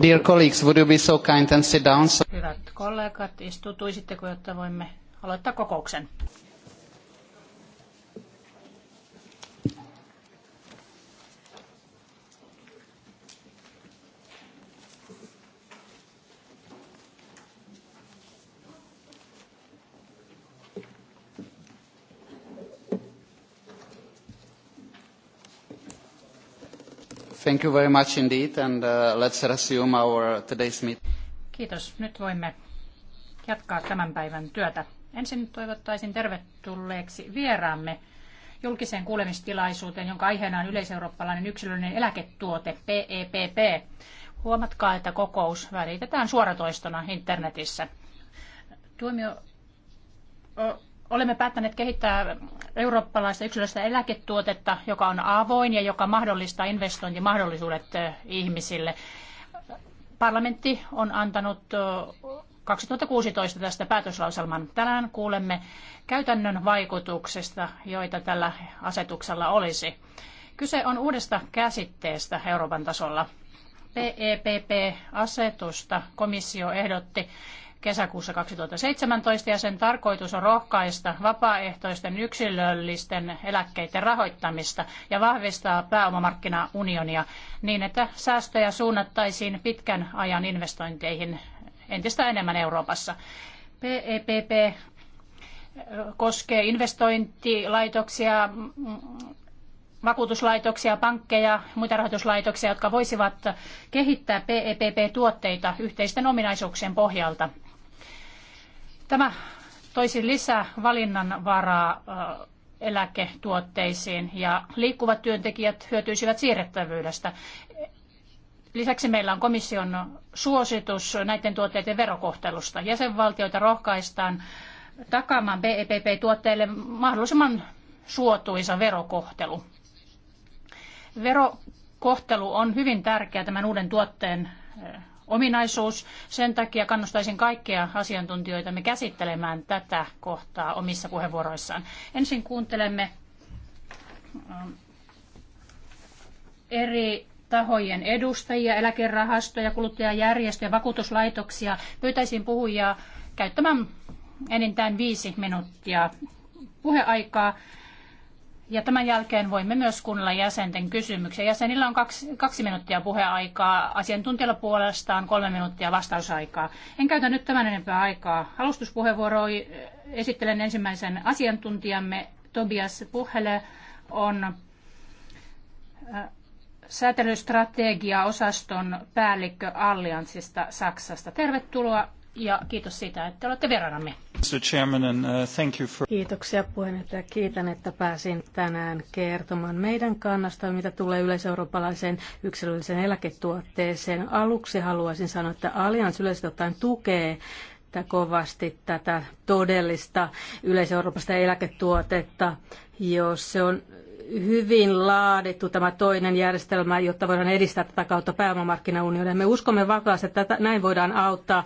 Dear colleagues, would you be so kind and sit down? Hyvät kollegat, istutuisitteko, jotta voimme aloittaa kokouksen? Thank you very much indeed and uh, let's resume our today's meeting. Kiitos. Nyt voimme jatkaa tämän päivän työtä. Ensin toivottaisin tervetulleeksi vieraamme julkiseen kuulemistilaisuuteen, jonka aiheena on yleiseurooppalainen yksilöllinen eläketuote, PEPP. E Huomatkaa, että kokous välitetään suoratoistona internetissä. Tuomio Olemme päättäneet kehittää eurooppalaista yksilöllistä eläketuotetta, joka on avoin ja joka mahdollistaa investointimahdollisuudet ihmisille. Parlamentti on antanut 2016 tästä päätöslauselman. Tänään kuulemme käytännön vaikutuksista, joita tällä asetuksella olisi. Kyse on uudesta käsitteestä Euroopan tasolla. PEPP-asetusta komissio ehdotti kesäkuussa 2017 ja sen tarkoitus on rohkaista vapaaehtoisten yksilöllisten eläkkeiden rahoittamista ja vahvistaa pääomamarkkinaunionia niin, että säästöjä suunnattaisiin pitkän ajan investointeihin entistä enemmän Euroopassa. PEPP e koskee investointilaitoksia, vakuutuslaitoksia, pankkeja, muita rahoituslaitoksia, jotka voisivat kehittää PEPP-tuotteita yhteisten ominaisuuksien pohjalta. Tämä toisi lisää valinnanvaraa eläketuotteisiin ja liikkuvat työntekijät hyötyisivät siirrettävyydestä. Lisäksi meillä on komission suositus näiden tuotteiden verokohtelusta. Jäsenvaltioita rohkaistaan takaamaan BEPP-tuotteille mahdollisimman suotuisa verokohtelu. Verokohtelu on hyvin tärkeä tämän uuden tuotteen ominaisuus. Sen takia kannustaisin kaikkia asiantuntijoita käsittelemään tätä kohtaa omissa puheenvuoroissaan. Ensin kuuntelemme ähm, eri tahojen edustajia, eläkerahastoja, kuluttajajärjestöjä, vakuutuslaitoksia. Pyytäisin puhujaa käyttämään enintään viisi minuuttia puheaikaa. Ja tämän jälkeen voimme myös kuunnella jäsenten kysymyksiä. Jäsenillä on kaksi, kaksi minuuttia puheaikaa, asiantuntijalla puolestaan kolme minuuttia vastausaikaa. En käytä nyt tämän enempää aikaa. Alustuspuheenvuoroa esittelen ensimmäisen asiantuntijamme. Tobias Puhele on äh, säätelystrategiaosaston päällikkö Allianssista Saksasta. Tervetuloa ja kiitos siitä, että olette vieraanamme. Uh, Kiitoksia puheenjohtaja. Kiitän, että pääsin tänään kertomaan meidän kannasta, mitä tulee yleiseurooppalaiseen yksilölliseen eläketuotteeseen. Aluksi haluaisin sanoa, että Allianz yleisesti ottaen tukee kovasti tätä todellista yleiseurooppalaista eläketuotetta, jos se on hyvin laadittu tämä toinen järjestelmä, jotta voidaan edistää tätä kautta pääomamarkkinaunionia. Me uskomme vakaasti, että näin voidaan auttaa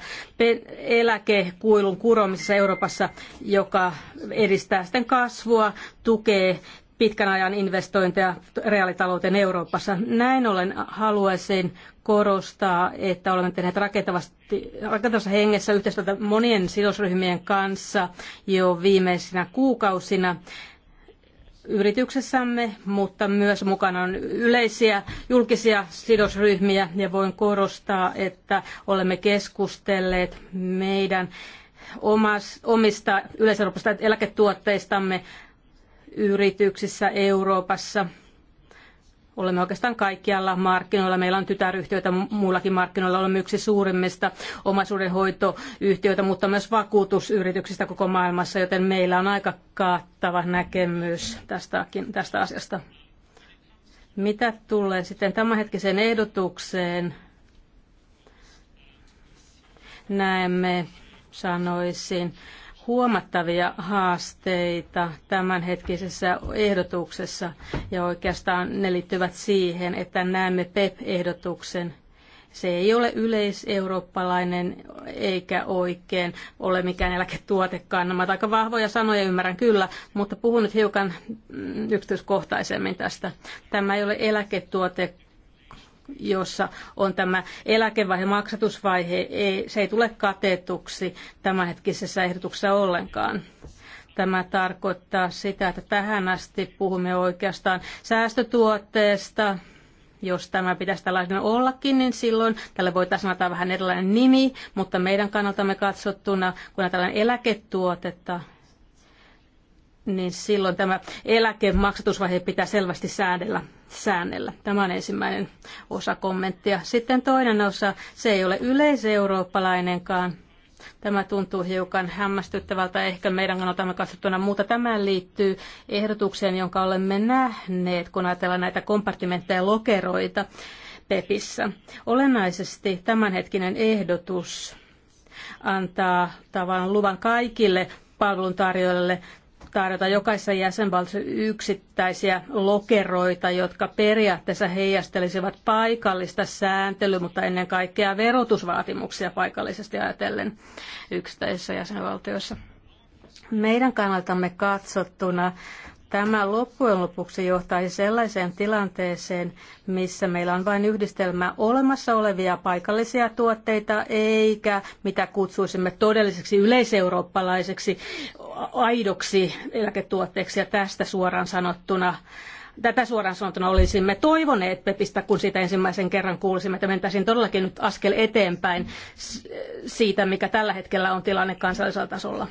eläkekuilun kuromisessa Euroopassa, joka edistää sitten kasvua, tukee pitkän ajan investointeja reaalitalouteen Euroopassa. Näin ollen haluaisin korostaa, että olemme tehneet rakentavasti, rakentavassa hengessä yhteistyötä monien sidosryhmien kanssa jo viimeisinä kuukausina yrityksessämme, mutta myös mukana on yleisiä julkisia sidosryhmiä ja voin korostaa, että olemme keskustelleet meidän omista yleiseurooppalaisista eläketuotteistamme yrityksissä Euroopassa – Olemme oikeastaan kaikkialla markkinoilla. Meillä on tytäryhtiöitä muillakin markkinoilla. Olemme yksi suurimmista omaisuudenhoitoyhtiöitä, mutta myös vakuutusyrityksistä koko maailmassa, joten meillä on aika kattava näkemys tästäkin, tästä asiasta. Mitä tulee sitten tämänhetkiseen ehdotukseen? Näemme, sanoisin, huomattavia haasteita tämänhetkisessä ehdotuksessa ja oikeastaan ne liittyvät siihen, että näemme PEP-ehdotuksen. Se ei ole yleiseurooppalainen eikä oikein ole mikään eläketuotekaan. Nämä ovat aika vahvoja sanoja, ymmärrän kyllä, mutta puhun nyt hiukan yksityiskohtaisemmin tästä. Tämä ei ole eläketuote jossa on tämä eläkevaihe, maksatusvaihe, ei, se ei tule katetuksi tämänhetkisessä ehdotuksessa ollenkaan. Tämä tarkoittaa sitä, että tähän asti puhumme oikeastaan säästötuotteesta, jos tämä pitäisi tällainen ollakin, niin silloin tälle voitaisiin antaa vähän erilainen nimi, mutta meidän kannaltamme katsottuna, kun on tällainen eläketuotetta, niin silloin tämä eläkemaksatusvaihe pitää selvästi säädellä säännellä. Tämä on ensimmäinen osa kommenttia. Sitten toinen osa, se ei ole yleiseurooppalainenkaan. Tämä tuntuu hiukan hämmästyttävältä ehkä meidän kannaltamme katsottuna, mutta tämä liittyy ehdotukseen, jonka olemme nähneet, kun ajatellaan näitä kompartimentteja lokeroita PEPissä. Olennaisesti tämänhetkinen ehdotus antaa tavan luvan kaikille palveluntarjoajille tarjota jokaisessa jäsenvaltiossa yksittäisiä lokeroita, jotka periaatteessa heijastelisivat paikallista sääntelyä, mutta ennen kaikkea verotusvaatimuksia paikallisesti ajatellen yksittäisissä jäsenvaltioissa. Meidän kannaltamme katsottuna Tämä loppujen lopuksi johtaisi sellaiseen tilanteeseen, missä meillä on vain yhdistelmä olemassa olevia paikallisia tuotteita, eikä mitä kutsuisimme todelliseksi yleiseurooppalaiseksi aidoksi eläketuotteeksi ja tästä suoraan sanottuna tätä suoraan sanottuna olisimme toivoneet Pepistä, kun sitä ensimmäisen kerran kuulisimme, että mentäisiin todellakin nyt askel eteenpäin siitä, mikä tällä hetkellä on tilanne kansallisella tasolla.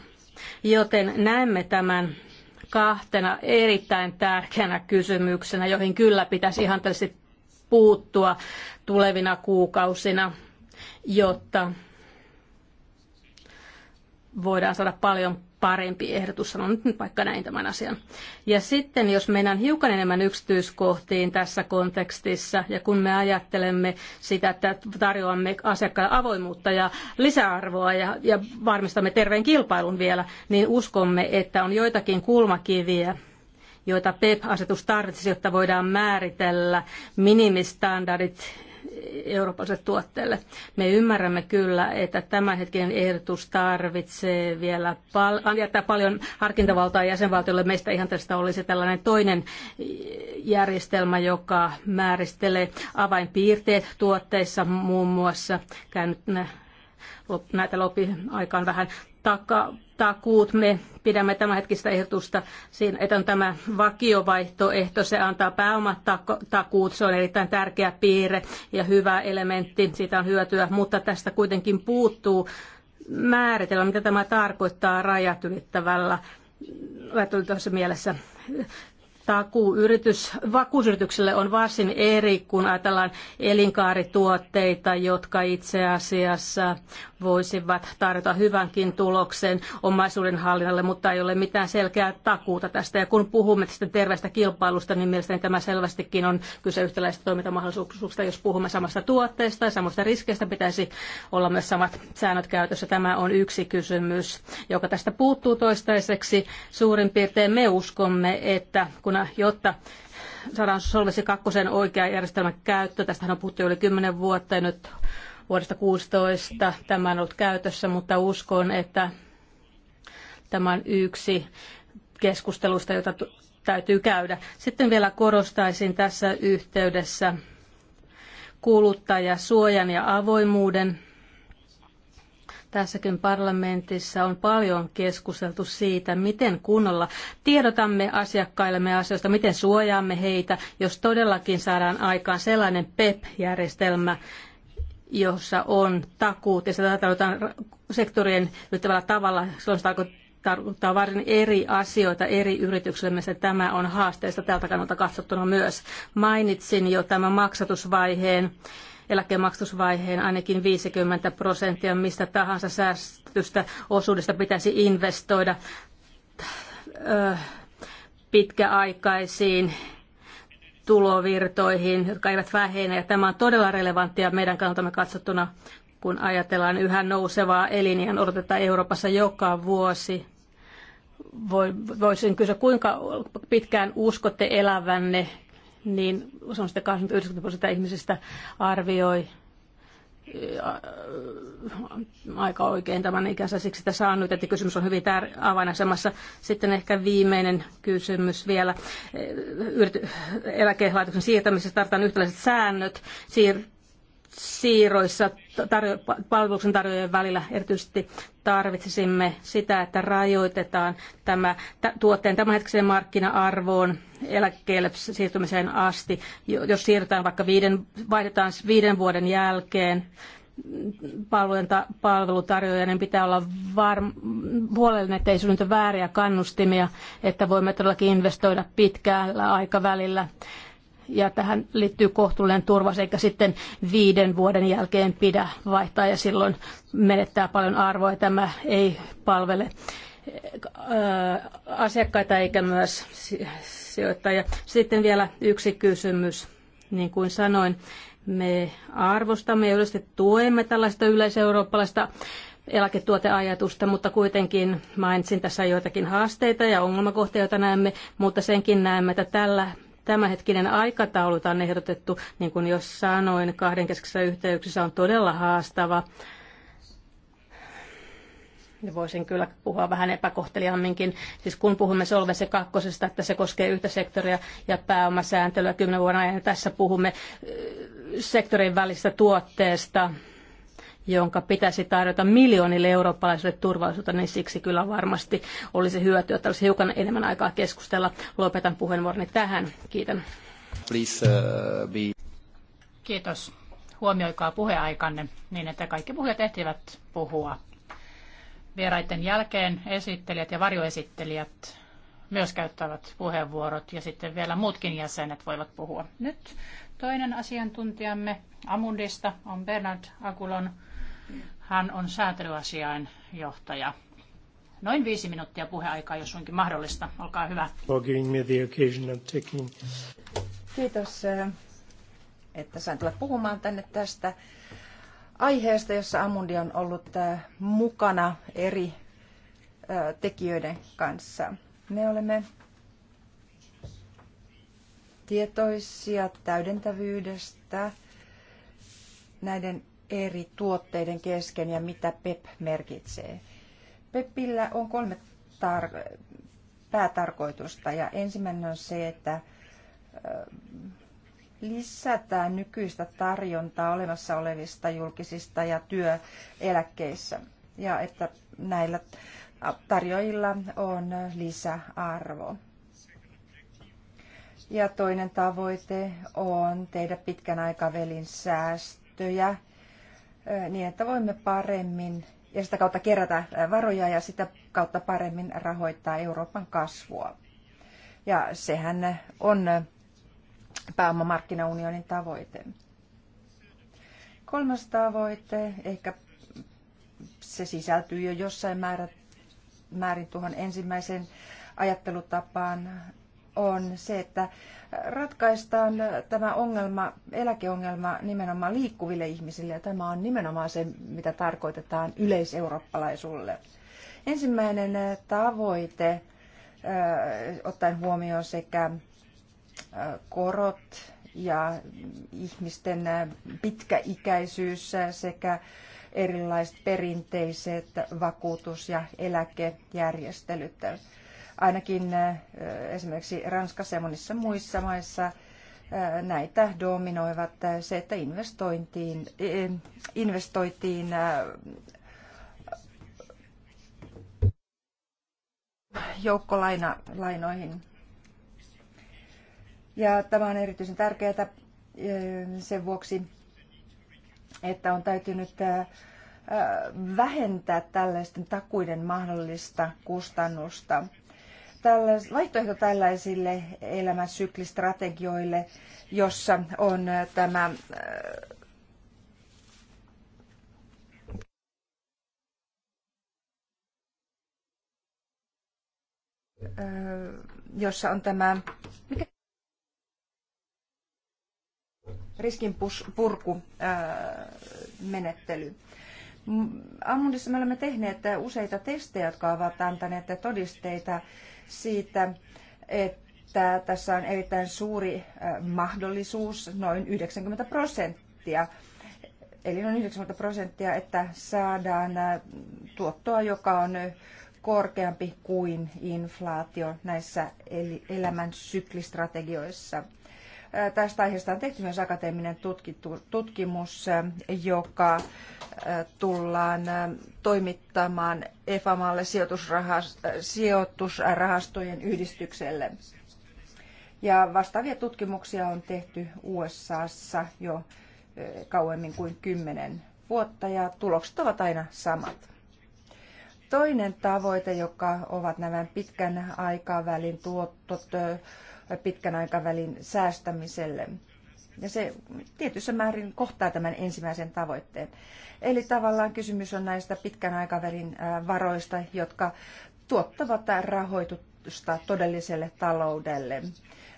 Joten näemme tämän kahtena erittäin tärkeänä kysymyksenä, joihin kyllä pitäisi ihan tällaisesti puuttua tulevina kuukausina, jotta voidaan saada paljon parempi ehdotus, sanon nyt vaikka näin tämän asian. Ja sitten jos mennään hiukan enemmän yksityiskohtiin tässä kontekstissa, ja kun me ajattelemme sitä, että tarjoamme asiakkaille avoimuutta ja lisäarvoa ja, ja varmistamme terveen kilpailun vielä, niin uskomme, että on joitakin kulmakiviä, joita PEP-asetus tarvitsisi, jotta voidaan määritellä minimistandardit eurooppalaiselle tuotteelle. Me ymmärrämme kyllä, että tämänhetkinen ehdotus tarvitsee vielä pal- jättää paljon harkintavaltaa jäsenvaltiolle. Meistä ihan tästä olisi tällainen toinen järjestelmä, joka määristelee avainpiirteet tuotteissa muun muassa. Käyn näitä lopi aikaan vähän taka, takuut. Me pidämme tämänhetkistä ehdotusta siinä, että on tämä vakiovaihtoehto. Se antaa pääomat takuut. Se on erittäin tärkeä piirre ja hyvä elementti. Siitä on hyötyä, mutta tästä kuitenkin puuttuu määritellä, mitä tämä tarkoittaa rajat ylittävällä tässä mielessä. Takuuyritys, vakuusyritykselle on varsin eri, kun ajatellaan elinkaarituotteita, jotka itse asiassa voisivat tarjota hyvänkin tuloksen omaisuuden hallinnalle, mutta ei ole mitään selkeää takuuta tästä. Ja kun puhumme tästä terveestä kilpailusta, niin mielestäni tämä selvästikin on kyse yhtäläisistä toimintamahdollisuuksista. Jos puhumme samasta tuotteesta ja samasta riskeistä, pitäisi olla myös samat säännöt käytössä. Tämä on yksi kysymys, joka tästä puuttuu toistaiseksi. Suurin piirtein me uskomme, että kun, jotta saadaan Solvesi kakkosen oikea järjestelmä käyttö. Tästähän on puhuttu yli kymmenen vuotta ja nyt vuodesta 16 tämä on ollut käytössä, mutta uskon, että tämä on yksi keskustelusta, jota täytyy käydä. Sitten vielä korostaisin tässä yhteydessä kuluttajasuojan ja avoimuuden. Tässäkin parlamentissa on paljon keskusteltu siitä, miten kunnolla tiedotamme asiakkaillemme asioista, miten suojaamme heitä, jos todellakin saadaan aikaan sellainen PEP-järjestelmä, jossa on takuut ja sitä tarkoitetaan sektorien ylittävällä tavalla. Silloin se tarkoittaa varsin eri asioita eri yrityksille, missä tämä on haasteista tältä kannalta katsottuna myös. Mainitsin jo tämän maksatusvaiheen eläkemaksatusvaiheen ainakin 50 prosenttia mistä tahansa säästystä osuudesta pitäisi investoida pitkäaikaisiin tulovirtoihin, jotka eivät vähene. Ja tämä on todella relevanttia meidän kannaltamme katsottuna, kun ajatellaan yhä nousevaa elinjään odoteta Euroopassa joka vuosi. Voisin kysyä, kuinka pitkään uskotte elävänne, niin se on 80 prosenttia ihmisistä arvioi aika oikein tämän ikänsä siksi tässä on nyt, että kysymys on hyvin tär- avainasemassa. Sitten ehkä viimeinen kysymys vielä Yrity- eläkelaitoksen siirtämisessä. Tarvitaan yhtäläiset säännöt siir- siirroissa tarjo- palveluksen tarjoajien välillä erityisesti tarvitsisimme sitä, että rajoitetaan tämä t- tuotteen tämänhetkiseen markkina-arvoon eläkkeelle siirtymiseen asti. Jos siirrytään vaikka viiden, vaihdetaan viiden vuoden jälkeen palvelujen ta- niin pitää olla varm- huolellinen, ettei synnytä vääriä kannustimia, että voimme todellakin investoida pitkällä aikavälillä ja tähän liittyy kohtuullinen turva, eikä sitten viiden vuoden jälkeen pidä vaihtaa ja silloin menettää paljon arvoa. Tämä ei palvele äh, asiakkaita eikä myös sijoittajia. Sitten vielä yksi kysymys. Niin kuin sanoin, me arvostamme ja yleisesti tuemme tällaista yleiseurooppalaista eläketuoteajatusta, mutta kuitenkin mainitsin tässä joitakin haasteita ja ongelmakohtia, joita näemme, mutta senkin näemme, että tällä tämänhetkinen aikataulu on ehdotettu, niin kuin jos sanoin, kahden keskisessä yhteyksissä on todella haastava. Ja voisin kyllä puhua vähän epäkohteliamminkin. Siis kun puhumme solvese kakkosesta, että se koskee yhtä sektoria ja pääomasääntelyä kymmenen vuoden ajan, tässä puhumme sektorin välistä tuotteesta, jonka pitäisi tarjota miljoonille eurooppalaisille turvallisuutta, niin siksi kyllä varmasti olisi hyötyä, että olisi hiukan enemmän aikaa keskustella. Lopetan puheenvuoroni tähän. Kiitän. Please, uh, be... Kiitos. Huomioikaa puheaikanne niin, että kaikki puhujat ehtivät puhua. Vieraiden jälkeen esittelijät ja varjoesittelijät myös käyttävät puheenvuorot ja sitten vielä muutkin jäsenet voivat puhua. Nyt toinen asiantuntijamme Amundista on Bernard Agulon. Hän on säätelyasiain johtaja. Noin viisi minuuttia puheaikaa, jos onkin mahdollista. Olkaa hyvä. Kiitos, eh, että sain tulla puhumaan tänne tästä aiheesta, jossa Amundi on ollut eh, mukana eri eh, tekijöiden kanssa. Me olemme tietoisia täydentävyydestä näiden eri tuotteiden kesken ja mitä PEP merkitsee. PEPillä on kolme tar- päätarkoitusta ja ensimmäinen on se, että lisätään nykyistä tarjontaa olemassa olevista julkisista ja työeläkkeissä ja että näillä tarjoajilla on lisäarvo. Ja toinen tavoite on tehdä pitkän aikavälin säästöjä niin, että voimme paremmin ja sitä kautta kerätä varoja ja sitä kautta paremmin rahoittaa Euroopan kasvua. Ja sehän on pääomamarkkinaunionin tavoite. Kolmas tavoite, ehkä se sisältyy jo jossain määrä, määrin tuohon ensimmäiseen ajattelutapaan, on se, että ratkaistaan tämä ongelma, eläkeongelma nimenomaan liikkuville ihmisille. Ja tämä on nimenomaan se, mitä tarkoitetaan yleiseurooppalaisuudelle. Ensimmäinen tavoite, ottaen huomioon sekä korot ja ihmisten pitkäikäisyys sekä erilaiset perinteiset vakuutus- ja eläkejärjestelyt. Ainakin äh, esimerkiksi Ranskassa ja monissa muissa maissa äh, näitä dominoivat äh, se, että investointiin, e, e, investoitiin joukkolainoihin. Ja tämä on erityisen tärkeää sen vuoksi, että on täytynyt vähentää tällaisten takuiden mahdollista kustannusta tällais, vaihtoehto tällaisille elämänsyklistrategioille, jossa on äh, tämä äh, jossa on tämä mikä, riskin äh, menettely. Ammundissa me olemme tehneet useita testejä, jotka ovat antaneet todisteita siitä, että tässä on erittäin suuri mahdollisuus, noin 90 prosenttia, eli noin 90 prosenttia, että saadaan tuottoa, joka on korkeampi kuin inflaatio näissä elämän syklistrategioissa. Äh, tästä aiheesta on tehty myös akateeminen tutkimus, äh, joka äh, tullaan toimittamaan EFAMalle sijoitusrahastojen yhdistykselle. Ja vastaavia tutkimuksia on tehty USAssa jo kauemmin kuin kymmenen vuotta ja tulokset ovat aina samat. Toinen tavoite, joka ovat nämä pitkän aikavälin tuotot, pitkän aikavälin säästämiselle. Ja se tietyssä määrin kohtaa tämän ensimmäisen tavoitteen. Eli tavallaan kysymys on näistä pitkän aikavälin varoista, jotka tuottavat rahoitusta todelliselle taloudelle.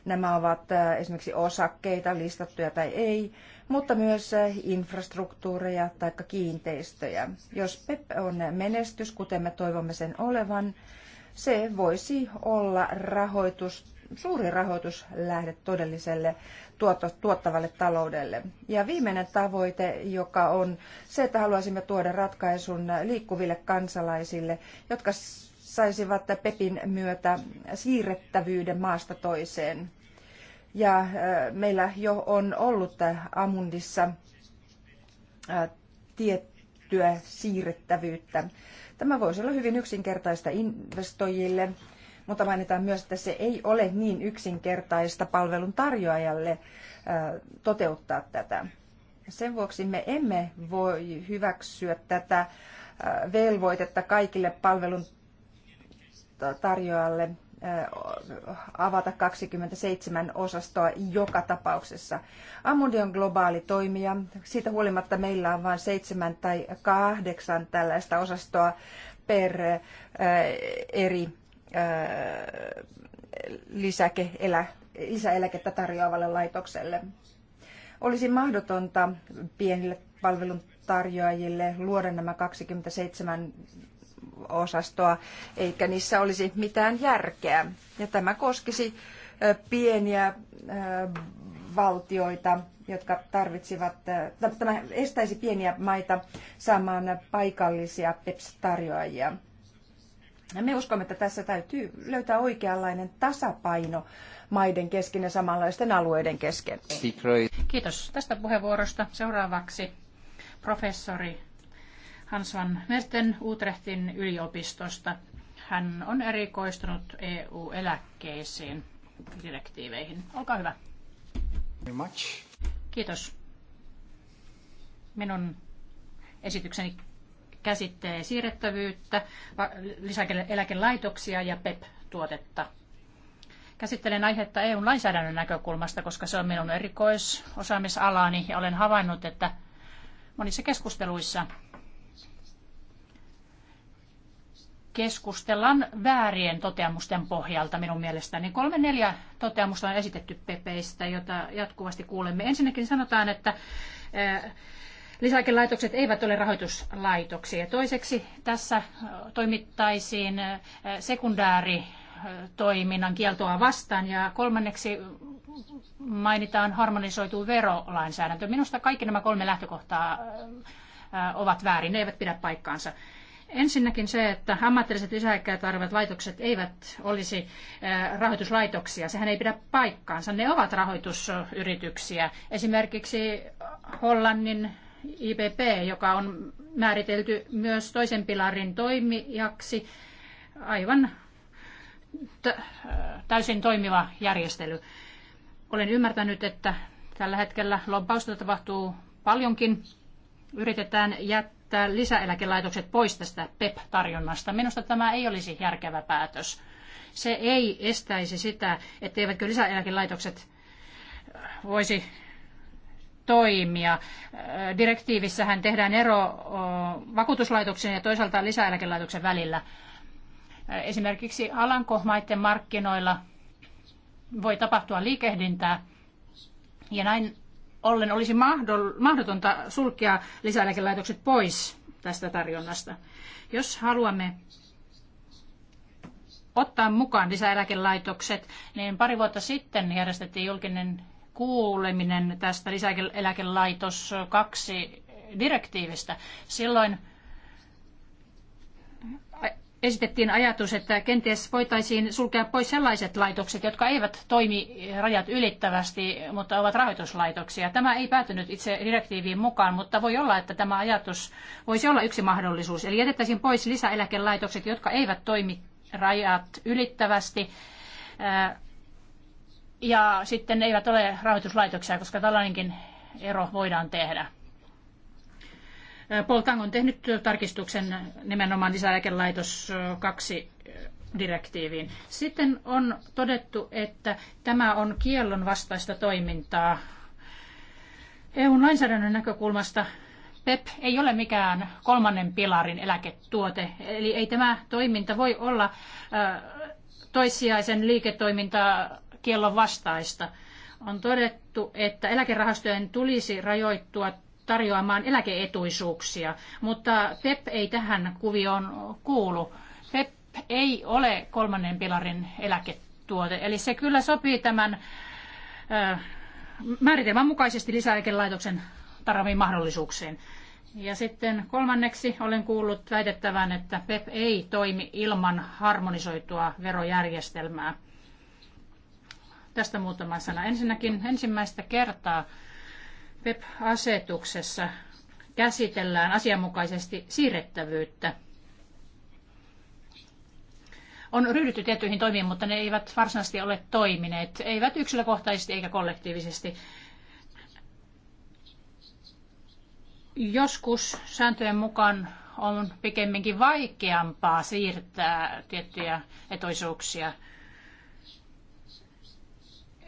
Nämä ovat esimerkiksi osakkeita, listattuja tai ei, mutta myös infrastruktuureja tai kiinteistöjä. Jos PEP on menestys, kuten me toivomme sen olevan, se voisi olla rahoitus suuri rahoituslähde todelliselle tuottavalle taloudelle. Ja viimeinen tavoite, joka on se, että haluaisimme tuoda ratkaisun liikkuville kansalaisille, jotka saisivat PEPin myötä siirrettävyyden maasta toiseen. Ja äh, meillä jo on ollut Amundissa äh, tiettyä siirrettävyyttä. Tämä voisi olla hyvin yksinkertaista investoijille mutta mainitaan myös, että se ei ole niin yksinkertaista palvelun tarjoajalle äh, toteuttaa tätä. Sen vuoksi me emme voi hyväksyä tätä äh, velvoitetta kaikille palvelun tarjoajalle äh, avata 27 osastoa joka tapauksessa. Amundi on globaali toimija. Siitä huolimatta meillä on vain seitsemän tai kahdeksan tällaista osastoa per eri lisäke, elä, lisäeläkettä tarjoavalle laitokselle. Olisi mahdotonta pienille palveluntarjoajille luoda nämä 27 osastoa, eikä niissä olisi mitään järkeä. Ja tämä koskisi pieniä valtioita, jotka tarvitsivat, tämä estäisi pieniä maita saamaan paikallisia PEPS-tarjoajia. Me uskomme, että tässä täytyy löytää oikeanlainen tasapaino maiden kesken ja samanlaisten alueiden kesken. Kiitos tästä puheenvuorosta. Seuraavaksi professori Hans van Merten Utrechtin yliopistosta. Hän on erikoistunut EU-eläkkeisiin direktiiveihin. Olkaa hyvä. Kiitos. Minun esitykseni käsitteen siirrettävyyttä, lisäeläkelaitoksia ja PEP-tuotetta. Käsittelen aihetta eu lainsäädännön näkökulmasta, koska se on minun erikoisosaamisalani ja olen havainnut, että monissa keskusteluissa keskustellaan väärien toteamusten pohjalta minun mielestäni. Kolme neljä toteamusta on esitetty pepeistä, jota jatkuvasti kuulemme. Ensinnäkin sanotaan, että eh, lisäeläkelaitokset eivät ole rahoituslaitoksia. Toiseksi tässä toimittaisiin sekundääri toiminnan kieltoa vastaan ja kolmanneksi mainitaan harmonisoitu verolainsäädäntö. Minusta kaikki nämä kolme lähtökohtaa ovat väärin, ne eivät pidä paikkaansa. Ensinnäkin se, että ammatilliset lisäaikaa tarvitsevat laitokset eivät olisi rahoituslaitoksia. Sehän ei pidä paikkaansa. Ne ovat rahoitusyrityksiä. Esimerkiksi Hollannin IPP, joka on määritelty myös toisen pilarin toimijaksi, aivan täysin toimiva järjestely. Olen ymmärtänyt, että tällä hetkellä lobbausta tapahtuu paljonkin. Yritetään jättää lisäeläkelaitokset pois tästä PEP-tarjonnasta. Minusta tämä ei olisi järkevä päätös. Se ei estäisi sitä, etteivätkö lisäeläkelaitokset voisi toimia. Direktiivissähän tehdään ero vakuutuslaitoksen ja toisaalta lisäeläkelaitoksen välillä. Esimerkiksi alankomaiden markkinoilla voi tapahtua liikehdintää ja näin ollen olisi mahdotonta sulkea lisäeläkelaitokset pois tästä tarjonnasta. Jos haluamme ottaa mukaan lisäeläkelaitokset, niin pari vuotta sitten järjestettiin julkinen kuuleminen tästä lisäeläkelaitos kaksi direktiivistä. Silloin esitettiin ajatus, että kenties voitaisiin sulkea pois sellaiset laitokset, jotka eivät toimi rajat ylittävästi, mutta ovat rahoituslaitoksia. Tämä ei päätynyt itse direktiiviin mukaan, mutta voi olla, että tämä ajatus voisi olla yksi mahdollisuus. Eli jätettäisiin pois lisäeläkelaitokset, jotka eivät toimi rajat ylittävästi ja sitten ne eivät ole rahoituslaitoksia, koska tällainenkin ero voidaan tehdä. Paul Tang on tehnyt tarkistuksen nimenomaan lisäeläkelaitos kaksi direktiiviin. Sitten on todettu, että tämä on kiellon vastaista toimintaa. EUn lainsäädännön näkökulmasta PEP e ei ole mikään kolmannen pilarin eläketuote, eli ei tämä toiminta voi olla toissijaisen liiketoimintaa kiellon vastaista. On todettu, että eläkerahastojen tulisi rajoittua tarjoamaan eläkeetuisuuksia, mutta PEP ei tähän kuvioon kuulu. PEP ei ole kolmannen pilarin eläketuote, eli se kyllä sopii tämän määritelmän mukaisesti lisäeläkelaitoksen tarjoamiin mahdollisuuksiin. Ja sitten kolmanneksi olen kuullut väitettävän, että PEP ei toimi ilman harmonisoitua verojärjestelmää. Tästä muutama sana. Ensinnäkin ensimmäistä kertaa PEP-asetuksessa käsitellään asianmukaisesti siirrettävyyttä. On ryhdytty tiettyihin toimiin, mutta ne eivät varsinaisesti ole toimineet, eivät yksilökohtaisesti eikä kollektiivisesti. Joskus sääntöjen mukaan on pikemminkin vaikeampaa siirtää tiettyjä etoisuuksia –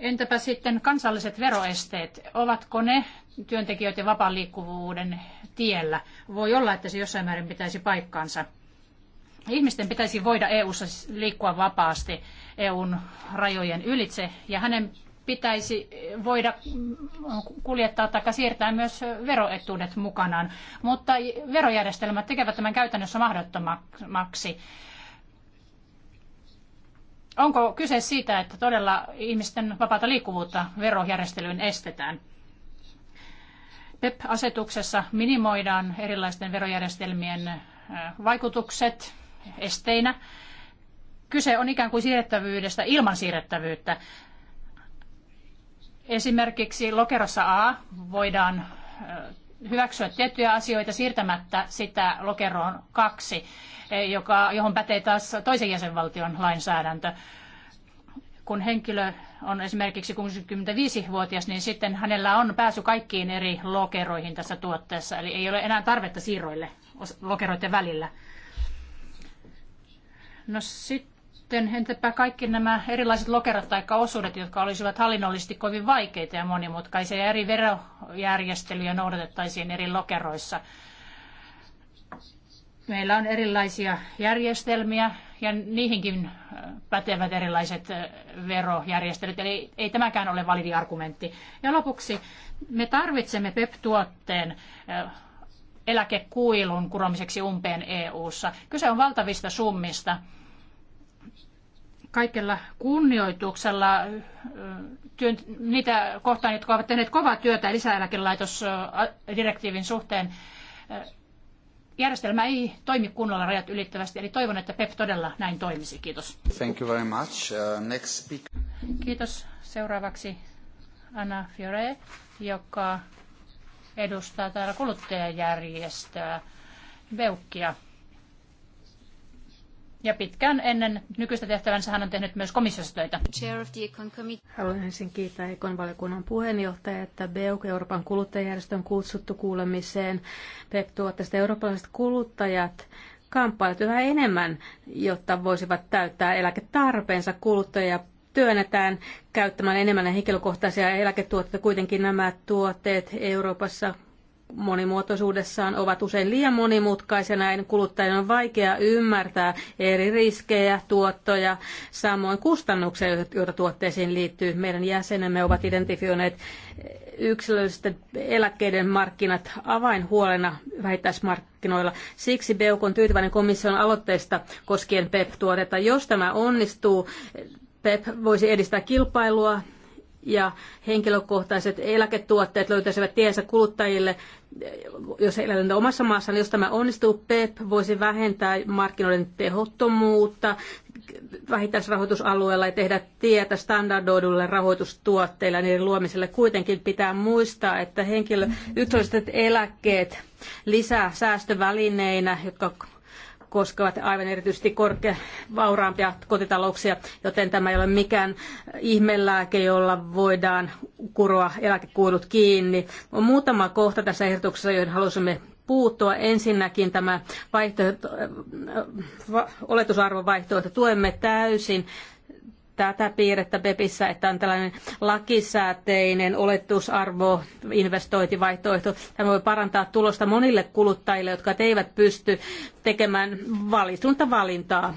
Entäpä sitten kansalliset veroesteet? Ovatko ne työntekijöiden vapaan liikkuvuuden tiellä? Voi olla, että se jossain määrin pitäisi paikkaansa. Ihmisten pitäisi voida EU-ssa siis liikkua vapaasti EUn rajojen ylitse ja hänen pitäisi voida kuljettaa tai siirtää myös veroetuudet mukanaan, mutta verojärjestelmät tekevät tämän käytännössä mahdottomaksi. Onko kyse siitä, että todella ihmisten vapaata liikkuvuutta verojärjestelyyn estetään? PEP-asetuksessa minimoidaan erilaisten verojärjestelmien vaikutukset esteinä. Kyse on ikään kuin siirrettävyydestä ilman siirrettävyyttä. Esimerkiksi lokerossa A voidaan hyväksyä tiettyjä asioita siirtämättä sitä lokeroon kaksi, e, joka, johon pätee taas toisen jäsenvaltion lainsäädäntö. Kun henkilö on esimerkiksi 65-vuotias, niin sitten hänellä on pääsy kaikkiin eri lokeroihin tässä tuotteessa, eli ei ole enää tarvetta siirroille lokeroiden välillä. No sitten sitten entäpä kaikki nämä erilaiset lokerat tai osuudet, jotka olisivat hallinnollisesti kovin vaikeita ja monimutkaisia ja eri verojärjestelyjä noudatettaisiin eri lokeroissa. Meillä on erilaisia järjestelmiä ja niihinkin äh, pätevät erilaiset äh, verojärjestelyt, eli ei tämäkään ole validi argumentti. Ja lopuksi me tarvitsemme PEP-tuotteen äh, eläkekuilun kuromiseksi umpeen EU-ssa. Kyse on valtavista summista kaikella kunnioituksella työn, niitä kohtaan, jotka ovat tehneet kovaa työtä lisäeläkelaitosdirektiivin suhteen. Järjestelmä ei toimi kunnolla rajat ylittävästi, eli toivon, että PEP todella näin toimisi. Kiitos. Thank you very much. Uh, next speaker. Kiitos. Seuraavaksi Anna Fiore, joka edustaa täällä kuluttajajärjestöä Beukkia. Ja pitkään ennen nykyistä tehtävänsä hän on tehnyt myös komissiossa töitä. Haluan ensin kiittää Ekon valiokunnan puheenjohtajaa, että BEUK Euroopan kuluttajajärjestö on kutsuttu kuulemiseen. PEP-tuotteista eurooppalaiset kuluttajat kamppailevat yhä enemmän, jotta voisivat täyttää eläketarpeensa kuluttajia työnnetään käyttämään enemmän henkilökohtaisia eläketuotteita. Kuitenkin nämä tuotteet Euroopassa monimuotoisuudessaan ovat usein liian monimutkaisia. Näin kuluttajien on vaikea ymmärtää eri riskejä, tuottoja, samoin kustannuksia, joita tuotteisiin liittyy. Meidän jäsenemme ovat identifioineet yksilöllisten eläkkeiden markkinat avainhuolena vähittäismarkkinoilla. Siksi Beuk on tyytyväinen komission aloitteesta koskien PEP-tuotetta. Jos tämä onnistuu, PEP voisi edistää kilpailua, ja henkilökohtaiset eläketuotteet löytäisivät tiensä kuluttajille, jos he elävät omassa maassaan. Niin jos tämä onnistuu, PEP voisi vähentää markkinoiden tehottomuutta vähittäisrahoitusalueella ja tehdä tietä standardoidulle rahoitustuotteille ja niiden luomiselle. Kuitenkin pitää muistaa, että henkilö, yksilölliset eläkkeet lisää säästövälineinä, jotka koskevat aivan erityisesti korkea, vauraampia kotitalouksia, joten tämä ei ole mikään ihmelääke, jolla voidaan kuroa eläkekuilut kiinni. On muutama kohta tässä ehdotuksessa, joihin halusimme puuttua. Ensinnäkin tämä vaihtoehto, äh, oletusarvovaihtoehto tuemme täysin tätä piirrettä BEPissä, että on tällainen lakisääteinen oletusarvo investointivaihtoehto. Tämä voi parantaa tulosta monille kuluttajille, jotka eivät pysty tekemään valistunutta valintaa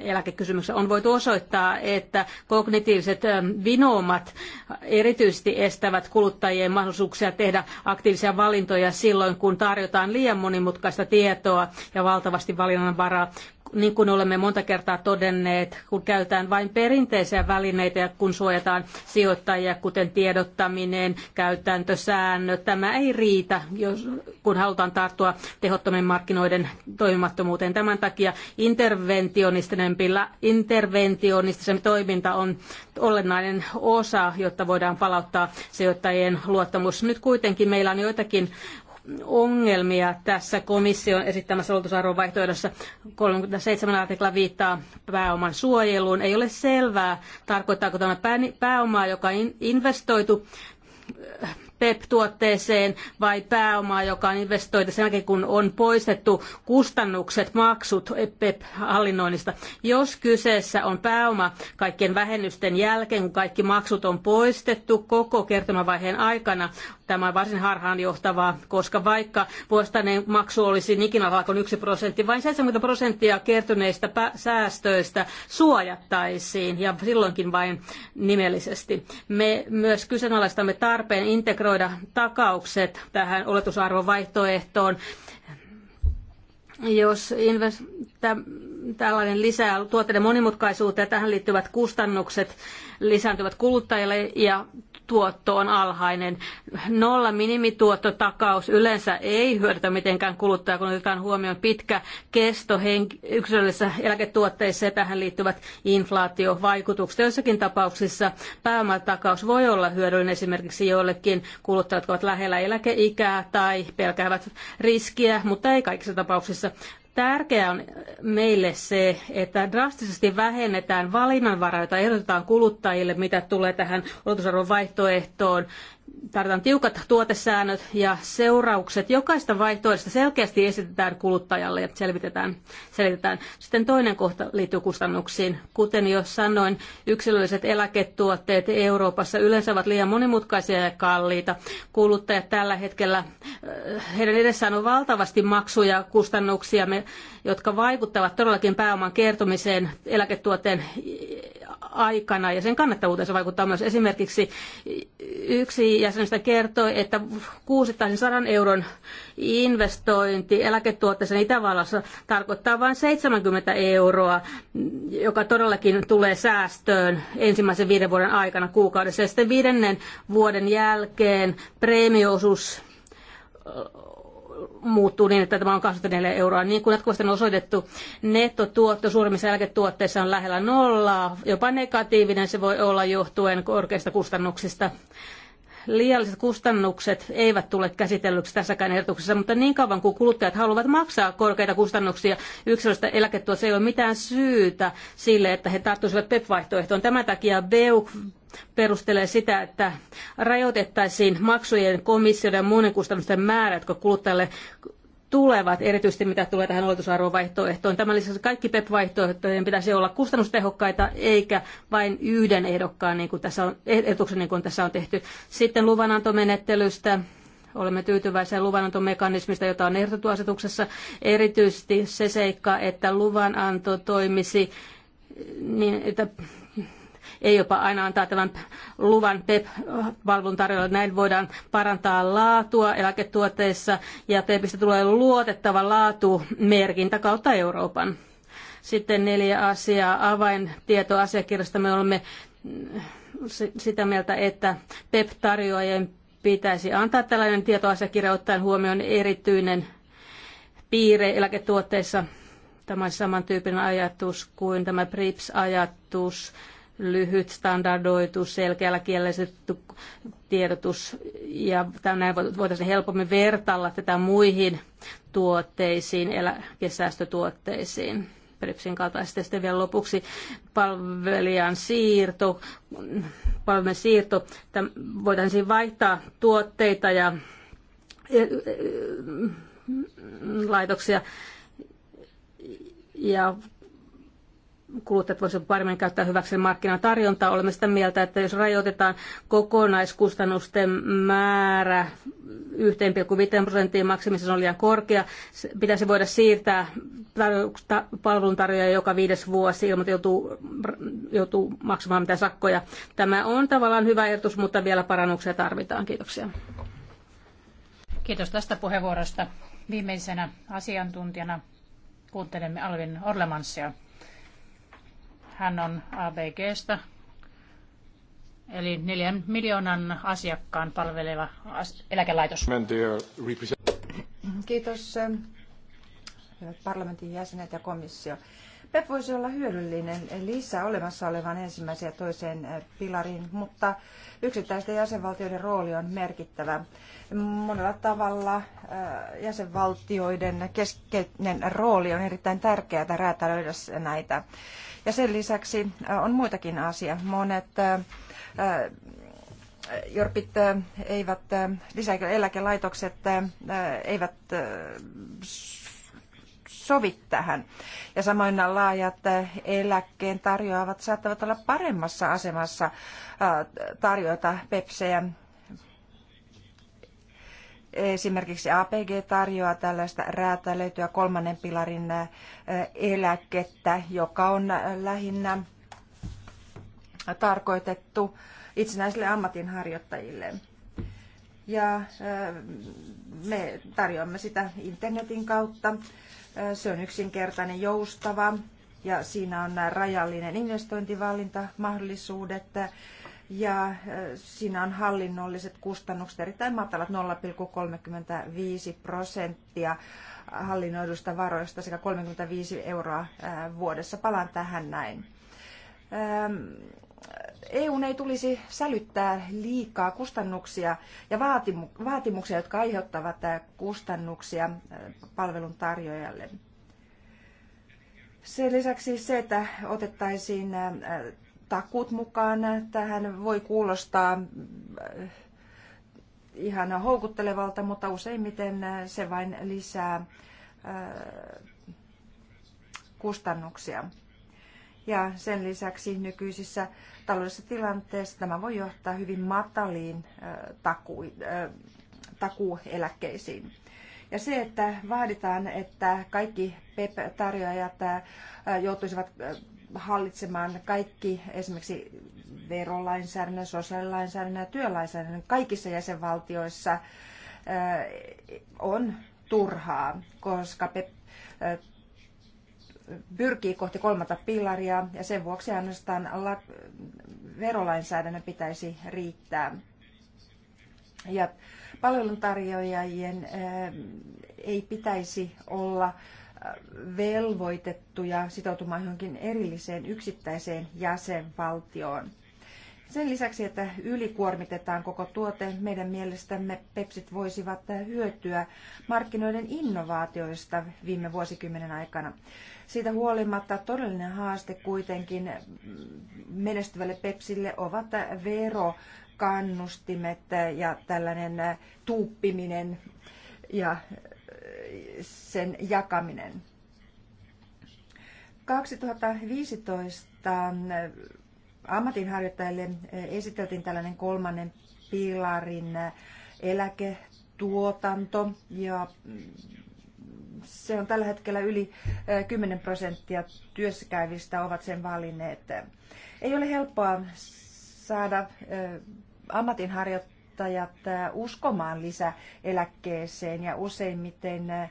eläkekysymyksessä on voitu osoittaa, että kognitiiviset vinoumat erityisesti estävät kuluttajien mahdollisuuksia tehdä aktiivisia valintoja silloin, kun tarjotaan liian monimutkaista tietoa ja valtavasti valinnanvaraa niin kuin olemme monta kertaa todenneet, kun käytetään vain perinteisiä välineitä ja kun suojataan sijoittajia, kuten tiedottaminen, käytäntösäännöt, tämä ei riitä, jos, kun halutaan tarttua tehottomien markkinoiden toimimattomuuteen. Tämän takia interventionistinen toiminta on olennainen osa, jotta voidaan palauttaa sijoittajien luottamus. Nyt kuitenkin meillä on joitakin ongelmia tässä komission esittämässä luotusarvon vaihtoehdossa. 37 artikla viittaa pääoman suojeluun. Ei ole selvää, tarkoittaako tämä pääomaa, joka on investoitu PEP-tuotteeseen vai pääomaa, joka on investoitu sen jälkeen, kun on poistettu kustannukset, maksut PEP-hallinnoinnista. Jos kyseessä on pääoma kaikkien vähennysten jälkeen, kun kaikki maksut on poistettu koko kertomavaiheen aikana, tämä on varsin harhaanjohtavaa, koska vaikka vuosittainen maksu olisi ikinä alhaalla kuin 1 prosentti, vain 70 prosenttia kertyneistä säästöistä suojattaisiin ja silloinkin vain nimellisesti. Me myös kyseenalaistamme tarpeen integroida integroida takaukset tähän oletusarvovaihtoehtoon. Jos invest- tällainen lisää tuotteiden monimutkaisuutta ja tähän liittyvät kustannukset lisääntyvät kuluttajille ja tuotto on alhainen. Nolla minimituottotakaus yleensä ei hyödytä mitenkään kuluttajaa, kun otetaan huomioon pitkä kesto yksilöllisissä eläketuotteissa ja tähän liittyvät inflaatiovaikutukset. Joissakin tapauksissa pääomatakaus voi olla hyödyllinen esimerkiksi joillekin kuluttajat, jotka ovat lähellä eläkeikää tai pelkäävät riskiä, mutta ei kaikissa tapauksissa. Tärkeää on meille se, että drastisesti vähennetään valinnanvaraa, jota ehdotetaan kuluttajille, mitä tulee tähän odotusarvon vaihtoehtoon tarvitaan tiukat tuotesäännöt ja seuraukset. Jokaista vaihtoehdosta selkeästi esitetään kuluttajalle ja selvitetään, selitetään. Sitten toinen kohta liittyy kustannuksiin. Kuten jo sanoin, yksilölliset eläketuotteet Euroopassa yleensä ovat liian monimutkaisia ja kalliita. Kuluttajat tällä hetkellä, äh, heidän edessään on valtavasti maksuja, kustannuksia, jotka vaikuttavat todellakin pääoman kertomiseen eläketuotteen aikana ja sen kannattavuuteen vaikuttaa myös. Esimerkiksi yksi jäsenistä kertoi, että kuusittaisen 100 euron investointi eläketuotteessa Itävallassa tarkoittaa vain 70 euroa, joka todellakin tulee säästöön ensimmäisen viiden vuoden aikana kuukaudessa. Ja sitten viidennen vuoden jälkeen preemioosuus muuttuu niin, että tämä on 24 euroa. Niin kuin jatkuvasti on osoitettu, nettotuotto suurimmissa eläketuotteissa on lähellä nollaa, jopa negatiivinen se voi olla johtuen korkeista kustannuksista liialliset kustannukset eivät tule käsitellyksi tässäkään ehdotuksessa, mutta niin kauan kuin kuluttajat haluavat maksaa korkeita kustannuksia yksilöstä eläketuossa ei ole mitään syytä sille, että he tarttuisivat PEP-vaihtoehtoon. Tämän takia BEUK perustelee sitä, että rajoitettaisiin maksujen komissioiden ja muiden kustannusten määrä, jotka kuluttajalle tulevat, erityisesti mitä tulee tähän oletusarvovaihtoehtoon. Tämän lisäksi kaikki PEP-vaihtoehtojen pitäisi olla kustannustehokkaita, eikä vain yhden ehdokkaan, niin kuin tässä on, ehdotuksen niin kuin tässä on tehty. Sitten luvanantomenettelystä. Olemme tyytyväisiä luvanantomekanismista, jota on ehdotettu asetuksessa. Erityisesti se seikka, että luvananto toimisi niin, että ei jopa aina antaa tämän luvan PEP-palvelun tarjolla. Näin voidaan parantaa laatua eläketuotteissa ja PEPistä tulee luotettava laatumerkintä kautta Euroopan. Sitten neljä asiaa avaintietoasiakirjasta. Me olemme sitä mieltä, että PEP-tarjoajien pitäisi antaa tällainen tietoasiakirja ottaen huomioon erityinen piirre eläketuotteissa. Tämä on samantyyppinen ajatus kuin tämä PRIPS-ajatus lyhyt, standardoitu, selkeällä kielellistetty tiedotus ja näin voitaisiin helpommin vertailla tätä muihin tuotteisiin, eläkesäästötuotteisiin. Pripsin kaltaisesti. Sitten vielä lopuksi palvelijan siirto. Palvelujen siirto. Tämä voitaisiin vaihtaa tuotteita ja e- e- laitoksia ja kuluttajat voisivat paremmin käyttää hyväksi markkinatarjontaa. Olemme sitä mieltä, että jos rajoitetaan kokonaiskustannusten määrä 1,5 prosenttiin maksimissa se on liian korkea, pitäisi voida siirtää palveluntarjoajia joka viides vuosi ilman, että joutuu, joutuu maksamaan mitä sakkoja. Tämä on tavallaan hyvä ehdotus, mutta vielä parannuksia tarvitaan. Kiitoksia. Kiitos tästä puheenvuorosta. Viimeisenä asiantuntijana kuuntelemme Alvin Orlemansia. Hän on ABGstä, eli neljän miljoonan asiakkaan palveleva eläkelaitos. Kiitos parlamentin jäsenet ja komissio. PEP voisi olla hyödyllinen lisä olemassa olevan ensimmäisen ja toiseen pilariin, mutta yksittäisten jäsenvaltioiden rooli on merkittävä. Monella tavalla äh, jäsenvaltioiden keskeinen rooli on erittäin tärkeää räätälöidä näitä ja sen lisäksi on muitakin asia. Monet jorpit eivät, lisäeläkelaitokset eivät sovi tähän. Ja samoin nämä laajat eläkkeen tarjoavat saattavat olla paremmassa asemassa tarjota pepsejä Esimerkiksi APG tarjoaa tällaista räätälöityä kolmannen pilarin eläkettä, joka on lähinnä tarkoitettu itsenäisille ammatinharjoittajille. Ja me tarjoamme sitä internetin kautta. Se on yksinkertainen, joustava ja siinä on rajallinen investointivalinta, mahdollisuudet ja siinä on hallinnolliset kustannukset erittäin matalat 0,35 prosenttia hallinnoidusta varoista sekä 35 euroa vuodessa. Palaan tähän näin. EU ei tulisi sälyttää liikaa kustannuksia ja vaatimuksia, jotka aiheuttavat kustannuksia palvelun tarjoajalle. Sen lisäksi se, että otettaisiin takut mukaan. Tähän voi kuulostaa äh, ihan houkuttelevalta, mutta useimmiten se vain lisää äh, kustannuksia. Ja sen lisäksi nykyisissä taloudellisissa tilanteissa tämä voi johtaa hyvin mataliin äh, taku, takueläkkeisiin. Ja se, että vaaditaan, että kaikki PEP-tarjoajat joutuisivat hallitsemaan kaikki esimerkiksi verolainsäädännön, sosiaalilainsäädännön ja työlainsäädännön kaikissa jäsenvaltioissa äh, on turhaa, koska äh, pyrkii kohti kolmatta pilaria ja sen vuoksi ainoastaan verolainsäädännön pitäisi riittää. Ja palveluntarjoajien äh, ei pitäisi olla velvoitettuja sitoutumaan johonkin erilliseen yksittäiseen jäsenvaltioon. Sen lisäksi, että ylikuormitetaan koko tuote, meidän mielestämme pepsit voisivat hyötyä markkinoiden innovaatioista viime vuosikymmenen aikana. Siitä huolimatta todellinen haaste kuitenkin menestyvälle pepsille ovat verokannustimet ja tällainen tuuppiminen ja sen jakaminen. 2015 äh, ammatinharjoittajille äh, esiteltiin tällainen kolmannen pilarin äh, eläketuotanto ja mm, se on tällä hetkellä yli 10 prosenttia työssäkäyvistä ovat sen valinneet. Ei ole helppoa saada ammatinharjoittajille sijoittajat äh, uskomaan lisäeläkkeeseen ja useimmiten äh,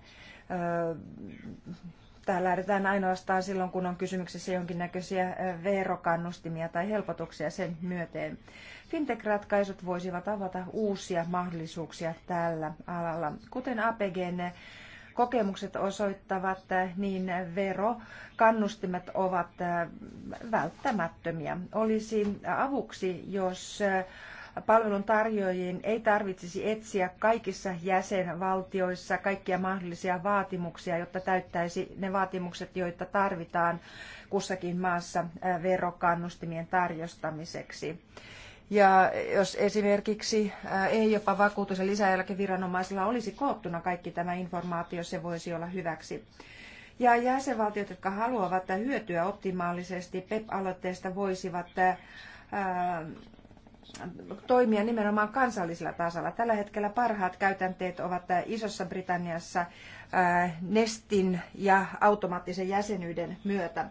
tämä lähdetään ainoastaan silloin, kun on kysymyksessä jonkinnäköisiä äh, verokannustimia tai helpotuksia sen myöteen. Fintech-ratkaisut voisivat avata uusia mahdollisuuksia tällä alalla. Kuten APGn kokemukset osoittavat, niin verokannustimet ovat välttämättömiä. Olisi avuksi, jos palveluntarjoajien ei tarvitsisi etsiä kaikissa jäsenvaltioissa kaikkia mahdollisia vaatimuksia, jotta täyttäisi ne vaatimukset, joita tarvitaan kussakin maassa verokannustimien tarjostamiseksi. Ja jos esimerkiksi ei jopa vakuutus- ja lisäeläkeviranomaisilla olisi koottuna kaikki tämä informaatio, se voisi olla hyväksi. Ja jäsenvaltiot, jotka haluavat hyötyä optimaalisesti PEP-aloitteesta, voisivat toimia nimenomaan kansallisella tasolla. Tällä hetkellä parhaat käytänteet ovat äh, Isossa Britanniassa äh, Nestin ja automaattisen jäsenyyden myötä.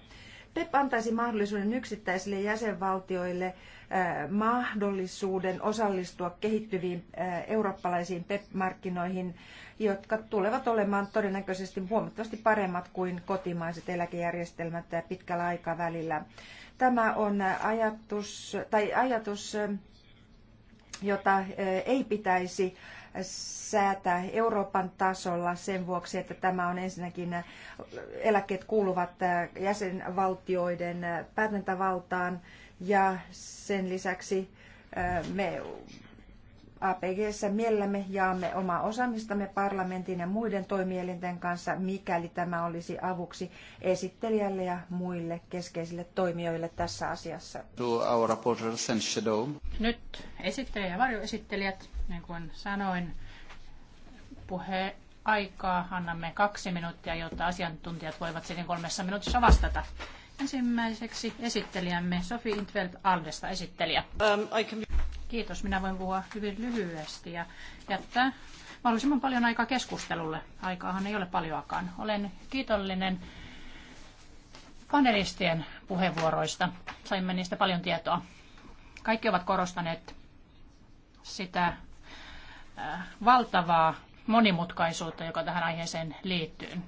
PEP antaisi mahdollisuuden yksittäisille jäsenvaltioille äh, mahdollisuuden osallistua kehittyviin eurooppalaisiin PEP-markkinoihin, jotka tulevat olemaan todennäköisesti huomattavasti paremmat kuin kotimaiset eläkejärjestelmät pitkällä aikavälillä. Tämä on ajatus, tai ajatus jota eh, ei pitäisi säätää Euroopan tasolla sen vuoksi, että tämä on ensinnäkin eh, eläkkeet kuuluvat eh, jäsenvaltioiden päätäntävaltaan ja sen lisäksi me APGssä mielellämme jaamme omaa osaamistamme parlamentin ja muiden toimielinten kanssa, mikäli tämä olisi avuksi esittelijälle ja muille keskeisille toimijoille tässä asiassa. Nyt esittelijä ja varjoesittelijät, niin kuin sanoin, puhe aikaa annamme kaksi minuuttia, jotta asiantuntijat voivat sitten kolmessa minuutissa vastata. Ensimmäiseksi esittelijämme Sofi Intveld Aldesta esittelijä. Um, Kiitos, minä voin puhua hyvin lyhyesti ja jättää mahdollisimman paljon aikaa keskustelulle. Aikaahan ei ole paljoakaan. Olen kiitollinen panelistien puheenvuoroista. Saimme niistä paljon tietoa. Kaikki ovat korostaneet sitä äh, valtavaa monimutkaisuutta, joka tähän aiheeseen liittyy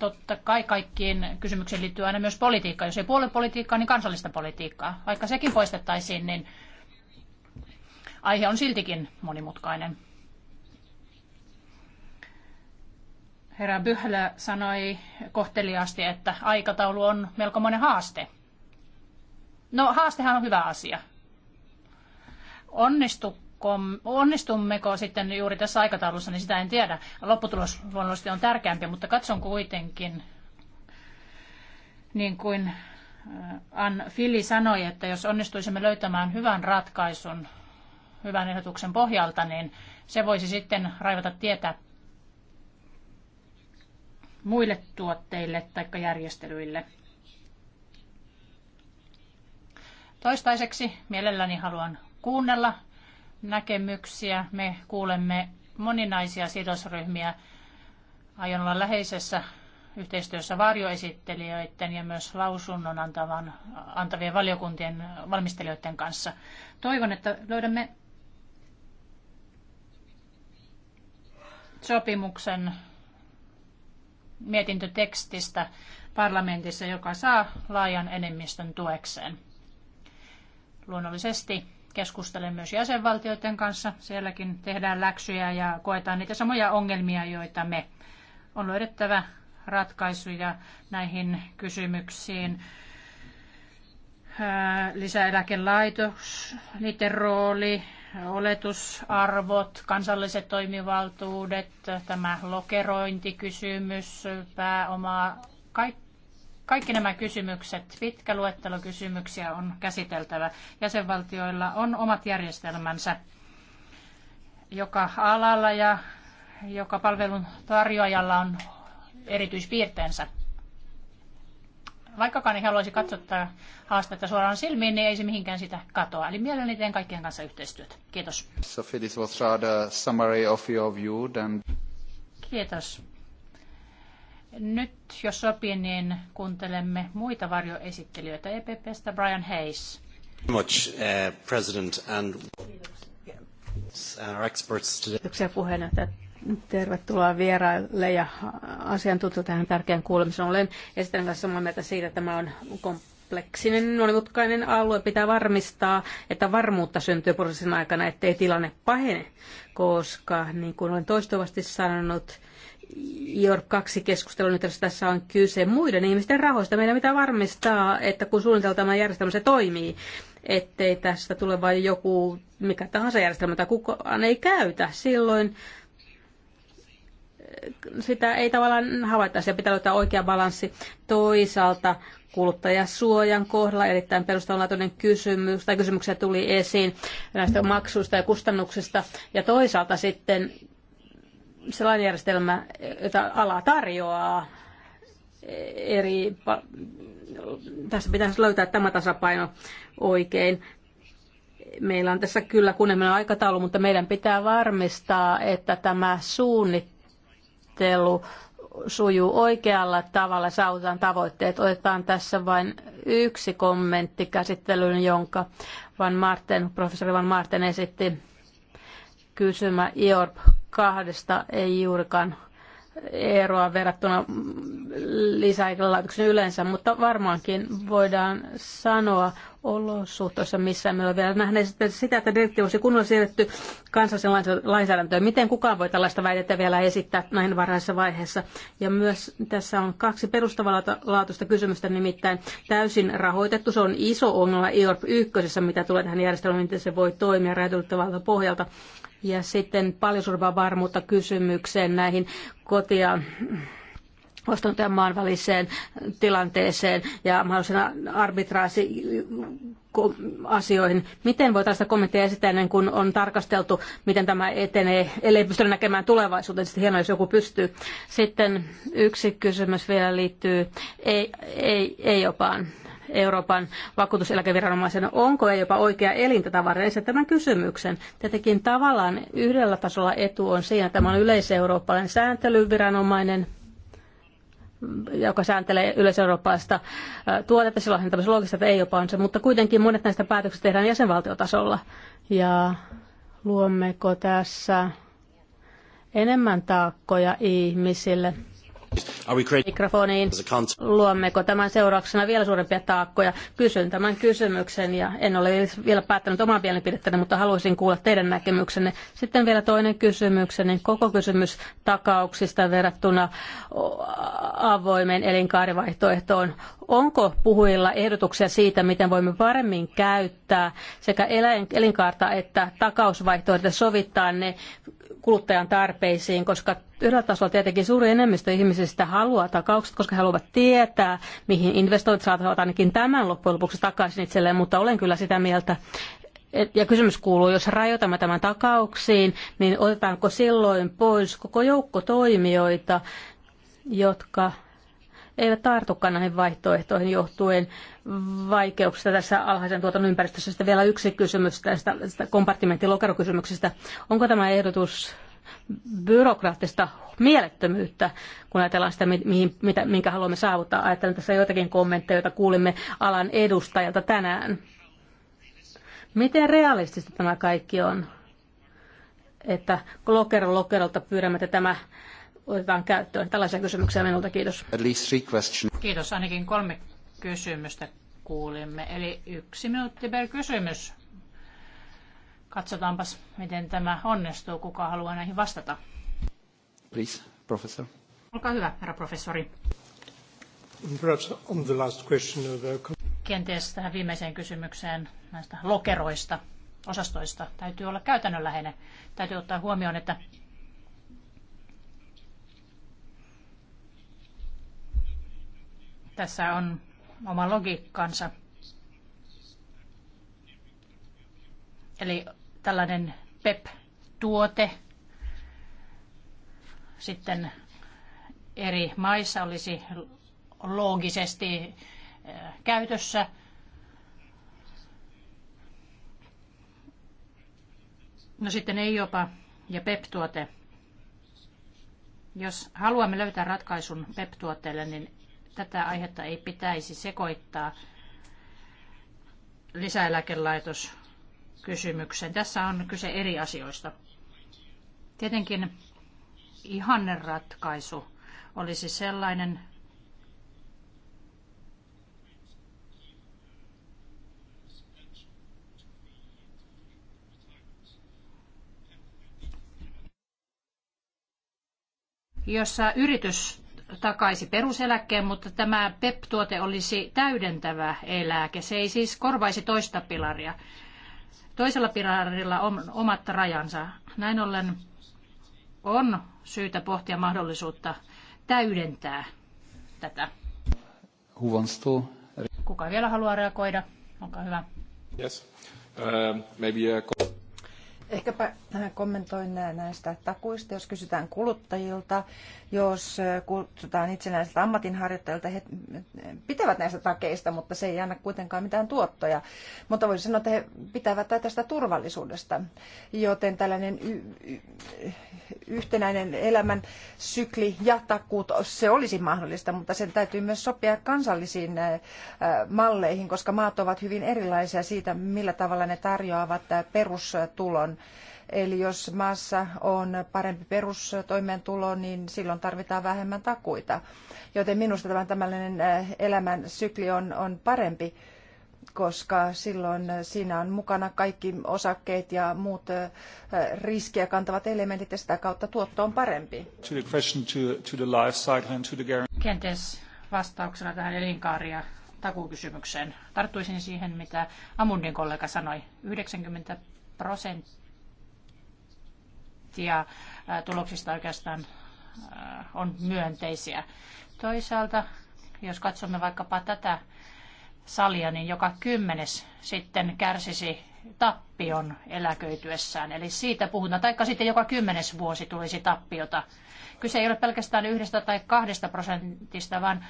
totta kai kaikkiin kysymyksiin liittyy aina myös politiikka. Jos ei puoluepolitiikkaa, niin kansallista politiikkaa. Vaikka sekin poistettaisiin, niin aihe on siltikin monimutkainen. Herra Byhlä sanoi kohteliaasti, että aikataulu on melkomoinen haaste. No haastehan on hyvä asia. Onnistu onnistummeko sitten juuri tässä aikataulussa, niin sitä en tiedä. Lopputulos luonnollisesti on tärkeämpi, mutta katson kuitenkin, niin kuin äh, Ann Fili sanoi, että jos onnistuisimme löytämään hyvän ratkaisun hyvän ehdotuksen pohjalta, niin se voisi sitten raivata tietä muille tuotteille tai järjestelyille. Toistaiseksi mielelläni haluan kuunnella näkemyksiä. Me kuulemme moninaisia sidosryhmiä. Aion olla läheisessä yhteistyössä varjoesittelijöiden ja myös lausunnon antavan, antavien valiokuntien valmistelijoiden kanssa. Toivon, että löydämme sopimuksen mietintötekstistä parlamentissa, joka saa laajan enemmistön tuekseen. Luonnollisesti Keskustelen myös jäsenvaltioiden kanssa. Sielläkin tehdään läksyjä ja koetaan niitä samoja ongelmia, joita me. On löydettävä ratkaisuja näihin kysymyksiin. Äh, lisäeläkelaitos, niiden rooli, oletusarvot, kansalliset toimivaltuudet, tämä lokerointikysymys, pääoma, kaikki kaikki nämä kysymykset, pitkä luettelo kysymyksiä on käsiteltävä. Jäsenvaltioilla on omat järjestelmänsä joka alalla ja joka palvelun tarjoajalla on erityispiirteensä. Vaikkakaan ei haluaisi katsottaa haastetta suoraan silmiin, niin ei se mihinkään sitä katoa. Eli mielelläni teen kaikkien kanssa yhteistyötä. Kiitos. Sophie, this was rather summary of your view Kiitos. Nyt, jos sopii, niin kuuntelemme muita varjoesittelijöitä EPPstä. Brian Hayes. Much, uh, President and our experts today. Kiitoksia puheenjohtaja. Tervetuloa vieraille ja asiantuntijoille tähän tärkeään kuulemiseen. Olen esittänyt kanssa samaa mieltä siitä, että tämä on kompleksinen, monimutkainen alue. Pitää varmistaa, että varmuutta syntyy prosessin aikana, ettei tilanne pahene, koska niin kuin olen toistuvasti sanonut, Jor kaksi keskustelun yhteydessä tässä on kyse muiden ihmisten rahoista. Meidän pitää varmistaa, että kun suunnitellaan tämä järjestelmä, se toimii, ettei tästä tule vain joku mikä tahansa järjestelmä, tai kukaan ei käytä. Silloin eh, sitä ei tavallaan havaita. Se pitää löytää oikea balanssi. Toisaalta kuluttajasuojan kohdalla erittäin perustavanlaatuinen kysymys, tai kysymyksiä tuli esiin näistä maksuista ja kustannuksista. Ja toisaalta sitten sellainen järjestelmä, jota ala tarjoaa eri, tässä pitäisi löytää tämä tasapaino oikein. Meillä on tässä kyllä kunnianhimoinen aikataulu, mutta meidän pitää varmistaa, että tämä suunnittelu sujuu oikealla tavalla, saavutetaan tavoitteet. Otetaan tässä vain yksi kommentti käsittelyyn, jonka Van Marten, professori Van Marten esitti kysymä IORP kahdesta ei juurikaan eroa verrattuna lisäeläkelaitoksen yleensä, mutta varmaankin voidaan sanoa olosuhteissa, missä me ollaan vielä nähneet sitä, että direktiivi olisi kunnolla siirretty kansallisen lainsäädäntöön. Miten kukaan voi tällaista väitettä vielä esittää näin varhaisessa vaiheessa? Ja myös tässä on kaksi perustavanlaatuista kysymystä, nimittäin täysin rahoitettu. Se on iso ongelma IORP 1, mitä tulee tähän järjestelmään, miten se voi toimia räätyltävältä pohjalta. Ja sitten paljon suurempaa varmuutta kysymykseen näihin kotia oston maan väliseen tilanteeseen ja mahdollisena arbitraasi asioihin. Miten voitaisiin tästä kommenttia esittää ennen kuin on tarkasteltu, miten tämä etenee, ellei pysty näkemään tulevaisuuteen, sitten hienoa, jos joku pystyy. Sitten yksi kysymys vielä liittyy ei, ei, ei jopaan. Euroopan vakuutuseläkeviranomaisena, onko ja jopa oikea elin tätä varten tämän kysymyksen. Tietenkin tavallaan yhdellä tasolla etu on siinä, että tämä on yleiseurooppalainen sääntelyviranomainen, joka sääntelee yleiseurooppalaista tuotetta, silloin tämmöistä loogista, että ei jopa on se, mutta kuitenkin monet näistä päätöksistä tehdään jäsenvaltiotasolla. Ja luommeko tässä enemmän taakkoja ihmisille? mikrofoniin. Luommeko tämän seurauksena vielä suurempia taakkoja? Kysyn tämän kysymyksen ja en ole vielä päättänyt omaa mielipidettäni, mutta haluaisin kuulla teidän näkemyksenne. Sitten vielä toinen kysymykseni, koko kysymys takauksista verrattuna avoimen elinkaarivaihtoehtoon. Onko puhujilla ehdotuksia siitä, miten voimme paremmin käyttää sekä elinkaarta että takausvaihtoehtoja sovittaa ne kuluttajan tarpeisiin, koska yhdellä tasolla tietenkin suuri enemmistö ihmisistä haluaa takaukset, koska he haluavat tietää, mihin investoinnit saatavat ainakin tämän loppujen lopuksi takaisin itselleen, mutta olen kyllä sitä mieltä, ja kysymys kuuluu, jos rajoitamme tämän takauksiin, niin otetaanko silloin pois koko joukko toimijoita, jotka eivät tartukaan näihin vaihtoehtoihin johtuen vaikeuksista tässä alhaisen tuotannon ympäristössä. Sitten vielä yksi kysymys tästä, tästä kompartimenttilokerokysymyksestä. Onko tämä ehdotus byrokraattista mielettömyyttä, kun ajatellaan sitä, mihin, mitä, minkä haluamme saavuttaa. Ajattelen tässä joitakin kommentteja, joita kuulimme alan edustajalta tänään. Miten realistista tämä kaikki on? Että lokero lokerolta pyydämme, että tämä otetaan käyttöön. Tällaisia kysymyksiä minulta, kiitos. Kiitos, ainakin kolme kysymystä kuulimme. Eli yksi minuutti per kysymys. Katsotaanpas, miten tämä onnistuu. Kuka haluaa näihin vastata? Please, professor. Olkaa hyvä, herra professori. on the last question of uh, Kenties tähän viimeiseen kysymykseen näistä lokeroista, osastoista, täytyy olla käytännönläheinen. Täytyy ottaa huomioon, että Tässä on oma logiikkansa. Eli tällainen PEP-tuote sitten eri maissa olisi loogisesti eh, käytössä. No sitten ei jopa ja PEP-tuote. Jos haluamme löytää ratkaisun PEP-tuotteelle, niin Tätä aihetta ei pitäisi sekoittaa lisäeläkelaitos kysymykseen. Tässä on kyse eri asioista. Tietenkin ratkaisu olisi sellainen, jossa yritys takaisi peruseläkkeen, mutta tämä PEP-tuote olisi täydentävä eläke. Se ei siis korvaisi toista pilaria. Toisella pilarilla on omat rajansa. Näin ollen on syytä pohtia mahdollisuutta täydentää tätä. Kuka vielä haluaa reagoida? Olkaa hyvä. Yes. Uh, maybe a... Ehkäpä äh, kommentoin näistä takuista, jos kysytään kuluttajilta, jos äh, kutsutaan itsenäisiltä ammatinharjoittajilta, he äh, pitävät näistä takeista, mutta se ei anna kuitenkaan mitään tuottoja. Mutta voisi sanoa, että he pitävät tästä turvallisuudesta, joten tällainen yhtenäinen elämän sykli ja takuut, se olisi mahdollista, mutta sen täytyy myös sopia kansallisiin malleihin, koska maat ovat hyvin erilaisia siitä, millä tavalla ne tarjoavat perustulon Eli jos maassa on parempi perustoimeentulo, niin silloin tarvitaan vähemmän takuita. Joten minusta tämä tämmöinen eh, elämän sykli on, on parempi, koska silloin siinä on mukana kaikki osakkeet ja muut eh, riskiä kantavat elementit ja sitä kautta tuotto on parempi. Kenties vastauksena tähän elinkaaria takuukysymykseen. Tarttuisin siihen, mitä Amundin kollega sanoi. 90 prosenttia prosenttia tuloksista oikeastaan on myönteisiä. Toisaalta, jos katsomme vaikkapa tätä salia, niin joka kymmenes sitten kärsisi tappion eläköityessään. Eli siitä puhutaan, taikka sitten joka kymmenes vuosi tulisi tappiota. Kyse ei ole pelkästään yhdestä tai kahdesta prosentista, vaan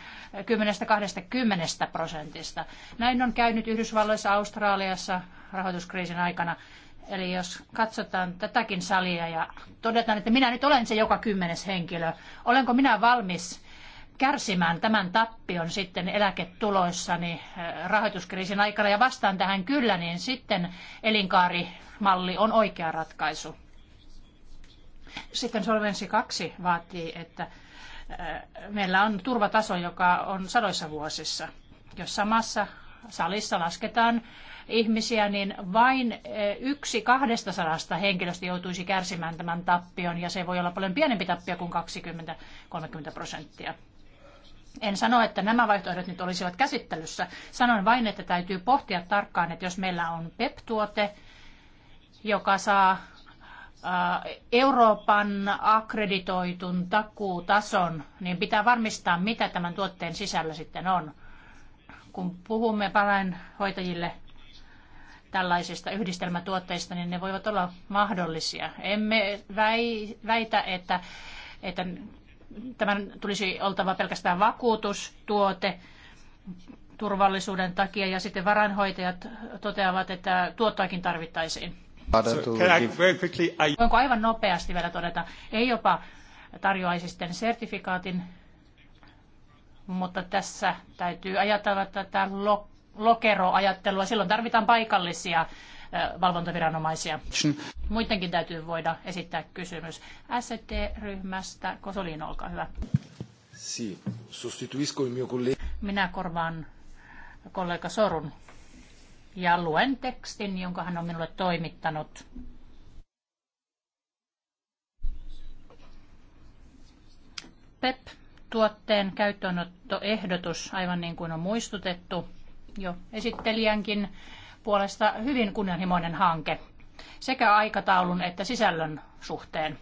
kymmenestä kahdesta kymmenestä prosentista. Näin on käynyt Yhdysvalloissa, Australiassa rahoituskriisin aikana. Eli jos katsotaan tätäkin salia ja todetaan, että minä nyt olen se joka kymmenes henkilö, olenko minä valmis kärsimään tämän tappion sitten eläketuloissani niin, rahoituskriisin aikana ja vastaan tähän kyllä, niin sitten elinkaarimalli on oikea ratkaisu. Sitten Solvenssi 2 vaatii, että meillä on turvataso, joka on sadoissa vuosissa. Jos samassa salissa lasketaan ihmisiä, niin vain eh, yksi kahdesta sadasta henkilöstä joutuisi kärsimään tämän tappion, ja se voi olla paljon pienempi tappio kuin 20-30 prosenttia. En sano, että nämä vaihtoehdot nyt olisivat käsittelyssä. Sanon vain, että täytyy pohtia tarkkaan, että jos meillä on PEP-tuote, joka saa eh, Euroopan akkreditoitun takuutason, niin pitää varmistaa, mitä tämän tuotteen sisällä sitten on. Kun puhumme palainhoitajille tällaisista yhdistelmätuotteista, niin ne voivat olla mahdollisia. Emme väitä, että, että tämän tulisi oltava pelkästään vakuutustuote turvallisuuden takia, ja sitten varainhoitajat toteavat, että tuottoakin tarvittaisiin. Voinko aivan nopeasti vielä todeta, ei jopa tarjoaisi sitten sertifikaatin, mutta tässä täytyy ajatella tätä lok lokeroajattelua. Silloin tarvitaan paikallisia valvontaviranomaisia. Muidenkin täytyy voida esittää kysymys. ST-ryhmästä Kosolino, olkaa hyvä. Si, Minä korvaan kollega Sorun ja luen tekstin, jonka hän on minulle toimittanut. PEP-tuotteen käyttöönottoehdotus, aivan niin kuin on muistutettu, jo esittelijänkin puolesta hyvin kunnianhimoinen hanke sekä aikataulun että sisällön suhteen.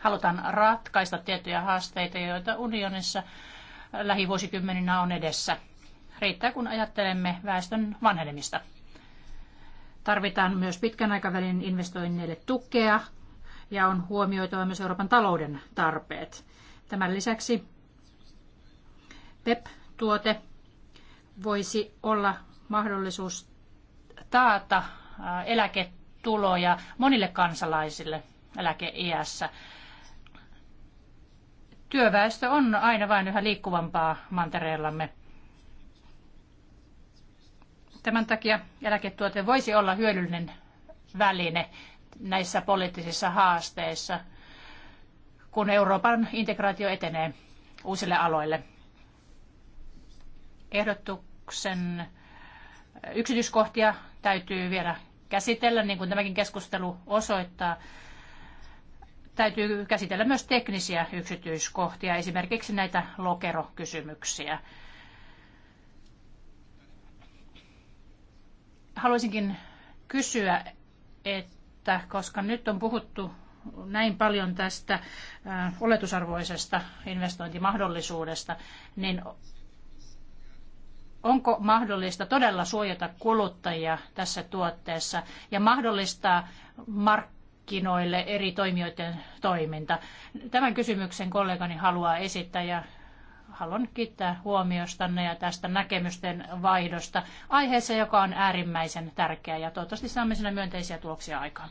Halutaan ratkaista tiettyjä haasteita, joita unionissa lähivuosikymmeninä on edessä. Riittää, kun ajattelemme väestön vanhenemista. Tarvitaan myös pitkän aikavälin investoinneille tukea ja on huomioitava myös Euroopan talouden tarpeet. Tämän lisäksi PEP-tuote voisi olla mahdollisuus taata äh, eläketuloja monille kansalaisille eläkeiässä. Työväestö on aina vain yhä liikkuvampaa mantereellamme. Tämän takia eläketuote voisi olla hyödyllinen väline näissä poliittisissa haasteissa, kun Euroopan integraatio etenee uusille aloille ehdotuksen yksityiskohtia täytyy vielä käsitellä, niin kuin tämäkin keskustelu osoittaa. Täytyy käsitellä myös teknisiä yksityiskohtia, esimerkiksi näitä lokerokysymyksiä. Haluaisinkin kysyä, että koska nyt on puhuttu näin paljon tästä oletusarvoisesta investointimahdollisuudesta, niin onko mahdollista todella suojata kuluttajia tässä tuotteessa ja mahdollistaa markkinoille eri toimijoiden toiminta? Tämän kysymyksen kollegani haluaa esittää ja haluan kiittää huomiostanne ja tästä näkemysten vaihdosta aiheessa, joka on äärimmäisen tärkeä ja toivottavasti saamme siinä myönteisiä tuloksia aikaan.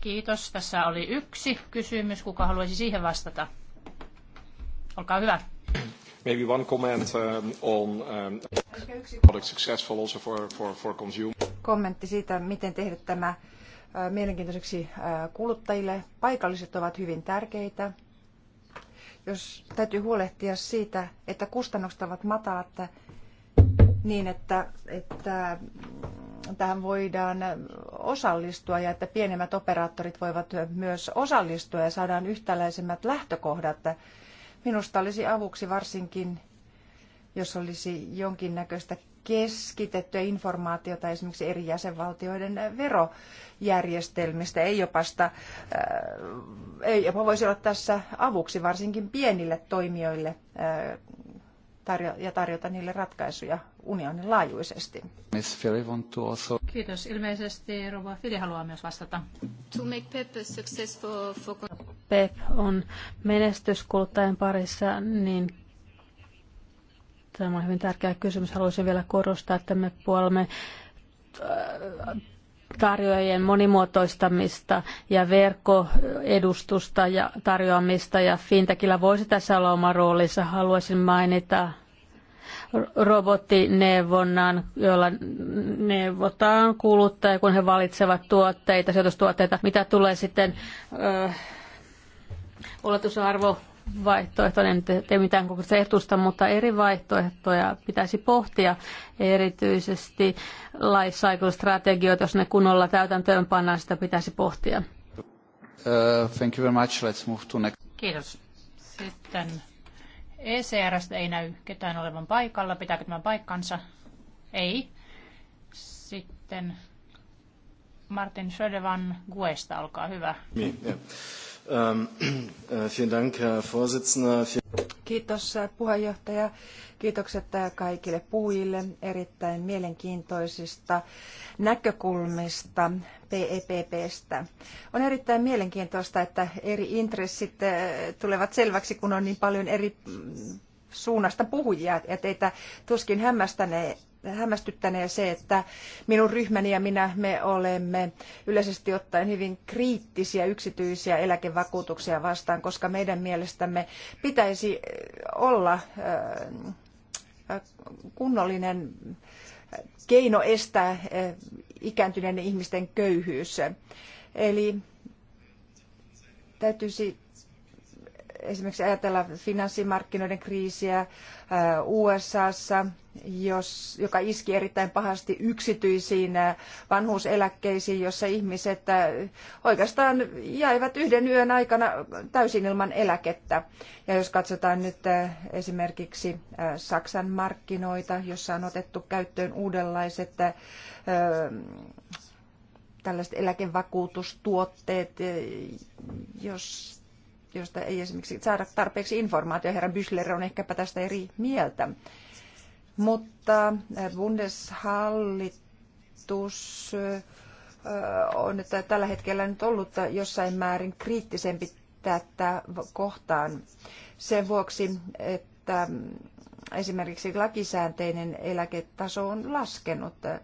Kiitos. Tässä oli yksi kysymys. Kuka haluaisi siihen vastata? Olkaa hyvä. Maybe one comment um, on um, product successful also for, consumer. Kommentti siitä, miten tehdä tämä äh, mielenkiintoiseksi äh, kuluttajille. Paikalliset ovat hyvin tärkeitä. Jos täytyy huolehtia siitä, että kustannukset ovat matalat niin, että, että tähän voidaan osallistua ja että pienemmät operaattorit voivat myös osallistua ja saadaan yhtäläisemmät lähtökohdat Minusta olisi avuksi varsinkin, jos olisi jonkinnäköistä keskitettyä informaatiota esimerkiksi eri jäsenvaltioiden verojärjestelmistä. Ei jopasta, äh, ei jopa voisi olla tässä avuksi varsinkin pienille toimijoille äh, tarjo- ja tarjota niille ratkaisuja unionin laajuisesti. Miss want to also... Kiitos. Ilmeisesti Rova Fili haluaa myös vastata. To make PEP, for, PEP on menestys kuluttajien parissa, niin tämä on hyvin tärkeä kysymys. Haluaisin vielä korostaa, että me puolemme äh, tarjoajien monimuotoistamista ja verkkoedustusta ja tarjoamista ja Fintechillä voisi tässä olla oma roolinsa. Haluaisin mainita robottineuvonnan, jolla neuvotaan kuluttaja, kun he valitsevat tuotteita, sijoitustuotteita. Mitä tulee sitten ö, oletusarvo vaihtoehto, en tee mitään koko ehdotusta, mutta eri vaihtoehtoja pitäisi pohtia, erityisesti life cycle-strategioita, jos ne kunnolla täytäntöön pannaan, sitä pitäisi pohtia. Uh, thank you very much. Let's move to next. Kiitos. Sitten ECRstä ei näy ketään olevan paikalla. Pitääkö tämä paikkansa? Ei. Sitten Martin Södevan Guesta, olkaa hyvä. Niin, Ähm, äh, Kiitos äh, puheenjohtaja. Kiitokset äh, kaikille puhujille erittäin mielenkiintoisista näkökulmista PEPPstä. On erittäin mielenkiintoista, että eri intressit tulevat selväksi, kun on niin paljon eri mm, suunnasta puhujia ja teitä tuskin hämmästänee, hämmästyttänee se, että minun ryhmäni ja minä me olemme yleisesti ottaen hyvin kriittisiä yksityisiä eläkevakuutuksia vastaan, koska meidän mielestämme pitäisi eh, olla eh, kunnollinen keino estää eh, ikääntyneiden ihmisten köyhyys. Eli täytyisi esimerkiksi ajatella finanssimarkkinoiden kriisiä USAssa, jos, joka iski erittäin pahasti yksityisiin äh, vanhuuseläkkeisiin, jossa ihmiset äh, oikeastaan jäivät yhden yön aikana täysin ilman eläkettä. Ja jos katsotaan nyt äh, esimerkiksi Saksan markkinoita, jossa on otettu käyttöön uudenlaiset tällaiset eläkevakuutustuotteet, jos josta ei esimerkiksi saada tarpeeksi informaatiota. Herra Bysler on ehkäpä tästä eri mieltä. Mutta äh, Bundeshallitus äh, on että tällä hetkellä nyt ollut jossain määrin kriittisempi tätä kohtaan sen vuoksi, että mm, esimerkiksi lakisäänteinen eläketaso on laskenut. Äh,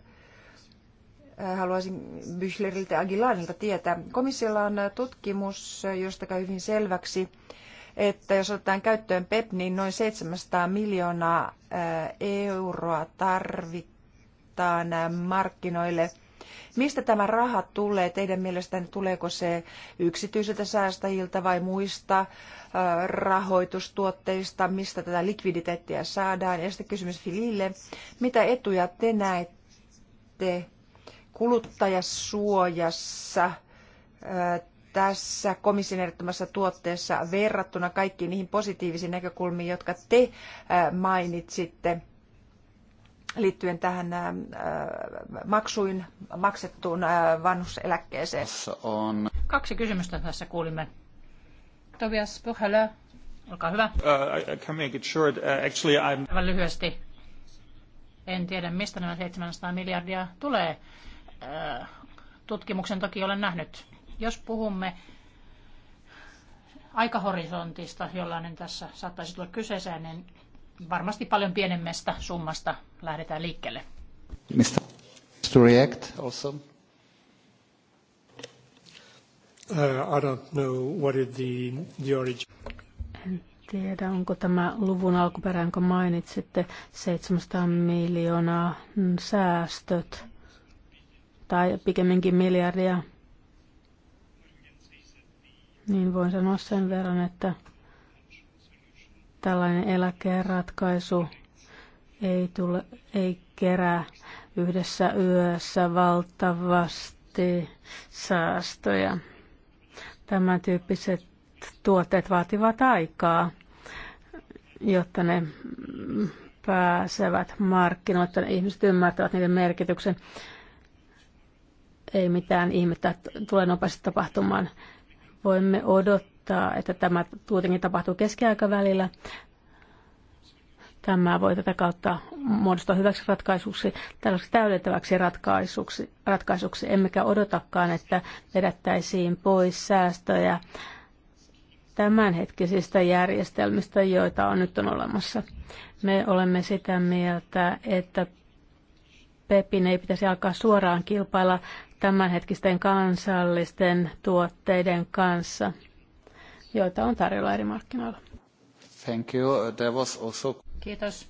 haluaisin Büchleriltä ja Aguilanilta tietää. Komissiolla on tutkimus, josta käy hyvin selväksi, että jos otetaan käyttöön PEP, e niin noin 700 miljoonaa euroa tarvitaan markkinoille. Mistä tämä raha tulee? Teidän mielestänne tuleeko se yksityisiltä säästäjiltä vai muista rahoitustuotteista? Mistä tätä likviditeettiä saadaan? Ja sitten kysymys Filille. Mitä etuja te näette kuluttajasuojassa tässä komission ehdottomassa tuotteessa verrattuna kaikkiin niihin positiivisiin näkökulmiin, jotka te äh, mainitsitte liittyen tähän äh, maksuin maksettuun äh, vanhuseläkkeeseen? On. Kaksi kysymystä tässä kuulimme. Tobias Puhelö, olkaa hyvä. Uh, I can make it short. Uh, actually I'm... Aivan lyhyesti. En tiedä, mistä nämä 700 miljardia tulee. Uh, tutkimuksen toki olen nähnyt. Jos puhumme aikahorisontista, jollainen tässä saattaisi tulla kyseeseen, niin varmasti paljon pienemmästä summasta lähdetään liikkeelle. Mistä? To react also. Uh, I don't know what is the, the origin. En tiedä, onko tämä luvun alkuperä, jonka mainitsitte, 700 miljoonaa säästöt tai pikemminkin miljardia niin voin sanoa sen verran, että tällainen eläkeratkaisu ei, tule, ei kerää yhdessä yössä valtavasti säästöjä. Tämän tyyppiset tuotteet vaativat aikaa, jotta ne pääsevät markkinoille, jotta ne ihmiset ymmärtävät niiden merkityksen. Ei mitään ihmettä tule nopeasti tapahtumaan. Voimme odottaa, että tämä kuitenkin tapahtuu keskiaikavälillä. Tämä voi tätä kautta muodostua hyväksi ratkaisuksi, tällaiseksi täydentäväksi ratkaisuksi, ratkaisuksi. Emmekä odotakaan, että vedättäisiin pois säästöjä tämänhetkisistä järjestelmistä, joita on nyt on olemassa. Me olemme sitä mieltä, että PEPin ei pitäisi alkaa suoraan kilpailla tämänhetkisten kansallisten tuotteiden kanssa, joita on tarjolla eri markkinoilla. Thank you. There was also... Kiitos.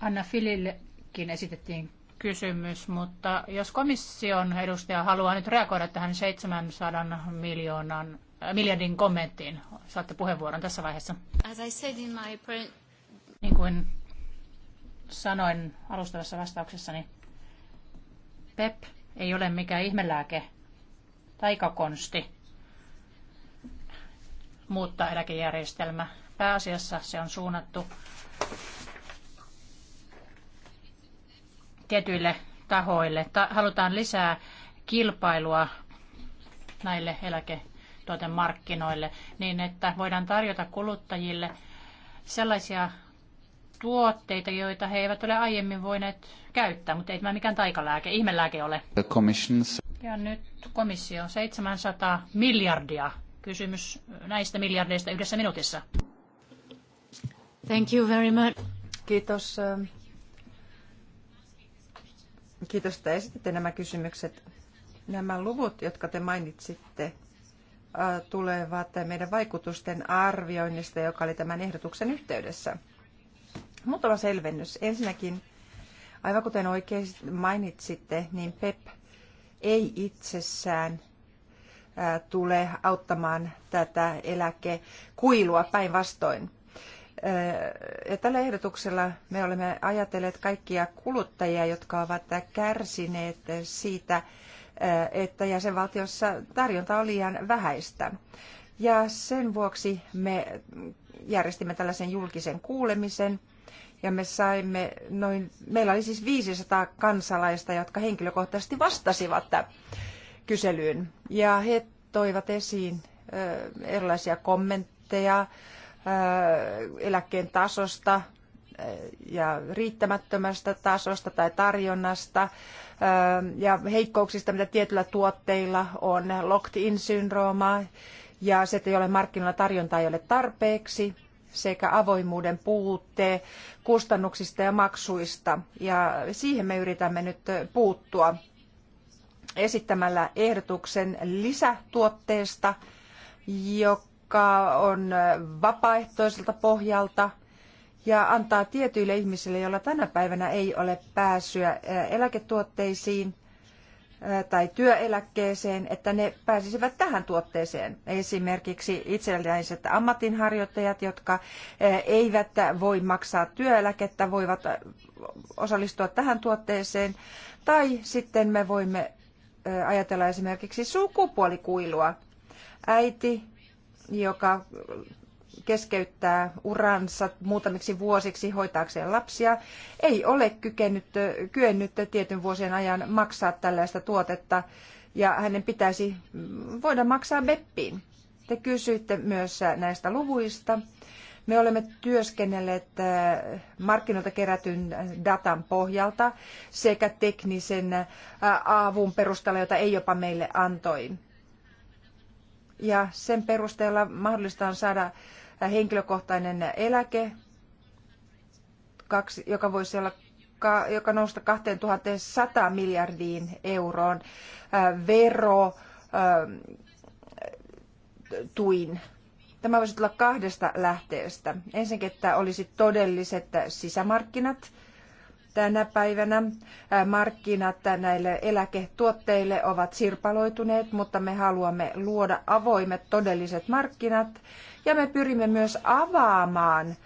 Anna Filillekin esitettiin kysymys, mutta jos komission edustaja haluaa nyt reagoida tähän 700 miljoonan, äh, miljardin kommenttiin, saatte puheenvuoron tässä vaiheessa. As I said in my... Niin kuin sanoin alustavassa vastauksessani, PEP ei ole mikään ihmelääke, taikakonsti muuttaa eläkejärjestelmä. Pääasiassa se on suunnattu tietyille tahoille. Ta- halutaan lisää kilpailua näille eläketuotemarkkinoille niin, että voidaan tarjota kuluttajille sellaisia tuotteita, joita he eivät ole aiemmin voineet käyttää, mutta ei tämä mikään taikalääke, ihmelääke ole. Ja nyt komissio 700 miljardia. Kysymys näistä miljardeista yhdessä minuutissa. Thank you very much. Kiitos. Kiitos, että esititte nämä kysymykset. Nämä luvut, jotka te mainitsitte, tulevat meidän vaikutusten arvioinnista, joka oli tämän ehdotuksen yhteydessä. Muutama selvennys. Ensinnäkin Aivan kuten oikein mainitsitte, niin PEP ei itsessään tule auttamaan tätä eläkekuilua päinvastoin. Ja tällä ehdotuksella me olemme ajatelleet kaikkia kuluttajia, jotka ovat kärsineet siitä, että jäsenvaltiossa tarjonta on liian vähäistä. Ja sen vuoksi me järjestimme tällaisen julkisen kuulemisen – ja me saimme noin, meillä oli siis 500 kansalaista, jotka henkilökohtaisesti vastasivat kyselyyn. Ja he toivat esiin erilaisia kommentteja eläkkeen tasosta ja riittämättömästä tasosta tai tarjonnasta ja heikkouksista, mitä tietyillä tuotteilla on, locked-in-syndroomaa ja se, että ei ole markkinoilla tarjontaa ei ole tarpeeksi sekä avoimuuden puutte kustannuksista ja maksuista. Ja siihen me yritämme nyt puuttua esittämällä ehdotuksen lisätuotteesta, joka on vapaaehtoiselta pohjalta ja antaa tietyille ihmisille, joilla tänä päivänä ei ole pääsyä eläketuotteisiin, tai työeläkkeeseen, että ne pääsisivät tähän tuotteeseen. Esimerkiksi itsenäiset ammatinharjoittajat, jotka eivät voi maksaa työeläkettä, voivat osallistua tähän tuotteeseen. Tai sitten me voimme ajatella esimerkiksi sukupuolikuilua. Äiti, joka keskeyttää uransa muutamiksi vuosiksi hoitaakseen lapsia, ei ole kykennyt, kyennyt tietyn vuosien ajan maksaa tällaista tuotetta ja hänen pitäisi voida maksaa BEPPiin. Te kysyitte myös näistä luvuista. Me olemme työskennelleet äh, markkinoilta kerätyn datan pohjalta sekä teknisen äh, avun perusteella, jota ei jopa meille antoi. Ja sen perusteella mahdollista on saada henkilökohtainen eläke, joka voisi olla joka nousta 2100 miljardiin euroon vero tuin. Tämä voisi tulla kahdesta lähteestä. Ensinnäkin, että olisi todelliset sisämarkkinat, tänä päivänä markkinat näille eläketuotteille ovat sirpaloituneet, mutta me haluamme luoda avoimet todelliset markkinat, ja me pyrimme myös avaamaan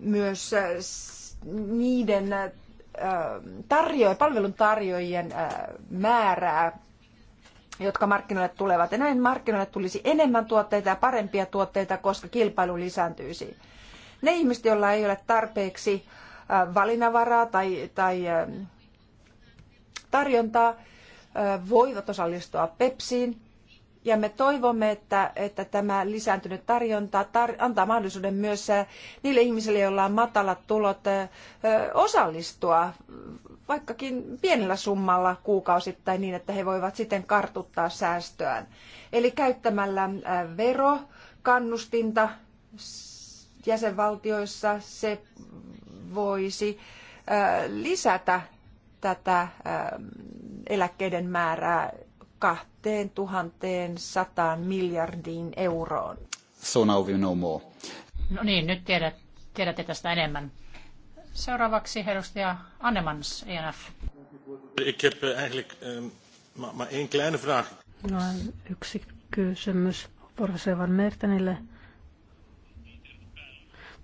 myös niiden tarjo- palveluntarjoajien määrää, jotka markkinoille tulevat. Ja näin markkinoille tulisi enemmän tuotteita ja parempia tuotteita, koska kilpailu lisääntyisi. Ne ihmiset, joilla ei ole tarpeeksi valinnanvaraa tai, tai tarjontaa, voivat osallistua Pepsiin, ja me toivomme, että, että tämä lisääntynyt tarjonta tar antaa mahdollisuuden myös äh, niille ihmisille, joilla on matalat tulot, äh, osallistua vaikkakin pienellä summalla kuukausittain niin, että he voivat sitten kartuttaa säästöään. Eli käyttämällä äh, verokannustinta jäsenvaltioissa se voisi lisätä tätä ähm, eläkkeiden määrää 2100 miljardiin euroon. So now we know more. No niin, nyt tiedät, tiedätte tästä enemmän. Seuraavaksi edustaja Annemans, INF. E Ik heb eh, eigenlijk ehm, maar één kleine vraag. yksi kysymys professori Mertenille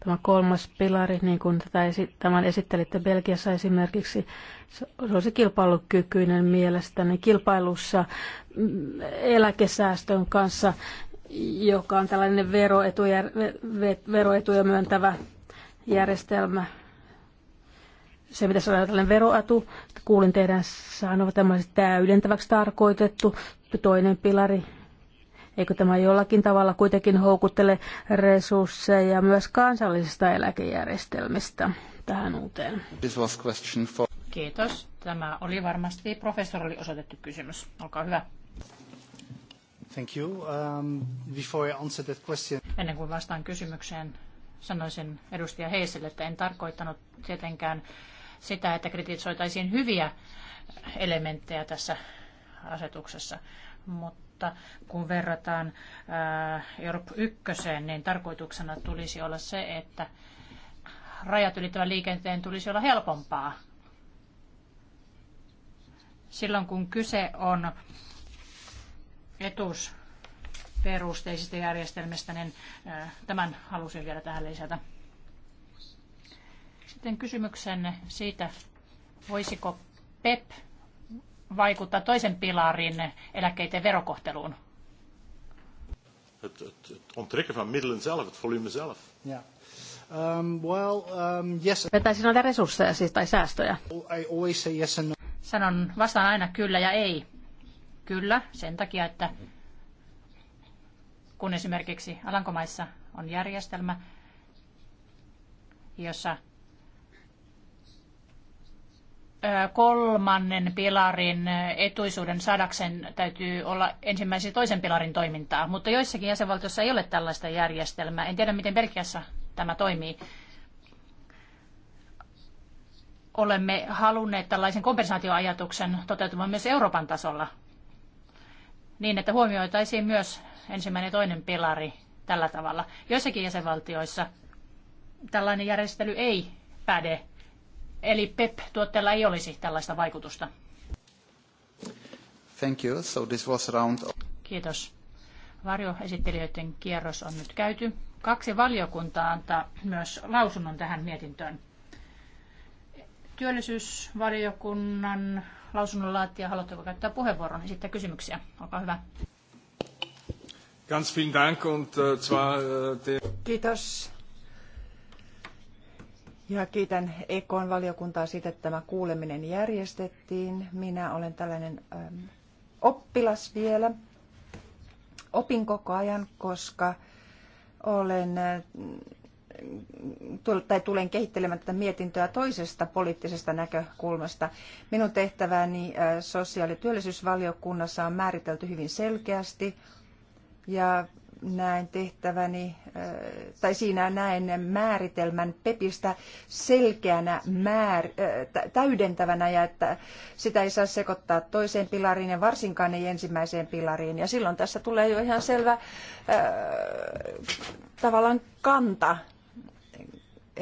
Tämä kolmas pilari, niin kuin tätä esi- tämän esittelitte Belgiassa esimerkiksi, se olisi kilpailukykyinen mielestäni kilpailussa mm, eläkesäästön kanssa, joka on tällainen veroetuja, veroetuja myöntävä järjestelmä, se pitäisi olla tällainen veroatu. Kuulin teidän sanovan tämmöiseksi täydentäväksi tarkoitettu toinen pilari, Eikö tämä jollakin tavalla kuitenkin houkuttele resursseja myös kansallisista eläkejärjestelmistä tähän uuteen? Kiitos. Tämä oli varmasti professorille osoitettu kysymys. Olkaa hyvä. Thank you. Um, before I answer that question... Ennen kuin vastaan kysymykseen, sanoisin edustaja Heiselle, että en tarkoittanut tietenkään sitä, että kritisoitaisiin hyviä elementtejä tässä asetuksessa, mutta mutta kun verrataan äh, Europe 1, niin tarkoituksena tulisi olla se, että rajat ylittävän liikenteen tulisi olla helpompaa. Silloin kun kyse on etuusperusteisista järjestelmistä, niin äh, tämän halusin vielä tähän lisätä. Sitten kysymyksenne siitä, voisiko PEP vaikuttaa toisen pilarin eläkkeiden verokohteluun? Het, van middelen zelf, het volume zelf. Ja. Ehm, ehm, näitä no. resursseja siis, tai säästöjä. I always say yes and no. Sanon vastaan aina kyllä ja ei. Kyllä, sen takia, että kun esimerkiksi Alankomaissa on järjestelmä, jossa kolmannen pilarin etuisuuden saadakseen täytyy olla ensimmäisen ja toisen pilarin toimintaa, mutta joissakin jäsenvaltioissa ei ole tällaista järjestelmää. En tiedä, miten Belgiassa tämä toimii. Olemme halunneet tällaisen kompensaatioajatuksen toteutumaan myös Euroopan tasolla niin, että huomioitaisiin myös ensimmäinen ja toinen pilari tällä tavalla. Joissakin jäsenvaltioissa tällainen järjestely ei päde Eli PEP-tuotteella ei olisi tällaista vaikutusta. Thank you. So this was round... Kiitos. Varjoesittelijöiden kierros on nyt käyty. Kaksi valiokuntaa antaa myös lausunnon tähän mietintöön. Työllisyysvaliokunnan lausunnonlaatija, haluatteko käyttää puheenvuoron sitten kysymyksiä? Olkaa hyvä. Ganz vielen Dank und äh, zwar äh, Kiitos. Ja kiitän Ekon valiokuntaa siitä, että tämä kuuleminen järjestettiin. Minä olen tällainen ähm, oppilas vielä. Opin koko ajan, koska olen äh, tai tulen kehittelemään tätä mietintöä toisesta poliittisesta näkökulmasta. Minun tehtäväni äh, sosiaali- ja työllisyysvaliokunnassa on määritelty hyvin selkeästi ja näen tehtäväni, tai siinä näen määritelmän PEPistä selkeänä määr, täydentävänä ja että sitä ei saa sekoittaa toiseen pilariin ja varsinkaan ei ensimmäiseen pilariin. Ja silloin tässä tulee jo ihan selvä tavallaan kanta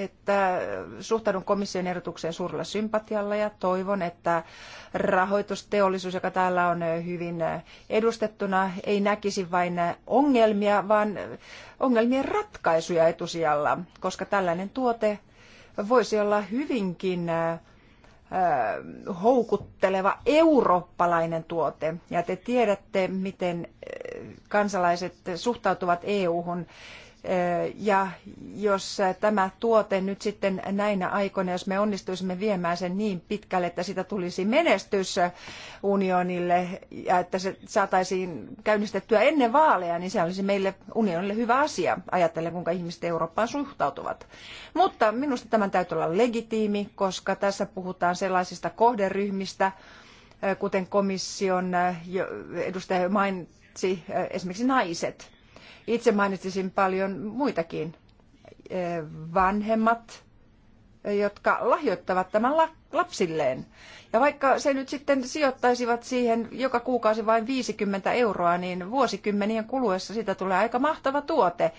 että suhtaudun komission ehdotukseen suurella sympatialla ja toivon, että rahoitusteollisuus, joka täällä on hyvin edustettuna, ei näkisi vain ongelmia, vaan ongelmien ratkaisuja etusijalla, koska tällainen tuote voisi olla hyvinkin houkutteleva eurooppalainen tuote. Ja te tiedätte, miten kansalaiset suhtautuvat EU-hun ja jos tämä tuote nyt sitten näinä aikoina, jos me onnistuisimme viemään sen niin pitkälle, että sitä tulisi menestys unionille ja että se saataisiin käynnistettyä ennen vaaleja, niin se olisi meille unionille hyvä asia, ajatellen kuinka ihmiset Eurooppaan suhtautuvat. Mutta minusta tämän täytyy olla legitiimi, koska tässä puhutaan sellaisista kohderyhmistä, kuten komission edustaja mainitsi, esimerkiksi naiset – itse mainitsisin paljon muitakin. Eh, vanhemmat, eh, jotka lahjoittavat tämän lapsilleen. Ja vaikka se nyt sitten sijoittaisivat siihen joka kuukausi vain 50 euroa, niin vuosikymmenien kuluessa siitä tulee aika mahtava tuote.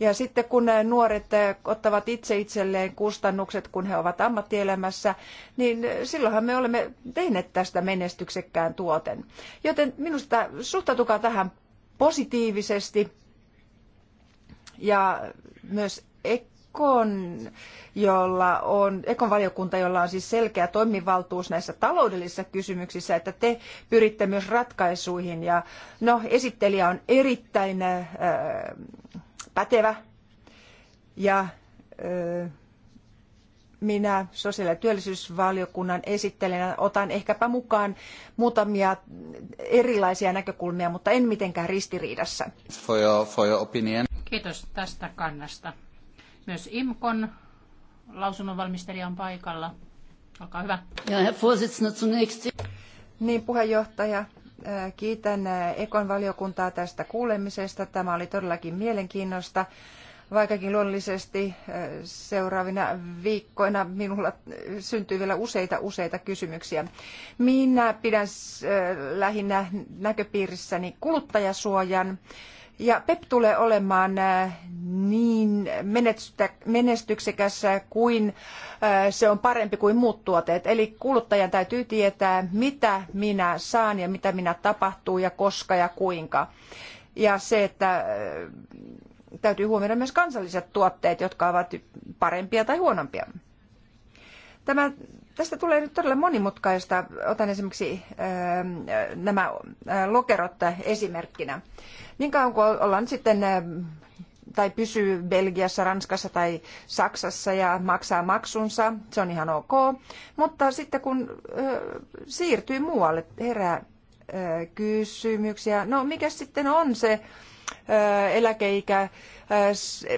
Ja sitten kun nuoret eh, ottavat itse itselleen kustannukset, kun he ovat ammattielämässä, niin silloinhan me olemme tehneet tästä menestyksekkään tuoten. Joten minusta suhtautukaa tähän positiivisesti ja myös Ekon, jolla on, Ekon valiokunta, jolla on siis selkeä toimivaltuus näissä taloudellisissa kysymyksissä, että te pyritte myös ratkaisuihin. Ja, no, esittelijä on erittäin äh, pätevä ja äh, minä sosiaali- ja työllisyysvaliokunnan esittelijänä otan ehkäpä mukaan muutamia erilaisia näkökulmia, mutta en mitenkään ristiriidassa. For your, for your opinion. Kiitos tästä kannasta. Myös IMKON lausunnonvalmistelija on paikalla. Olkaa hyvä. Ja Niin, puheenjohtaja. Äh, kiitän äh, Ekon valiokuntaa tästä kuulemisesta. Tämä oli todellakin mielenkiinnosta Vaikkakin luonnollisesti äh, seuraavina viikkoina minulla syntyy vielä useita useita kysymyksiä. Minä pidän äh, lähinnä näköpiirissäni kuluttajasuojan. Ja PEP tulee olemaan äh, niin menestyksekäs kuin se on parempi kuin muut tuotteet. Eli kuluttajan täytyy tietää, mitä minä saan ja mitä minä tapahtuu ja koska ja kuinka. Ja se, että täytyy huomioida myös kansalliset tuotteet, jotka ovat parempia tai huonompia. Tämä, tästä tulee nyt todella monimutkaista. Otan esimerkiksi ää, ähm, nämä ää, äh, lokerot esimerkkinä. Niin kauan kuin ollaan sitten ää, äh, tai pysyy Belgiassa, Ranskassa tai Saksassa ja maksaa maksunsa, se on ihan ok. Mutta sitten kun ää, äh, siirtyy muualle, herää ää, kysymyksiä. No mikä sitten on se eläkeikä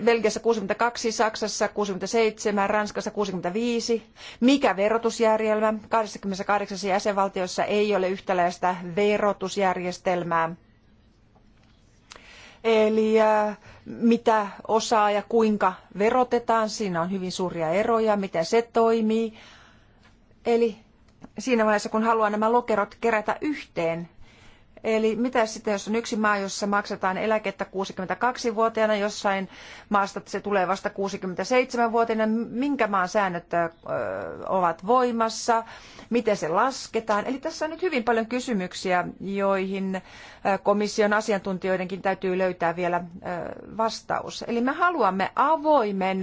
Belgiassa 62, Saksassa 67, Ranskassa 65. Mikä verotusjärjelmä? 28 jäsenvaltiossa ei ole yhtäläistä verotusjärjestelmää. Eli mitä osaa ja kuinka verotetaan, siinä on hyvin suuria eroja, miten se toimii. Eli siinä vaiheessa, kun haluaa nämä lokerot kerätä yhteen, Eli mitä sitten, jos on yksi maa, jossa maksetaan eläkettä 62-vuotiaana, jossain maasta se tulee vasta 67-vuotiaana, minkä maan säännöt ovat voimassa, miten se lasketaan. Eli tässä on nyt hyvin paljon kysymyksiä, joihin komission asiantuntijoidenkin täytyy löytää vielä vastaus. Eli me haluamme avoimen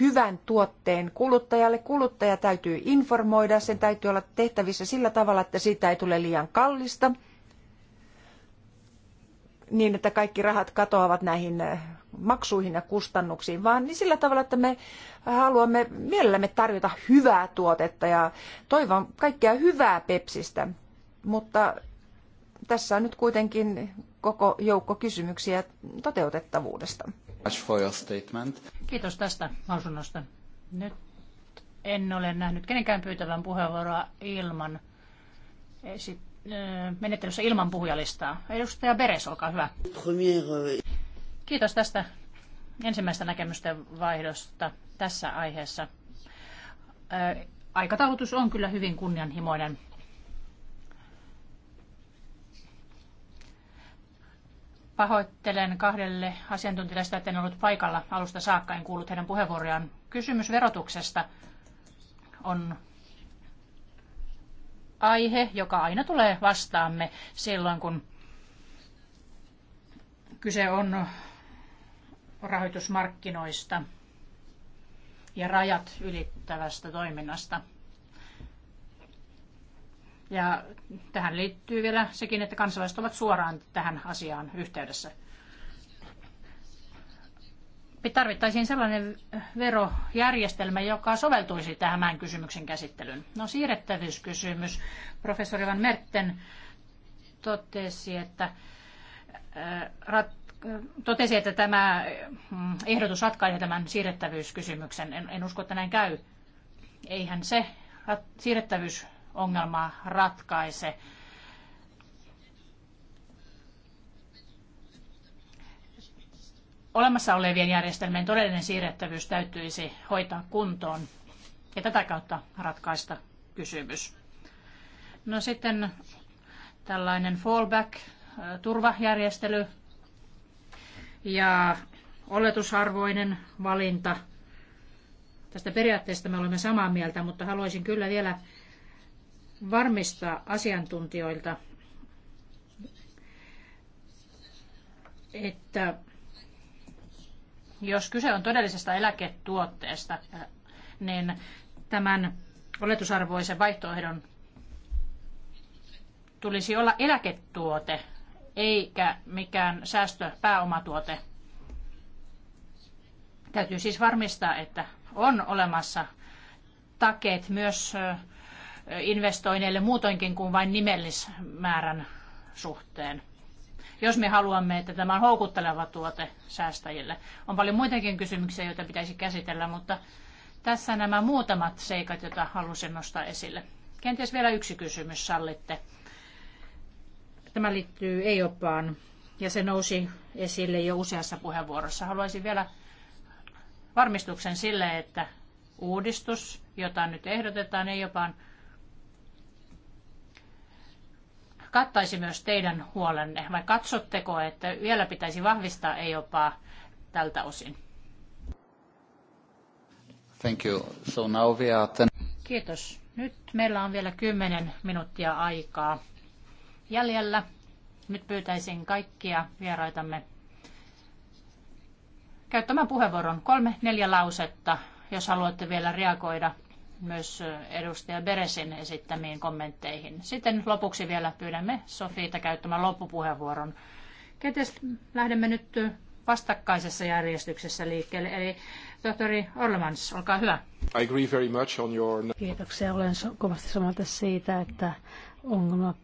hyvän tuotteen kuluttajalle. Kuluttaja täytyy informoida, sen täytyy olla tehtävissä sillä tavalla, että siitä ei tule liian kallista – niin, että kaikki rahat katoavat näihin eh, maksuihin ja kustannuksiin, vaan niin sillä tavalla, että me haluamme mielellämme tarjota hyvää tuotetta ja toivon kaikkea hyvää Pepsistä. Mutta tässä on nyt kuitenkin koko joukko kysymyksiä toteutettavuudesta. Kiitos tästä lausunnosta. Nyt en ole nähnyt kenenkään pyytävän puheenvuoroa ilman esittää menettelyssä ilman puhujalistaa. Edustaja Beres, olkaa hyvä. Kiitos tästä ensimmäistä näkemysten vaihdosta tässä aiheessa. Aikataulutus on kyllä hyvin kunnianhimoinen. Pahoittelen kahdelle asiantuntijalle että en ollut paikalla alusta saakka, en kuullut heidän puheenvuoriaan. Kysymys verotuksesta on aihe, joka aina tulee vastaamme silloin, kun kyse on rahoitusmarkkinoista ja rajat ylittävästä toiminnasta. Ja tähän liittyy vielä sekin, että kansalaiset ovat suoraan tähän asiaan yhteydessä tarvittaisiin sellainen verojärjestelmä, joka soveltuisi tähän kysymyksen käsittelyyn. No siirrettävyyskysymys. Professori Van Merten totesi, että, äh, rat, totesi, että tämä mm, ehdotus ratkaisee tämän siirrettävyyskysymyksen. En, en usko, että näin käy. Eihän se rat, siirrettävyysongelmaa ratkaise olemassa olevien järjestelmien todellinen siirrettävyys täytyisi hoitaa kuntoon ja tätä kautta ratkaista kysymys. No sitten tällainen fallback, turvajärjestely ja oletusarvoinen valinta. Tästä periaatteesta me olemme samaa mieltä, mutta haluaisin kyllä vielä varmistaa asiantuntijoilta, että jos kyse on todellisesta eläketuotteesta, niin tämän oletusarvoisen vaihtoehdon tulisi olla eläketuote, eikä mikään säästöpääomatuote. Täytyy siis varmistaa, että on olemassa takeet myös investoineille muutoinkin kuin vain nimellismäärän suhteen jos me haluamme, että tämä on houkutteleva tuote säästäjille. On paljon muitakin kysymyksiä, joita pitäisi käsitellä, mutta tässä nämä muutamat seikat, joita halusin nostaa esille. Kenties vielä yksi kysymys sallitte. Tämä liittyy EIOPAan ja se nousi esille jo useassa puheenvuorossa. Haluaisin vielä varmistuksen sille, että uudistus, jota nyt ehdotetaan EIOPAan, kattaisi myös teidän huolenne? Vai katsotteko, että vielä pitäisi vahvistaa EIOPaa tältä osin? Thank you. So now we are ten... Kiitos. Nyt meillä on vielä 10 minuuttia aikaa jäljellä. Nyt pyytäisin kaikkia vieraitamme käyttämään puheenvuoron kolme, neljä lausetta, jos haluatte vielä reagoida myös edustaja Beresin esittämiin kommentteihin. Sitten lopuksi vielä pyydämme Sofiita käyttämään loppupuheenvuoron. Kenties lähdemme nyt vastakkaisessa järjestyksessä liikkeelle. Eli tohtori Orlemans, olkaa hyvä. I agree very much on your... Kiitoksia. Olen kovasti samalta siitä, että ongelma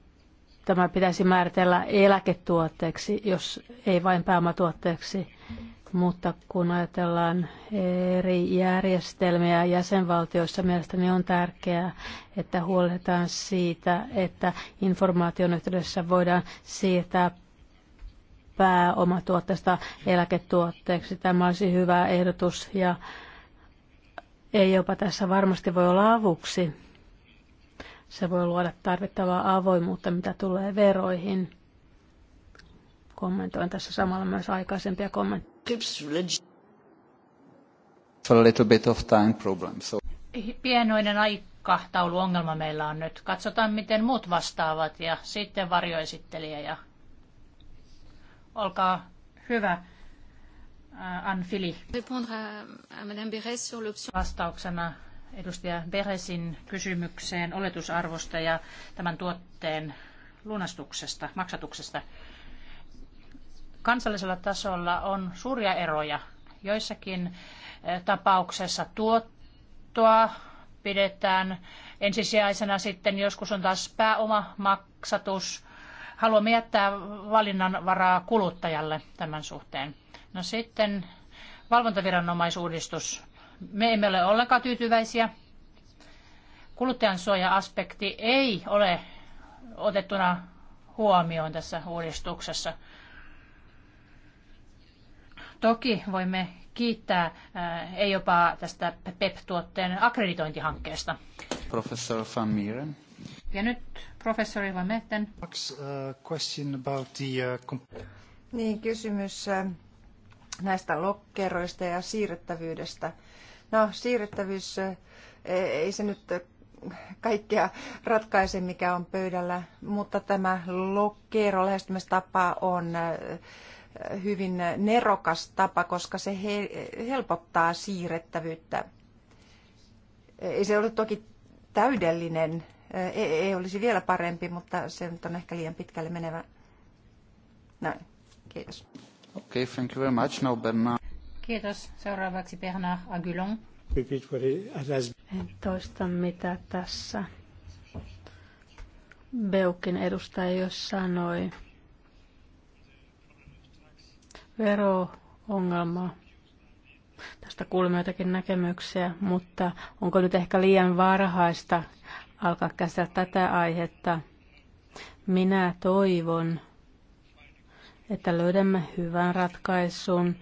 tämä pitäisi määritellä eläketuotteeksi, jos ei vain pääomatuotteeksi mutta kun ajatellaan eri järjestelmiä jäsenvaltioissa, mielestäni on tärkeää, että huolehditaan siitä, että informaation yhteydessä voidaan siirtää pääomatuotteesta eläketuotteeksi. Tämä olisi hyvä ehdotus ja ei jopa tässä varmasti voi olla avuksi. Se voi luoda tarvittavaa avoimuutta, mitä tulee veroihin. Kommentoin tässä samalla myös aikaisempia kommentteja a little bit of time problem. So. Pienoinen aikatauluongelma meillä on nyt. Katsotaan, miten muut vastaavat ja sitten varjoesittelijä. Ja... Olkaa hyvä. Äh, Anne Fili. Vastauksena edustaja Beresin kysymykseen oletusarvosta ja tämän tuotteen lunastuksesta, maksatuksesta kansallisella tasolla on suuria eroja. Joissakin eh, tapauksessa tuottoa pidetään ensisijaisena sitten, joskus on taas pääomamaksatus. Haluamme jättää varaa kuluttajalle tämän suhteen. No sitten valvontaviranomaisuudistus. Me emme ole ollenkaan tyytyväisiä. Kuluttajan suoja-aspekti ei ole otettuna huomioon tässä uudistuksessa. Toki voimme kiittää ei jopa tästä PEP-tuotteen akkreditointihankkeesta. Professor van Mieren. Ja nyt professori Van Metten. Uh, question about the, uh, niin, kysymys näistä lokkeroista ja siirrettävyydestä. No, siirrettävyys ei se nyt kaikkea ratkaise, mikä on pöydällä, mutta tämä lokkero lähestymistapa on hyvin nerokas tapa, koska se helpottaa siirrettävyyttä. Ei se ole toki täydellinen, ei e olisi vielä parempi, mutta se nyt on ehkä liian pitkälle menevä. Näin, kiitos. Okay, thank you very much. Now Bernard. Kiitos. Seuraavaksi Bernard Agulon. En toista mitä tässä Beukin edustaja jo sanoi veroongelma. Tästä kuulemme jotakin näkemyksiä, mutta onko nyt ehkä liian varhaista alkaa käsitellä tätä aihetta? Minä toivon, että löydämme hyvän ratkaisun,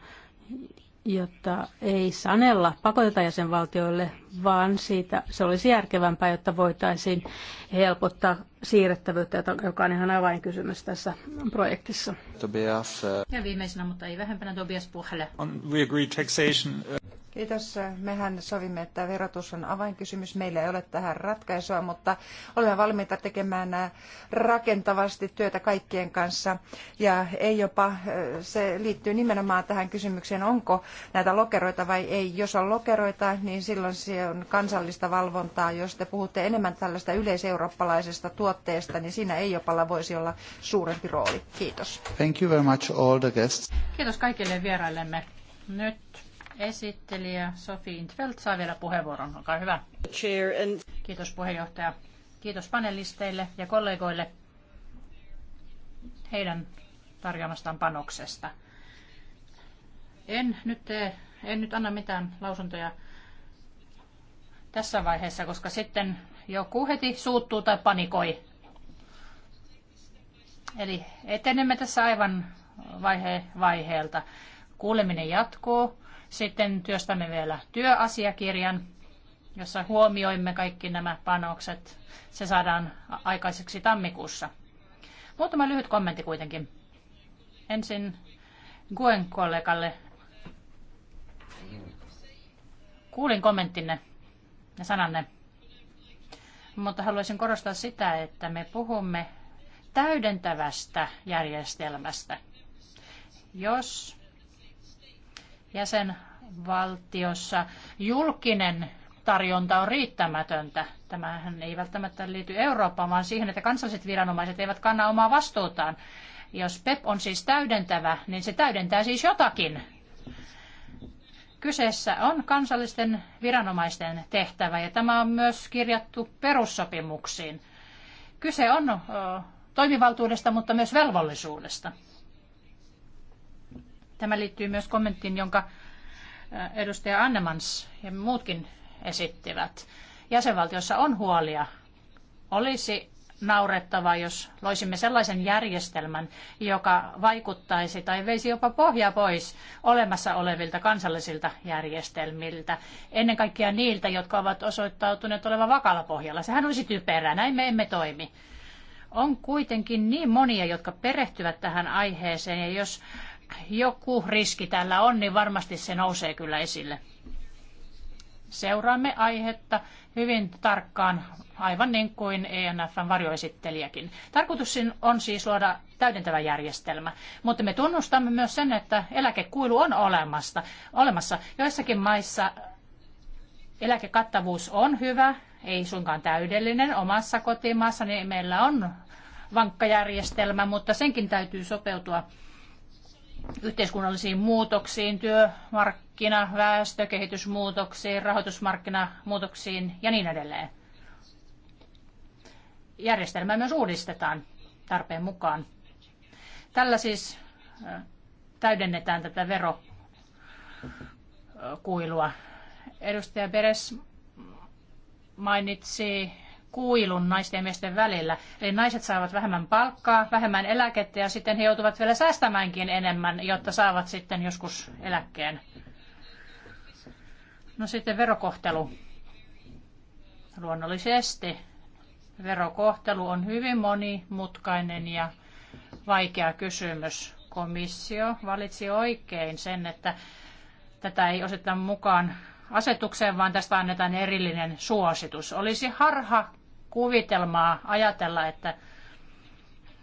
jotta ei sanella pakoteta jäsenvaltioille, vaan siitä se olisi järkevämpää, jotta voitaisiin helpottaa siirrettävyyttä, joka on ihan avainkysymys tässä projektissa. Tobias. Äh, ja viimeisenä, mutta ei vähempänä, Tobias Puhle. we agree taxation. Äh, Kiitos. Mehän sovimme, että verotus on avainkysymys. Meillä ei ole tähän ratkaisua, mutta olemme valmiita tekemään äh, rakentavasti työtä kaikkien kanssa. Ja ei jopa, se liittyy nimenomaan tähän kysymykseen, onko näitä lokeroita vai ei. Jos on lokeroita, niin silloin on kansallista valvontaa. Jos te puhutte enemmän tällaista yleiseurooppalaisesta tuotteesta, niin siinä ei Jopalla voisi olla suurempi rooli. Kiitos. Thank you very much all the guests. Kiitos kaikille vieraillemme. Nyt esittelijä Sofi Intveld saa vielä puheenvuoron. Olkaa hyvä. Chair and... Kiitos puheenjohtaja. Kiitos panelisteille ja kollegoille heidän tarjoamastaan panoksesta. En nyt, tee, en nyt anna mitään lausuntoja tässä vaiheessa, koska sitten joku heti suuttuu tai panikoi. Eli etenemme tässä aivan vaihe vaiheelta. Kuuleminen jatkuu. Sitten työstämme vielä työasiakirjan, jossa huomioimme kaikki nämä panokset. Se saadaan aikaiseksi tammikuussa. Muutama lyhyt kommentti kuitenkin. Ensin Guen kollegalle. Kuulin kommenttinne sananne. Mutta haluaisin korostaa sitä, että me puhumme täydentävästä järjestelmästä. Jos jäsenvaltiossa julkinen tarjonta on riittämätöntä. Tämähän ei välttämättä liity Eurooppaan, vaan siihen, että kansalliset viranomaiset eivät kanna omaa vastuutaan. Jos PEP on siis täydentävä, niin se täydentää siis jotakin. Kyseessä on kansallisten viranomaisten tehtävä ja tämä on myös kirjattu perussopimuksiin. Kyse on toimivaltuudesta, mutta myös velvollisuudesta. Tämä liittyy myös kommenttiin, jonka edustaja Annemans ja muutkin esittivät. Jäsenvaltiossa on huolia. Olisi naurettavaa, jos loisimme sellaisen järjestelmän, joka vaikuttaisi tai veisi jopa pohja pois olemassa olevilta kansallisilta järjestelmiltä. Ennen kaikkea niiltä, jotka ovat osoittautuneet olevan vakalla pohjalla. Sehän olisi typerää, näin me emme toimi. On kuitenkin niin monia, jotka perehtyvät tähän aiheeseen ja jos joku riski tällä on, niin varmasti se nousee kyllä esille seuraamme aihetta hyvin tarkkaan aivan niin kuin ENFn varjoesittelijäkin. Tarkoitus on siis luoda täydentävä järjestelmä, mutta me tunnustamme myös sen, että eläkekuilu on olemassa. olemassa. Joissakin maissa eläkekattavuus on hyvä, ei suinkaan täydellinen. Omassa niin meillä on vankka järjestelmä, mutta senkin täytyy sopeutua yhteiskunnallisiin muutoksiin, työmarkkina, väestökehitysmuutoksiin, rahoitusmarkkinamuutoksiin ja niin edelleen järjestelmää myös uudistetaan tarpeen mukaan. Tällä siis täydennetään tätä verokuilua. Edustaja Beres mainitsi kuilun naisten ja miesten välillä. Eli naiset saavat vähemmän palkkaa, vähemmän eläkettä ja sitten he joutuvat vielä säästämäänkin enemmän, jotta saavat sitten joskus eläkkeen. No sitten verokohtelu. Luonnollisesti verokohtelu on hyvin monimutkainen ja vaikea kysymys. Komissio valitsi oikein sen, että tätä ei oseta mukaan asetukseen, vaan tästä annetaan erillinen suositus. Olisi harha kuvitelmaa ajatella, että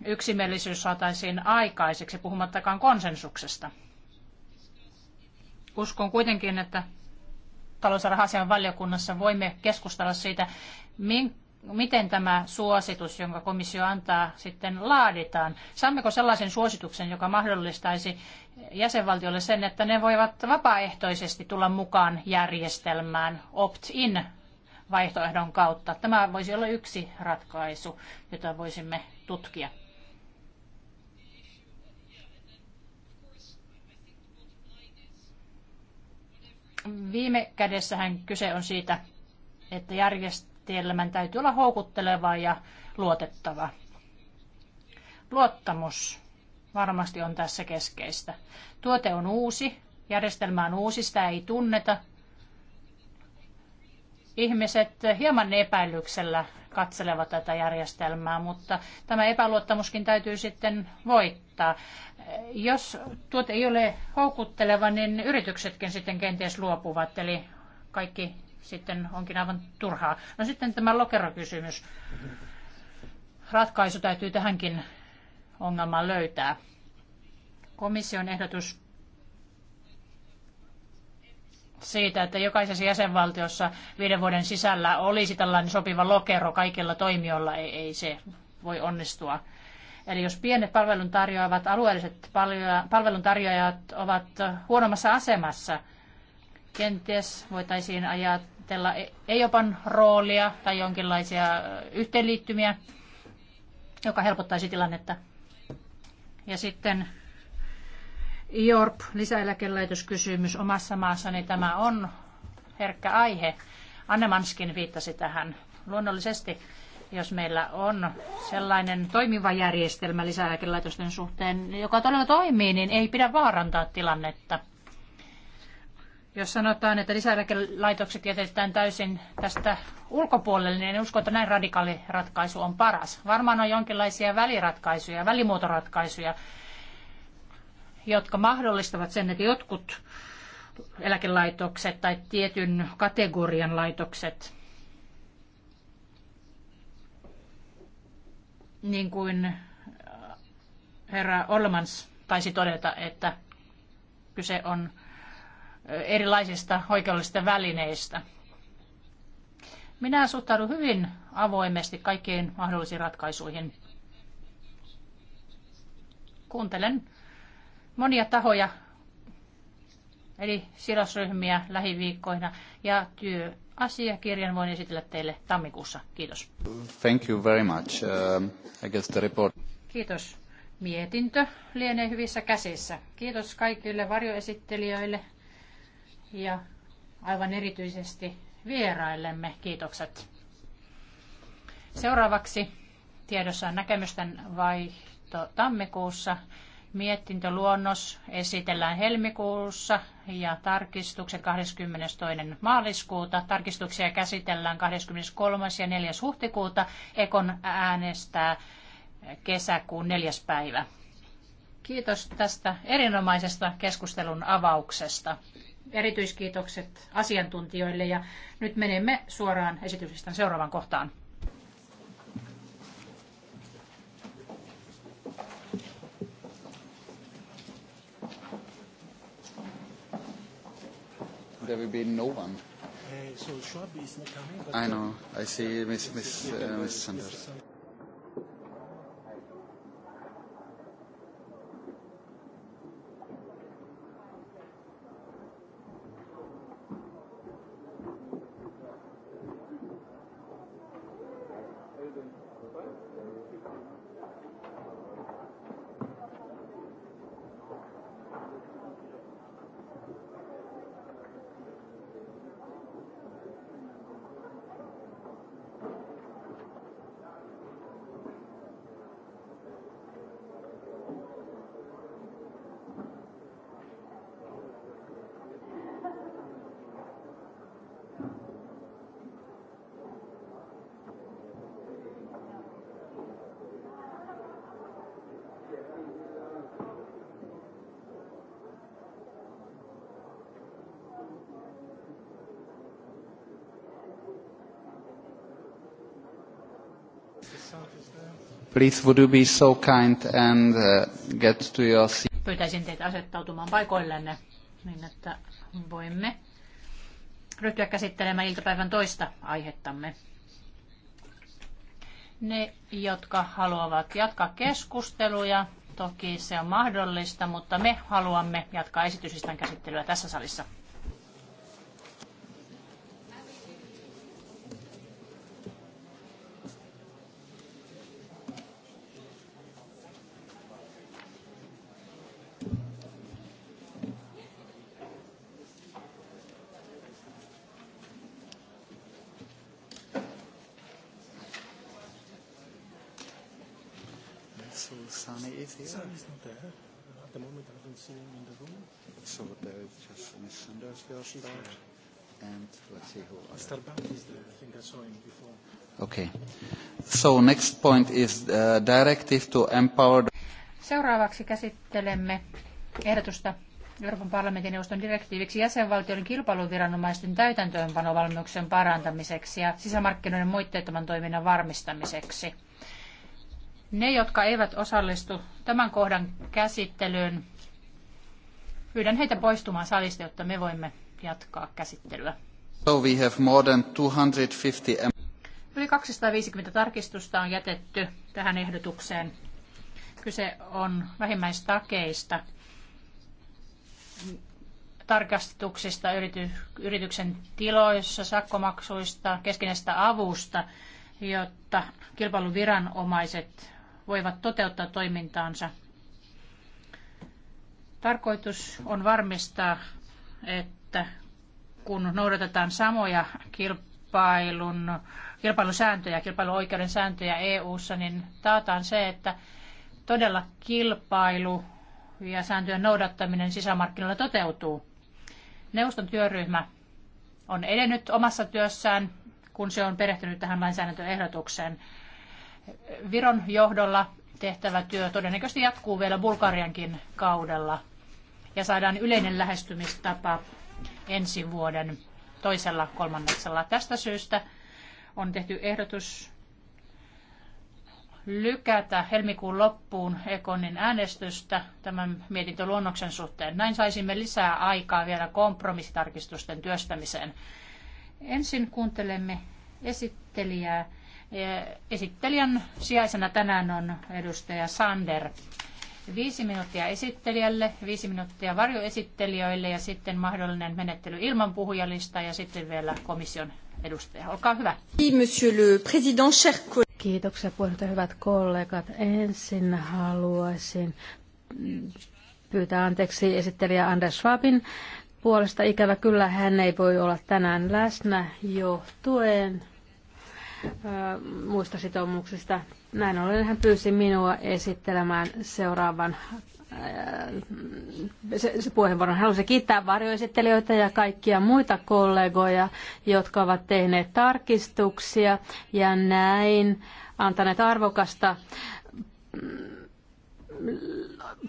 yksimielisyys saataisiin aikaiseksi, puhumattakaan konsensuksesta. Uskon kuitenkin, että talous- ja valiokunnassa voimme keskustella siitä, miten tämä suositus, jonka komissio antaa, sitten laaditaan? Saammeko sellaisen suosituksen, joka mahdollistaisi jäsenvaltiolle sen, että ne voivat vapaaehtoisesti tulla mukaan järjestelmään opt-in vaihtoehdon kautta? Tämä voisi olla yksi ratkaisu, jota voisimme tutkia. Viime kädessähän kyse on siitä, että järjestelmä järjestelmän täytyy olla houkutteleva ja luotettava. Luottamus varmasti on tässä keskeistä. Tuote on uusi, järjestelmä on uusi, sitä ei tunneta. Ihmiset hieman epäilyksellä katselevat tätä järjestelmää, mutta tämä epäluottamuskin täytyy sitten voittaa. Jos tuote ei ole houkutteleva, niin yrityksetkin sitten kenties luopuvat, eli kaikki sitten onkin aivan turhaa. No sitten tämä lokerokysymys. Ratkaisu täytyy tähänkin ongelmaan löytää. Komission ehdotus siitä, että jokaisessa jäsenvaltiossa viiden vuoden sisällä olisi tällainen sopiva lokero kaikilla toimijoilla, ei, ei se voi onnistua. Eli jos pienet palveluntarjoajat, alueelliset palveluntarjoajat ovat huonommassa asemassa – Kenties voitaisiin ajatella e- EIOPan roolia tai jonkinlaisia yhteenliittymiä, joka helpottaisi tilannetta. Ja sitten IORP, lisäeläkelaitoskysymys omassa maassani, tämä on herkkä aihe. Anne Manskin viittasi tähän. Luonnollisesti, jos meillä on sellainen toimiva järjestelmä lisäeläkelaitosten suhteen, joka todella toimii, niin ei pidä vaarantaa tilannetta. Jos sanotaan, että lisäeläkelaitokset jätetään täysin tästä ulkopuolelle, niin en usko, että näin radikaali ratkaisu on paras. Varmaan on jonkinlaisia väliratkaisuja, välimuotoratkaisuja, jotka mahdollistavat sen, että jotkut eläkelaitokset tai tietyn kategorian laitokset, niin kuin äh, herra Orlemans taisi todeta, että kyse on erilaisista oikeudellisista välineistä. Minä suhtaudun hyvin avoimesti kaikkiin mahdollisiin ratkaisuihin. Kuuntelen monia tahoja, eli sidosryhmiä lähiviikkoina ja työasiakirjan voin esitellä teille tammikuussa. Kiitos. Thank you very much. Uh, I guess the report... Kiitos. Mietintö lienee hyvissä käsissä. Kiitos kaikille varjoesittelijöille ja aivan erityisesti vieraillemme kiitokset. Seuraavaksi tiedossa on näkemysten vaihto tammikuussa. Mietintöluonnos esitellään helmikuussa ja tarkistukset 22. maaliskuuta. Tarkistuksia käsitellään 23. ja 4. huhtikuuta. Ekon äänestää kesäkuun neljäs päivä. Kiitos tästä erinomaisesta keskustelun avauksesta. Erityiskiitokset asiantuntijoille ja nyt menemme suoraan esityksestä seuraavaan kohtaan. There will be no one. Eh, I uh, know. I see Miss Miss uh, Miss Sanders. Please, would you be so kind and uh, get to your seat? Pyytäisin teitä asettautumaan paikoillenne niin, että voimme ryhtyä käsittelemään iltapäivän toista aihettamme. Ne, jotka haluavat jatkaa keskusteluja, toki se on mahdollista, mutta me haluamme jatkaa esitysistän käsittelyä tässä salissa. At the moment, I don't see him in the room. So there is just Miss Sanders She's there. And let's see who. Mr. Bank is there. I think I saw him before. Okay. So next point is uh, directive to empower. Seuraavaksi käsittelemme ehdotusta Euroopan parlamentin neuvoston direktiiviksi jäsenvaltioiden kilpailuviranomaisten täytäntöönpanovalmiuksen parantamiseksi ja sisämarkkinoiden moitteettoman toiminnan varmistamiseksi. Ne, jotka eivät osallistu tämän kohdan käsittelyyn, pyydän heitä poistumaan salista, jotta me voimme jatkaa käsittelyä. So we have more than 250... Yli 250 tarkistusta on jätetty tähän ehdotukseen. Kyse on vähimmäistakeista, tarkastuksista yrityksen tiloissa, sakkomaksuista, keskinäistä avusta, jotta kilpailuviranomaiset voivat toteuttaa toimintaansa. Tarkoitus on varmistaa, että kun noudatetaan samoja kilpailun, kilpailusääntöjä, kilpailuoikeuden sääntöjä EU-ssa, niin taataan se, että todella kilpailu ja sääntöjen noudattaminen sisämarkkinoilla toteutuu. Neuvoston työryhmä on edennyt omassa työssään, kun se on perehtynyt tähän lainsäädäntöehdotukseen. Viron johdolla tehtävä työ todennäköisesti jatkuu vielä Bulgariankin kaudella ja saadaan yleinen lähestymistapa ensi vuoden toisella kolmanneksella. Tästä syystä on tehty ehdotus lykätä helmikuun loppuun Ekonin äänestystä tämän mietintöluonnoksen suhteen. Näin saisimme lisää aikaa vielä kompromissitarkistusten työstämiseen. Ensin kuuntelemme esittelijää Esittelijän sijaisena tänään on edustaja Sander. Viisi minuuttia esittelijälle, viisi minuuttia varjoesittelijöille ja sitten mahdollinen menettely ilman puhujalista ja sitten vielä komission edustaja. Olkaa hyvä. Monsieur le Président, cher Kiitoksia puheenjohtaja, hyvät kollegat. Ensin haluaisin pyytää anteeksi esittelijä Anders Schwabin puolesta. Ikävä kyllä hän ei voi olla tänään läsnä johtuen muista sitoumuksista. Näin ollen hän pyysi minua esittelemään seuraavan se, se puheenvuoron. Haluaisin kiittää varjoesittelijöitä ja kaikkia muita kollegoja, jotka ovat tehneet tarkistuksia ja näin antaneet arvokasta mm,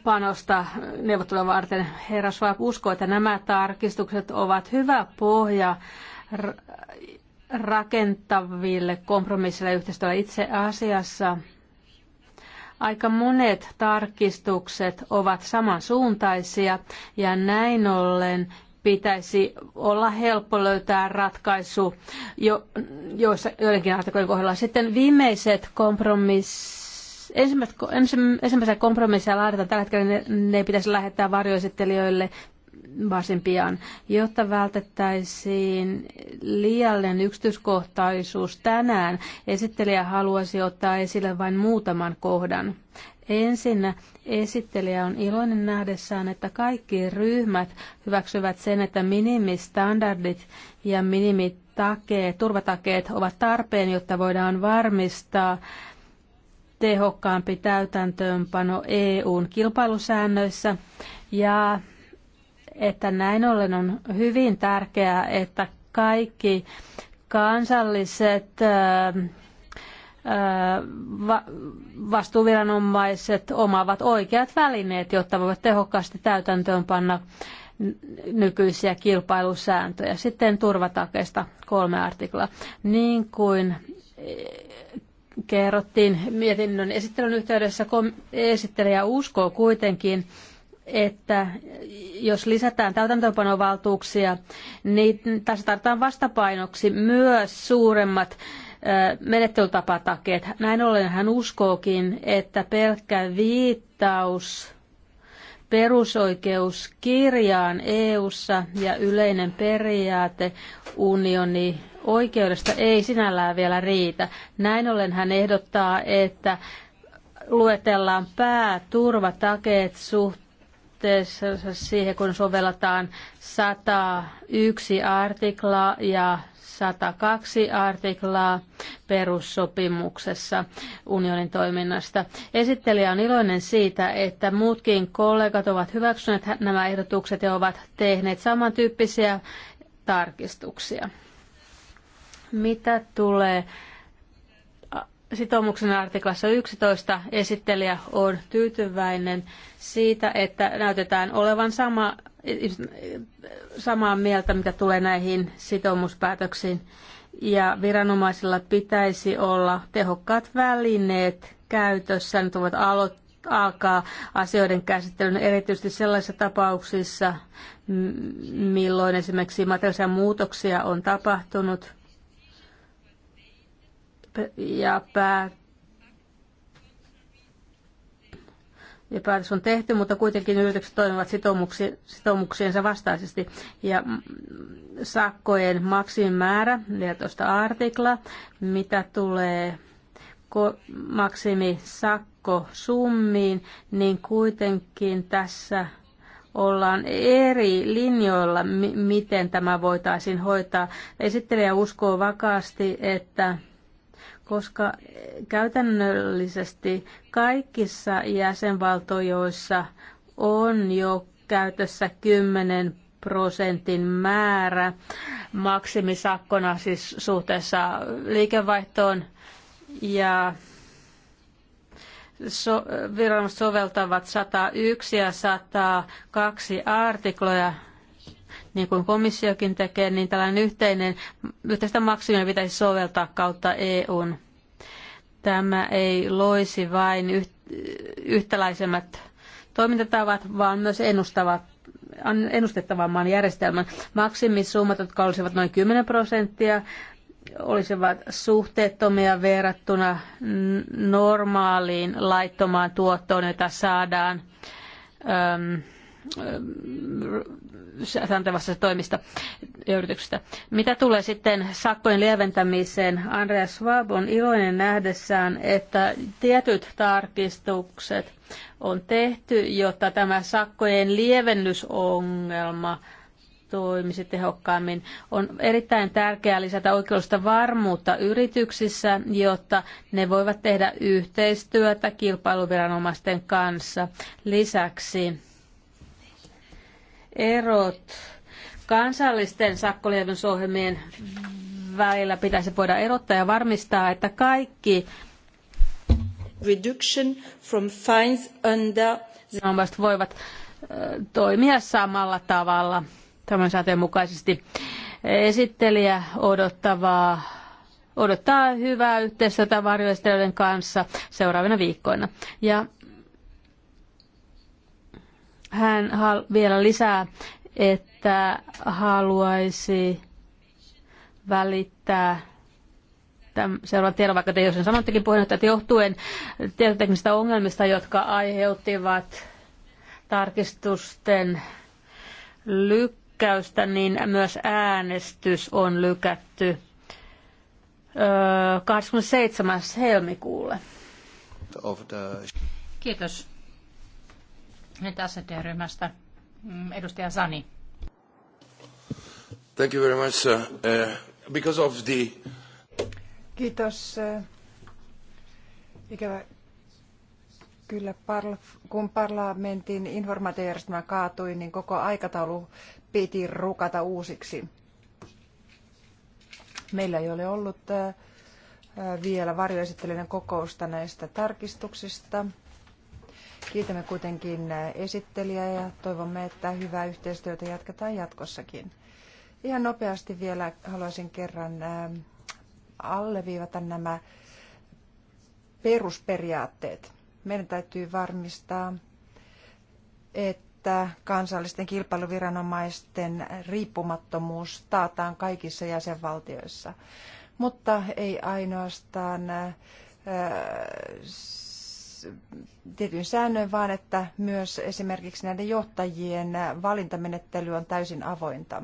panosta neuvottelua varten. Herra Schwab uskoo, että nämä tarkistukset ovat hyvä pohja rakentaville kompromissille yhteistyöllä itse asiassa. Aika monet tarkistukset ovat samansuuntaisia ja näin ollen pitäisi olla helppo löytää ratkaisu jo, joissa, joidenkin artikojen kohdalla. Sitten viimeiset kompromissit Ensimmäisiä kompromisseja laaditaan tällä hetkellä, niin ne, ne pitäisi lähettää varjoesittelijöille varsin pian, jotta vältettäisiin liiallinen yksityiskohtaisuus tänään. Esittelijä haluaisi ottaa esille vain muutaman kohdan. Ensinnä esittelijä on iloinen nähdessään, että kaikki ryhmät hyväksyvät sen, että minimistandardit ja minimitakeet, turvatakeet ovat tarpeen, jotta voidaan varmistaa tehokkaampi täytäntöönpano EUn kilpailusäännöissä ja että näin ollen on hyvin tärkeää, että kaikki kansalliset vastuuviranomaiset omaavat oikeat välineet, jotta voivat tehokkaasti täytäntöönpanna nykyisiä kilpailusääntöjä. Sitten turvatakeista kolme artiklaa. Niin kuin e, kerrottiin mietinnön esittelyn yhteydessä, esittelijä uskoo kuitenkin, että jos lisätään täytäntöönpanovaltuuksia, niin tässä tarvitaan vastapainoksi myös suuremmat menettelytapatakeet. Näin ollen hän uskookin, että pelkkä viittaus perusoikeuskirjaan EU:ssa ja yleinen periaate unioni oikeudesta ei sinällään vielä riitä. Näin ollen hän ehdottaa, että luetellaan pääturvatakeet suht suhteessa siihen, kun sovelletaan 101 artiklaa ja 102 artiklaa perussopimuksessa unionin toiminnasta. Esittelijä on iloinen siitä, että muutkin kollegat ovat hyväksyneet nämä ehdotukset ja ovat tehneet samantyyppisiä tarkistuksia. Mitä tulee Sitoumuksen artiklassa 11 esittelijä on tyytyväinen siitä, että näytetään olevan sama, samaa mieltä, mitä tulee näihin sitoumuspäätöksiin. Ja viranomaisilla pitäisi olla tehokkaat välineet käytössä. Ne voivat aloittaa alkaa asioiden käsittelyn, erityisesti sellaisissa tapauksissa, milloin esimerkiksi materiaalisia muutoksia on tapahtunut – ja päät ja päätös on tehty, mutta kuitenkin yritykset toimivat sitoumuksi, sitoumuksiensa vastaisesti. Ja mm, sakkojen maksimimäärä, 14 artikla, mitä tulee maksimisakkosummiin, niin kuitenkin tässä ollaan eri linjoilla, miten tämä voitaisiin hoitaa. Esittelijä uskoo vakaasti, että koska käytännöllisesti kaikissa jäsenvaltioissa on jo käytössä 10 prosentin määrä maksimisakkona siis suhteessa liikevaihtoon ja so, viranomaiset soveltavat 101 ja 102 artikloja niin kuin komissiokin tekee, niin tällainen yhteinen, yhteistä maksimia pitäisi soveltaa kautta EUn. Tämä ei loisi vain yhtäläisemmät toimintatavat, vaan myös ennustavat ennustettavamman järjestelmän. Maksimisummat, jotka olisivat noin 10 prosenttia, olisivat suhteettomia verrattuna normaaliin laittomaan tuottoon, jota saadaan äm, sääntävässä toimista ja yrityksistä. Mitä tulee sitten sakkojen lieventämiseen, Andreas Schwab on iloinen nähdessään, että tietyt tarkistukset on tehty, jotta tämä sakkojen lievennysongelma toimisi tehokkaammin. On erittäin tärkeää lisätä oikeudellista varmuutta yrityksissä, jotta ne voivat tehdä yhteistyötä kilpailuviranomaisten kanssa. Lisäksi erot kansallisten sakkolievennysohjelmien välillä pitäisi voida erottaa ja varmistaa, että kaikki reduction from fines under viranomaiset voivat toimia samalla tavalla tämän sääteen mukaisesti. Esittelijä odottavaa, odottaa hyvää yhteistyötä varjoistelijoiden kanssa seuraavina viikkoina. Ja hän vielä lisää, että haluaisi välittää seuraava tiedon, vaikka te jos sen sanottekin puheenjohtaja, että johtuen tietoteknisistä ongelmista, jotka aiheuttivat tarkistusten lykkäystä, niin myös äänestys on lykätty 27. helmikuulle. Kiitos. Nyt ryhmästä mm, edustaja Sani. Thank you very much. Uh, because of the... Kiitos. Uh, ikävä kyllä, kun parlamentin informaatiojärjestelmä kaatui, niin koko aikataulu piti rukata uusiksi. Meillä ei ole ollut uh, uh, vielä varjoesittelyiden kokousta näistä tarkistuksista. Kiitämme kuitenkin esittelijää ja toivomme, että hyvää yhteistyötä jatketaan jatkossakin. Ihan nopeasti vielä haluaisin kerran alleviivata nämä perusperiaatteet. Meidän täytyy varmistaa, että kansallisten kilpailuviranomaisten riippumattomuus taataan kaikissa jäsenvaltioissa, mutta ei ainoastaan tietyn säännöin, vaan että myös esimerkiksi näiden johtajien valintamenettely on täysin avointa.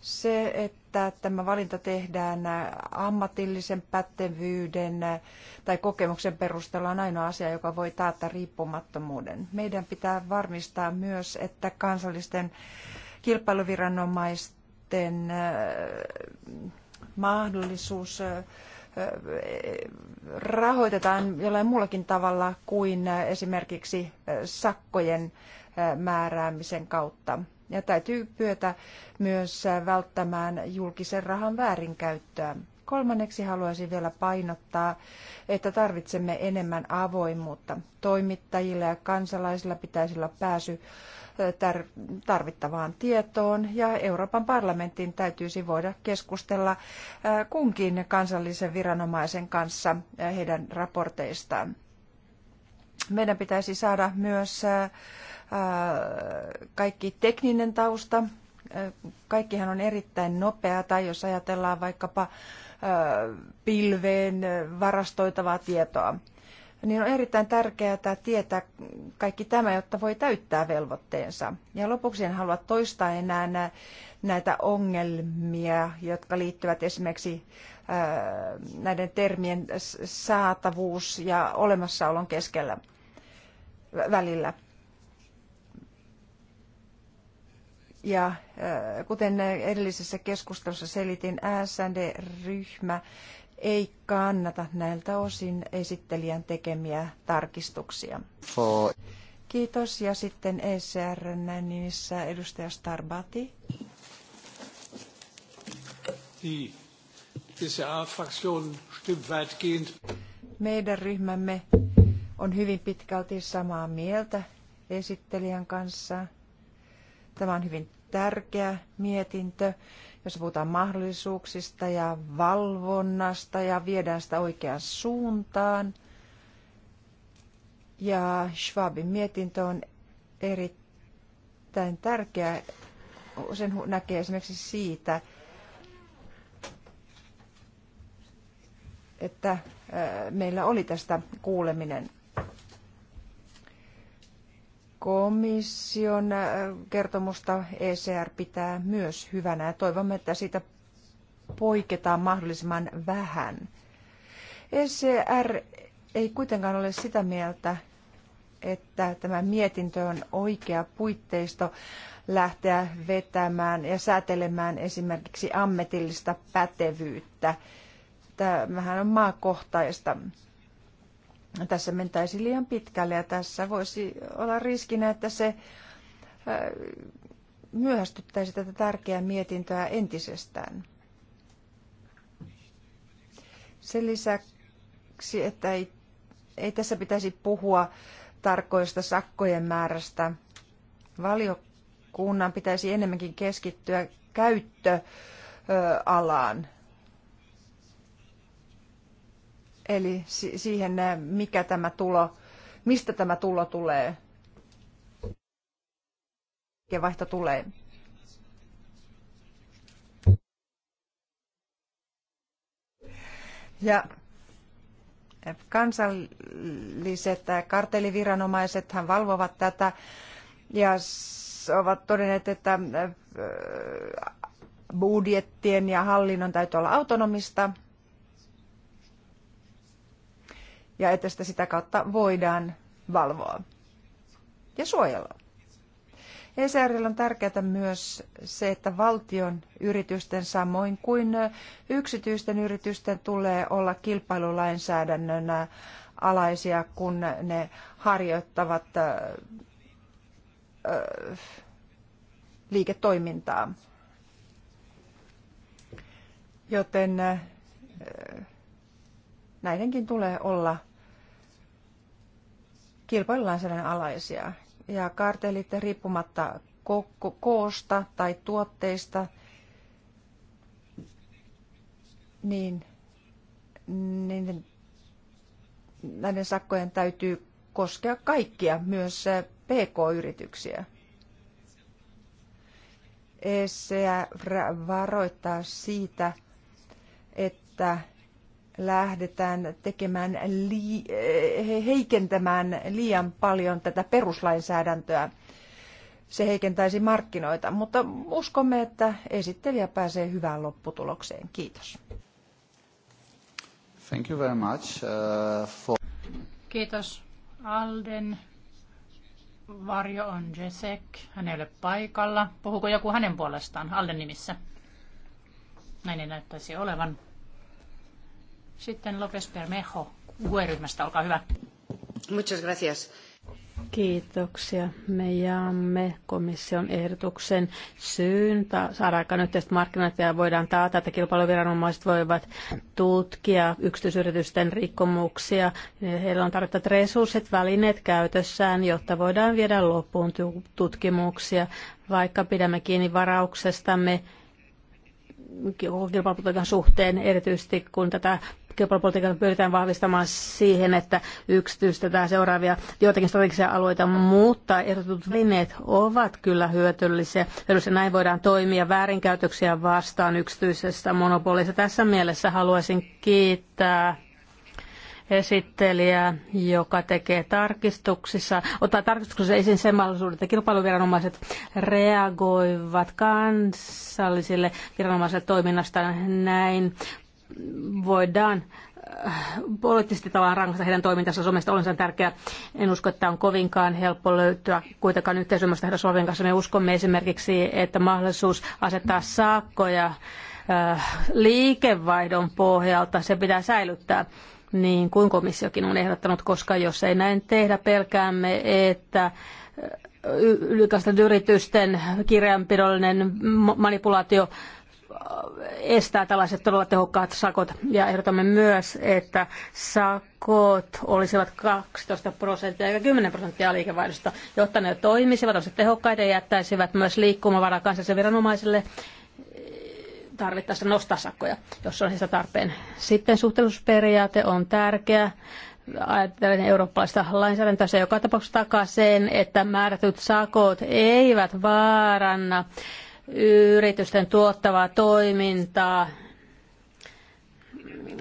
Se, että tämä valinta tehdään ammatillisen pätevyyden tai kokemuksen perusteella on ainoa asia, joka voi taata riippumattomuuden. Meidän pitää varmistaa myös, että kansallisten kilpailuviranomaisten äh, mahdollisuus äh, rahoitetaan jollain muullakin tavalla kuin esimerkiksi sakkojen määräämisen kautta. Ja täytyy pyötä myös välttämään julkisen rahan väärinkäyttöä. Kolmanneksi haluaisin vielä painottaa, että tarvitsemme enemmän avoimuutta. Toimittajilla ja kansalaisilla pitäisi olla pääsy tarvittavaan tietoon ja Euroopan parlamentin täytyisi voida keskustella äh, kunkin kansallisen viranomaisen kanssa äh, heidän raporteistaan. Meidän pitäisi saada myös äh, kaikki tekninen tausta. Kaikkihan on erittäin nopeaa, tai jos ajatellaan vaikkapa pilveen varastoitavaa tietoa niin on erittäin tärkeää tietää kaikki tämä, jotta voi täyttää velvoitteensa. Ja lopuksi en halua toistaa enää näitä ongelmia, jotka liittyvät esimerkiksi näiden termien saatavuus ja olemassaolon keskellä välillä. Ja kuten edellisessä keskustelussa selitin, SND-ryhmä ei kannata näiltä osin esittelijän tekemiä tarkistuksia. For... Kiitos. Ja sitten ECR nimissä edustaja Starbati. Die ECR-Fraktion stimmt weitgehend. Meidän ryhmämme on hyvin pitkälti samaa mieltä esittelijän kanssa. Tämä on hyvin tärkeä mietintö jossa puhutaan mahdollisuuksista ja valvonnasta ja viedään sitä oikeaan suuntaan. Ja Schwabin mietintö on erittäin tärkeä. Sen näkee esimerkiksi siitä, että meillä oli tästä kuuleminen komission äh, kertomusta ECR pitää myös hyvänä ja toivomme, että siitä poiketaan mahdollisimman vähän. ECR ei kuitenkaan ole sitä mieltä, että tämä mietintö on oikea puitteisto lähteä vetämään ja säätelemään esimerkiksi ammatillista pätevyyttä. Tämähän on maakohtaista tässä mentäisi liian pitkälle ja tässä voisi olla riskinä, että se myöhästyttäisi tätä tärkeää mietintöä entisestään. Sen lisäksi, että ei, ei tässä pitäisi puhua tarkoista sakkojen määrästä. Valiokunnan pitäisi enemmänkin keskittyä käyttöalaan eli siihen, eh, mikä tämä tulo, mistä tämä tulo tulee, mikä vaihto tulee. Ja eh, kansalliset eh, kartelliviranomaisethan valvovat tätä ja ovat todenneet, että budjettien ja hallinnon täytyy olla autonomista ja että sitä, sitä kautta voidaan valvoa ja suojella. ECRL on tärkeää myös se, että valtion yritysten samoin kuin yksityisten yritysten tulee olla kilpailulainsäädännön alaisia, kun ne harjoittavat liiketoimintaa. Joten näidenkin tulee olla kilpailulainsäädännön alaisia. Ja kartellit riippumatta ko- koosta tai tuotteista, niin, niin näiden sakkojen täytyy koskea kaikkia, myös PK-yrityksiä. ECR varoittaa siitä, että lähdetään tekemään, li- eh, heikentämään liian paljon tätä peruslainsäädäntöä. Se heikentäisi markkinoita, mutta uskomme, että esittelijä pääsee hyvään lopputulokseen. Kiitos. Thank you very much, uh, for... Kiitos. Alden varjo on Jesek. Hän ei ole paikalla. Puhuuko joku hänen puolestaan Alden nimissä? Näin ei näyttäisi olevan. Sitten López Bermejo UE-ryhmästä, olkaa hyvä. Muchas gracias. Kiitoksia. Me jaamme komission ehdotuksen syyn saada aikaan yhteiset markkinat ja voidaan taata, että kilpailuviranomaiset voivat tutkia yksityisyritysten rikkomuksia. Heillä on tarvittavat resurssit, välineet käytössään, jotta voidaan viedä loppuun tutkimuksia. Vaikka pidämme kiinni varauksestamme, kilpailupolitiikan suhteen, erityisesti kun tätä geopolitiikan pyritään vahvistamaan siihen, että yksityistetään seuraavia joitakin strategisia alueita, mutta ehdotetut välineet ovat kyllä hyötyllisiä. Hyödyllisiä näin voidaan toimia väärinkäytöksiä vastaan yksityisessä monopolissa. Tässä mielessä haluaisin kiittää esittelijää, joka tekee tarkistuksissa, ottaa tarkistuksessa esiin sen mahdollisuuden, että kilpailuviranomaiset reagoivat kansallisille viranomaisille toiminnasta näin voidaan äh, poliittisesti tavallaan rankaista heidän toimintansa somesta olensa tärkeää. En usko, että on kovinkaan helppo löytyä kuitenkaan yhteisymmärrystä heidän Suomen kanssa. Me uskomme esimerkiksi, että mahdollisuus asettaa saakkoja äh, liikevaihdon pohjalta, se pitää säilyttää niin kuin komissiokin on ehdottanut, koska jos ei näin tehdä, pelkäämme, että äh, ylikäisten yritysten kirjanpidollinen manipulaatio estää tällaiset todella tehokkaat sakot. Ja ehdotamme myös, että sakot olisivat 12 prosenttia eikä 10 prosenttia liikevaihdosta, jotta ne toimisivat, olisivat tehokkaita ja jättäisivät myös liikkumavaraa kansalliselle viranomaiselle tarvittaessa nostaa sakkoja, jos on sitä tarpeen. Sitten suhteellisuusperiaate on tärkeä ajatellen eurooppalaista lainsäädäntöä. Se joka tapauksessa takaa sen, että määrätyt sakot eivät vaaranna yritysten tuottavaa toimintaa.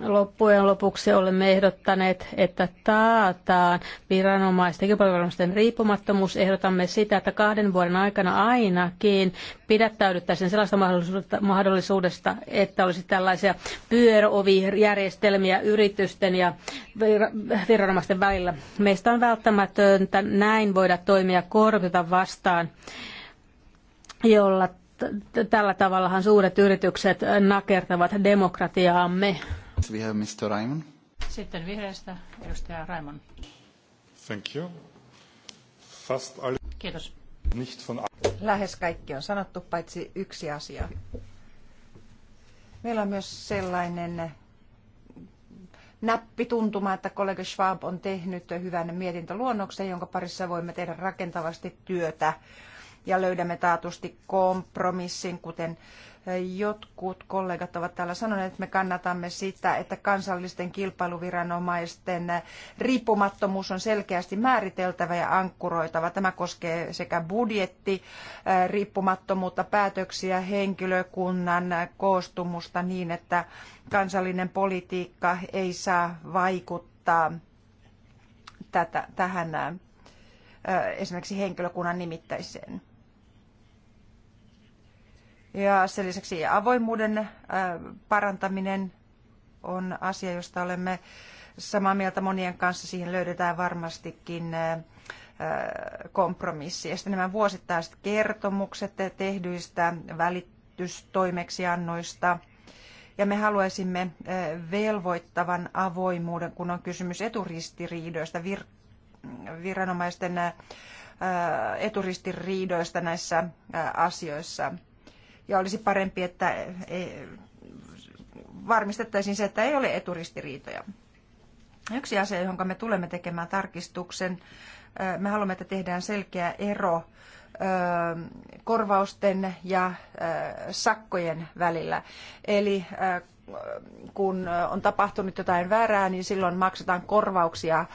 Loppujen lopuksi olemme ehdottaneet, että taataan viranomaisten ja riippumattomuus. Ehdotamme sitä, että kahden vuoden aikana ainakin pidättäydyttäisiin sellaista mahdollisuudesta, että olisi tällaisia pyöröovijärjestelmiä yritysten ja viranomaisten välillä. Meistä on välttämätöntä näin voida toimia korvata vastaan jolla tällä tavallahan suuret yritykset nakertavat demokratiaamme. We have Mr. Raimon. Sitten vihreästä edustaja Raimon. Thank you. Fast all... Kiitos. Nicht von... Lähes kaikki on sanottu, paitsi yksi asia. Meillä on myös sellainen näppituntuma, että kollega Schwab on tehnyt hyvän mietintöluonnoksen, jonka parissa voimme tehdä rakentavasti työtä ja löydämme taatusti kompromissin, kuten eh, jotkut kollegat ovat täällä sanoneet, että me kannatamme sitä, että kansallisten kilpailuviranomaisten eh, riippumattomuus on selkeästi määriteltävä ja ankkuroitava. Tämä koskee sekä budjetti, eh, riippumattomuutta, päätöksiä, henkilökunnan koostumusta niin, että kansallinen politiikka ei saa vaikuttaa tätä, tähän esimerkiksi henkilökunnan nimittäiseen. Ja sen lisäksi avoimuuden äh, parantaminen on asia, josta olemme samaa mieltä monien kanssa. Siihen löydetään varmastikin äh, äh, kompromissi. Ja sitten nämä vuosittaiset kertomukset tehdyistä välitystoimeksiannoista. Ja me haluaisimme velvoittavan avoimuuden, kun on kysymys eturistiriidoista, vir- viranomaisten eturistiriidoista näissä asioissa – ja olisi parempi, että eh, varmistettaisiin se, että ei ole eturistiriitoja. Yksi asia, johon me tulemme tekemään tarkistuksen, eh, me haluamme, että tehdään selkeä ero eh, korvausten ja sakkojen välillä. Eli kun on tapahtunut jotain väärää, niin silloin maksetaan korvauksia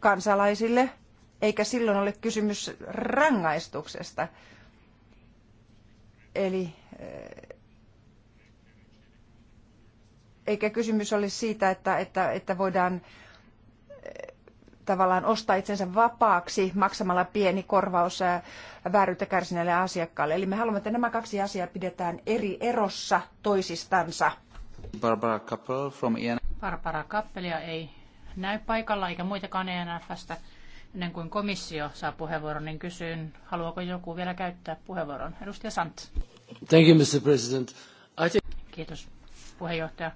kansalaisille, eikä silloin ole kysymys rangaistuksesta. Eli eh, eikä kysymys ole siitä, että, että, että voidaan eh, tavallaan ostaa itsensä vapaaksi maksamalla pieni korvaus eh, vääryyttä kärsineelle asiakkaalle. Eli me haluamme, että nämä kaksi asiaa pidetään eri erossa toisistansa. Barbara Kappel from e Barbara Kappelia ei näy paikalla eikä muitakaan ENFstä. Ennen kuin komissio saa puheenvuoron, niin kysyn, haluaako joku vielä käyttää puheenvuoron? Edustaja Sant. Thank you, Mr. President. I think... Kiitos, puheenjohtaja.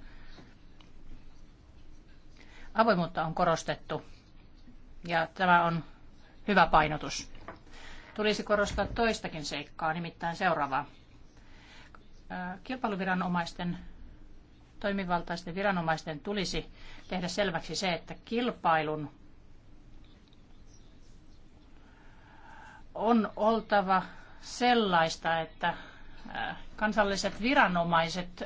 Avoimuutta on korostettu ja tämä on hyvä painotus. Tulisi korostaa toistakin seikkaa, nimittäin seuraavaa. Kilpailuviranomaisten toimivaltaisten viranomaisten tulisi tehdä selväksi se, että kilpailun on oltava sellaista, että kansalliset viranomaiset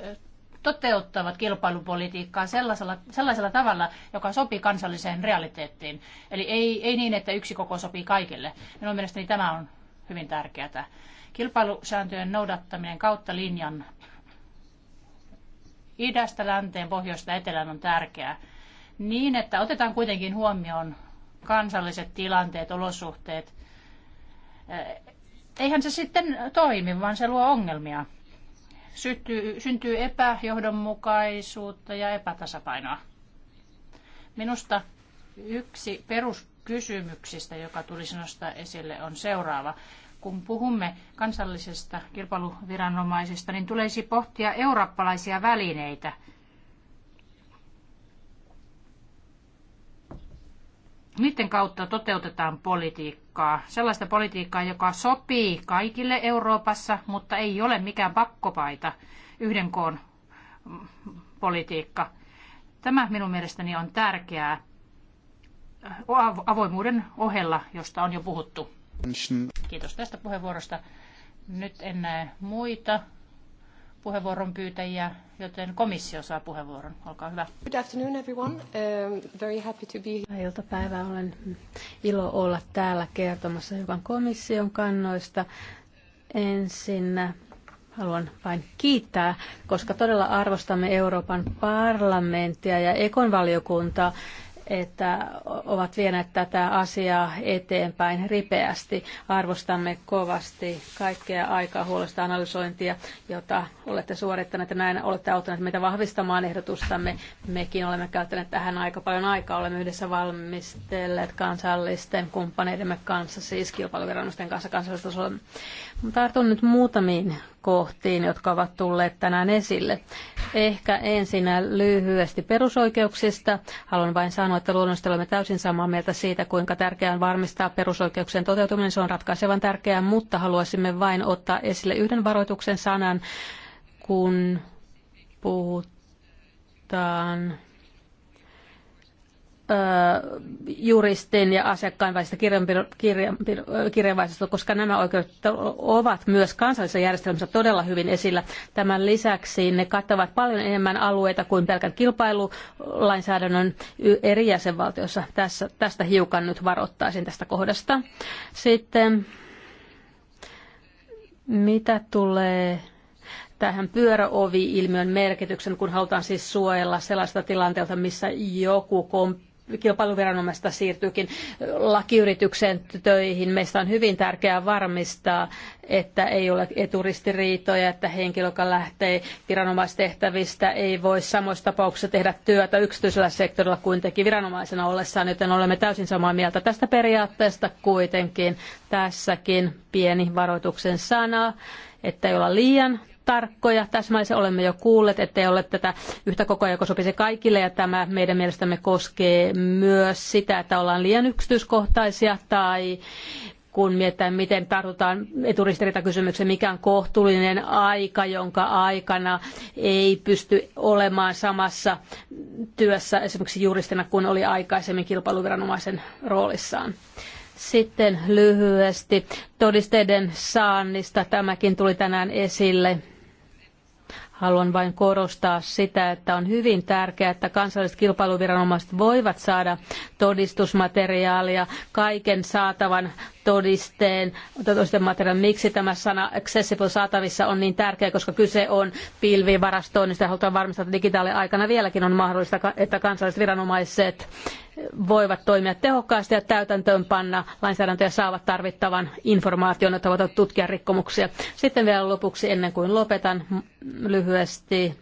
toteuttavat kilpailupolitiikkaa sellaisella, sellaisella tavalla, joka sopii kansalliseen realiteettiin. Eli ei, ei niin, että yksi koko sopii kaikille. Minun mielestäni tämä on hyvin tärkeää. Kilpailusääntöjen noudattaminen kautta linjan idästä länteen, pohjoista etelään on tärkeää. Niin, että otetaan kuitenkin huomioon kansalliset tilanteet, olosuhteet – Äh, eihän se sitten toimi, vaan se luo ongelmia. Syttyy, syntyy epäjohdonmukaisuutta ja epätasapainoa. Minusta yksi peruskysymyksistä, joka tulisi nostaa esille, on seuraava. Kun puhumme kansallisesta kilpailuviranomaisesta, niin tulisi pohtia eurooppalaisia välineitä – niiden kautta toteutetaan politiikkaa. Sellaista politiikkaa, joka sopii kaikille Euroopassa, mutta ei ole mikään pakkopaita yhden koon politiikka. Tämä minun mielestäni on tärkeää avoimuuden ohella, josta on jo puhuttu. Kiitos tästä puheenvuorosta. Nyt en näe muita puheenvuoron pyytäjiä, joten komissio saa puheenvuoron. Olkaa hyvä. Good afternoon everyone. Um, very happy to be here. Iltapäivää olen ilo olla täällä kertomassa hiukan komission kannoista. Ensin haluan vain kiittää, koska todella arvostamme Euroopan parlamenttia ja ekonvaliokuntaa että ovat vieneet tätä asiaa eteenpäin ripeästi. Arvostamme kovasti kaikkea aikaa huolesta analysointia, jota olette suorittaneet ja näin olette auttaneet meitä vahvistamaan ehdotustamme. Mekin olemme käyttäneet tähän aika paljon aikaa. Olemme yhdessä valmistelleet kansallisten kumppaneidemme kanssa, siis kilpailuviranomaisten kanssa kansallistasolla Tartun nyt muutamiin kohtiin, jotka ovat tulleet tänään esille. Ehkä ensinnä lyhyesti perusoikeuksista. Haluan vain sanoa, että luonnollisesti olemme täysin samaa mieltä siitä, kuinka tärkeää on varmistaa perusoikeuksien toteutuminen. Se on ratkaisevan tärkeää, mutta haluaisimme vain ottaa esille yhden varoituksen sanan, kun puhutaan juristin ja asiakkaan välistä kirjanvaihdosta, koska nämä oikeudet ovat myös kansallisessa järjestelmässä todella hyvin esillä. Tämän lisäksi ne kattavat paljon enemmän alueita kuin pelkän kilpailulainsäädännön eri jäsenvaltioissa. Tässä, tästä hiukan nyt varoittaisin tästä kohdasta. Sitten mitä tulee tähän pyöräovi-ilmiön merkityksen, kun halutaan siis suojella sellaista tilanteelta, missä joku kom- kilpailuviranomaista siirtyykin lakiyritykseen töihin. Meistä on hyvin tärkeää varmistaa, että ei ole eturistiriitoja, että henkilö, joka lähtee viranomaistehtävistä, ei voi samoissa tapauksissa tehdä työtä yksityisellä sektorilla kuin teki viranomaisena ollessaan, joten olemme täysin samaa mieltä tästä periaatteesta kuitenkin. Tässäkin pieni varoituksen sana, että ei olla liian tarkkoja, täsmällisiä. Olemme jo kuulleet, ettei ole tätä yhtä koko joka sopisi kaikille, ja tämä meidän mielestämme koskee myös sitä, että ollaan liian yksityiskohtaisia tai kun mietitään, miten tartutaan eturistiriitakysymykseen, mikä on kohtuullinen aika, jonka aikana ei pysty olemaan samassa työssä esimerkiksi juristina kuin oli aikaisemmin kilpailuviranomaisen roolissaan. Sitten lyhyesti todisteiden saannista. Tämäkin tuli tänään esille Haluan vain korostaa sitä, että on hyvin tärkeää, että kansalliset kilpailuviranomaiset voivat saada todistusmateriaalia, kaiken saatavan todisteen, todistemateriaalin. Miksi tämä sana accessible saatavissa on niin tärkeä, koska kyse on pilvivarastoinnista ja halutaan varmistaa, että digitaaliaikana vieläkin on mahdollista, että kansalliset viranomaiset voivat toimia tehokkaasti ja täytäntöönpanna lainsäädäntöä ja saavat tarvittavan informaation, jotta voivat tutkia rikkomuksia. Sitten vielä lopuksi, ennen kuin lopetan lyhyesti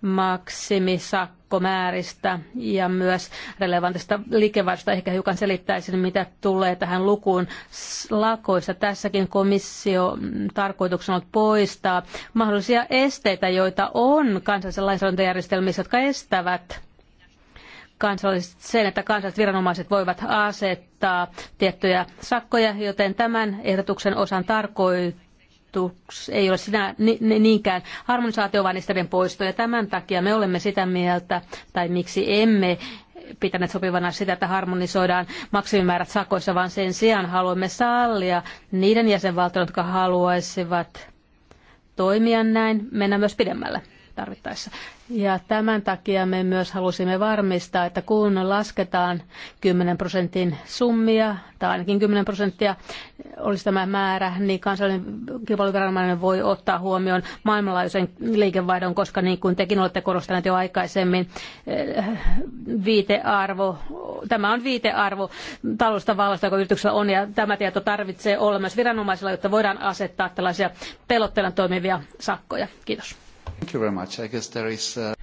maksimisakkomääristä ja myös relevantista liikevaihdosta. Ehkä hiukan selittäisin, mitä tulee tähän lukuun lakoissa. Tässäkin komissio tarkoituksena on poistaa mahdollisia esteitä, joita on kansallisissa lainsäädäntöjärjestelmissä, jotka estävät kansalliset, sen, että kansalliset viranomaiset voivat asettaa tiettyjä sakkoja, joten tämän ehdotuksen osan tarkoitus ei ole sinä niinkään harmonisaatio, vaan niiden poisto. Ja tämän takia me olemme sitä mieltä, tai miksi emme pitäneet sopivana sitä, että harmonisoidaan maksimimäärät sakoissa, vaan sen sijaan haluamme sallia niiden jäsenvaltioiden, jotka haluaisivat toimia näin, mennä myös pidemmälle tarvittaessa. Ja tämän takia me myös halusimme varmistaa, että kun lasketaan 10 prosentin summia, tai ainakin 10 prosenttia olisi tämä määrä, niin kansallinen kilpailuviranomainen voi ottaa huomioon maailmanlaajuisen liikevaihdon, koska niin kuin tekin olette korostaneet jo aikaisemmin, eh, viitearvo, tämä on viitearvo talousta vallasta, joka yrityksellä on, ja tämä tieto tarvitsee olla myös viranomaisilla, jotta voidaan asettaa tällaisia pelottelun toimivia sakkoja. Kiitos. Thank you very much. I guess there is, uh,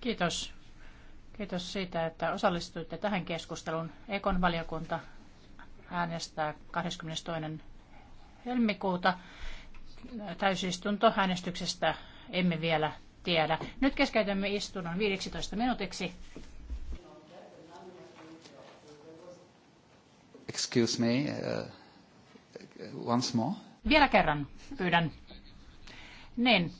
Kiitos. Kiitos siitä, että osallistuitte tähän keskusteluun. Ekon valiokunta äänestää 22. helmikuuta. Täysistunto äänestyksestä emme vielä tiedä. Nyt keskeytämme istunnon 15 minuutiksi. Excuse me, uh, once more. Vielä kerran pyydän. Niin,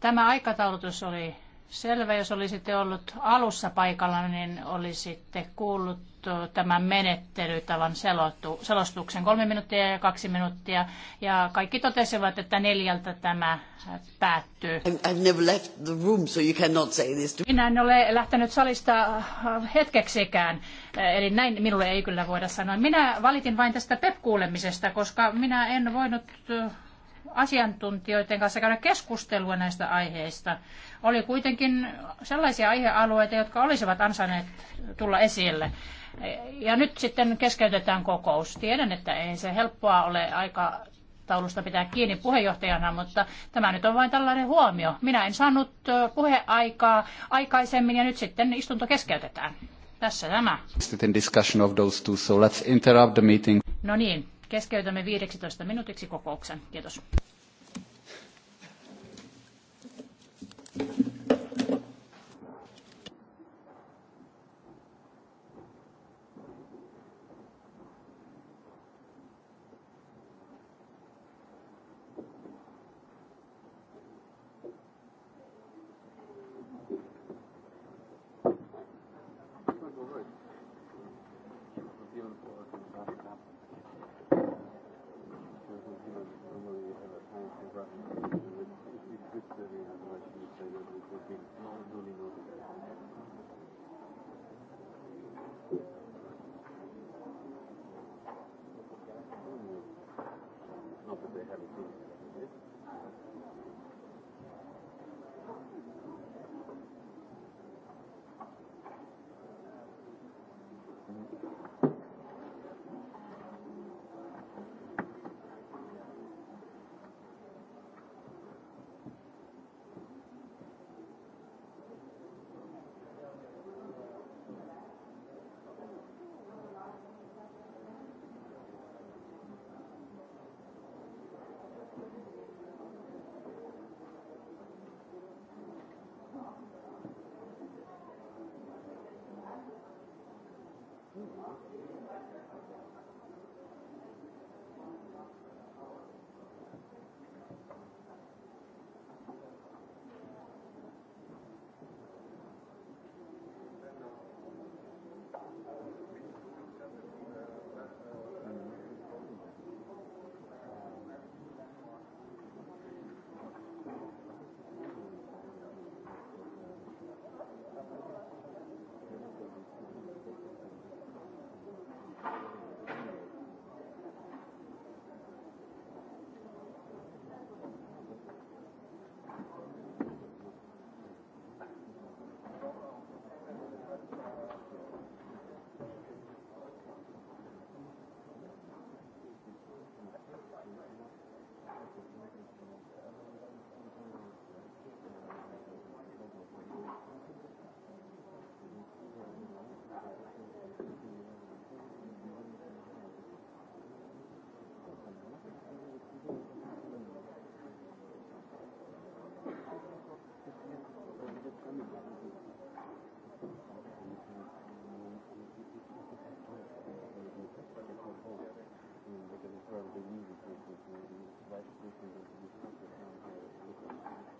tämä aikataulutus oli selvä. Jos olisitte ollut alussa paikalla, niin olisitte kuullut tämän menettelytavan selostuksen kolme minuuttia ja kaksi minuuttia. Ja kaikki totesivat, että neljältä tämä päättyy. Minä en ole lähtenyt salista hetkeksikään, eli näin minulle ei kyllä voida sanoa. Minä valitin vain tästä PEP-kuulemisesta, koska minä en voinut asiantuntijoiden kanssa käydä keskustelua näistä aiheista. Oli kuitenkin sellaisia aihealueita, jotka olisivat ansainneet tulla esille. Ja nyt sitten keskeytetään kokous. Tiedän, että ei se helppoa ole aika taulusta pitää kiinni puheenjohtajana, mutta tämä nyt on vain tällainen huomio. Minä en saanut puheaikaa aikaisemmin ja nyt sitten istunto keskeytetään. Tässä tämä. No niin, Keskeytämme 15 minuutiksi kokouksen. Kiitos. well, the music is, is, is, is, is, is, is, is, is, is,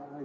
Ai,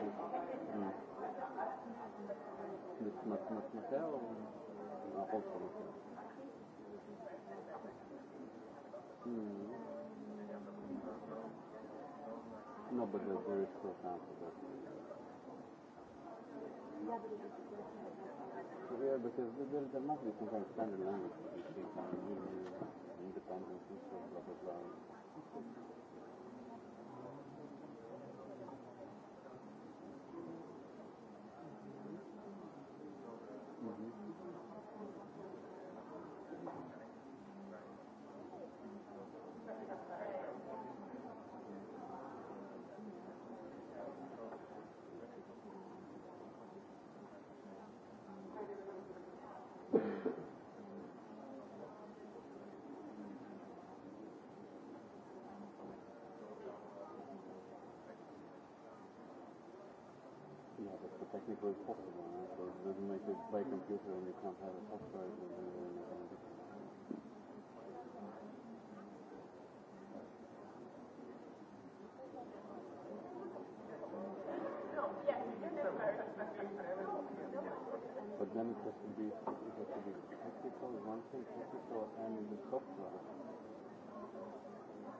مساء ولا قلت No, but there's very short answer that. Yeah, because there, there must be some kind of standard language to be speaking, independence, blah, blah, blah. technically possible. Right? So it doesn't make it play computer and you can't have a software. And, and, and But then it has to be it has to be technical, one thing technical and in the software.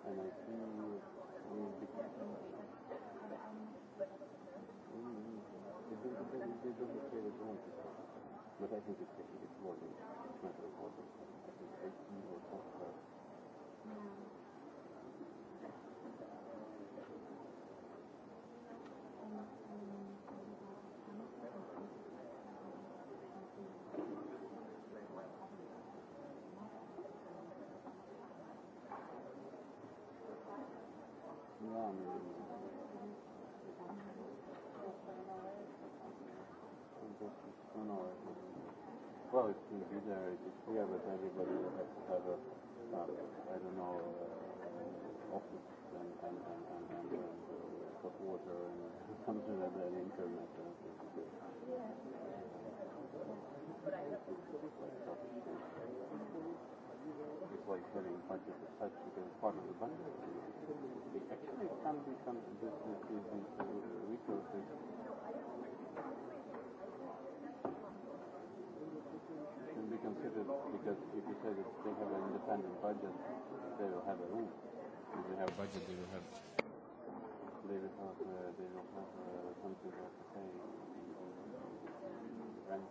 And I think be... Technical. det dubbelfelet runt. Men det är inte tillräckligt. budget, they will have a room. If they have budget, they will have. They will have. Uh, they will have uh, something like to say. Rent.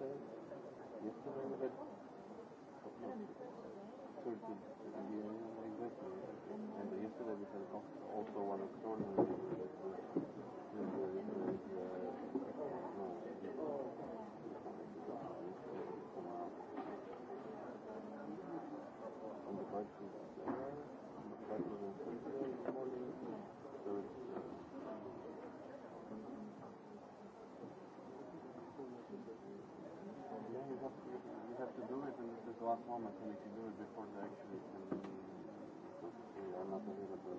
Yesterday we had 13 in the investment. And yesterday we had also one extraordinary have to do it and this is the last moment, and if you do it before the actually it can, we are not available.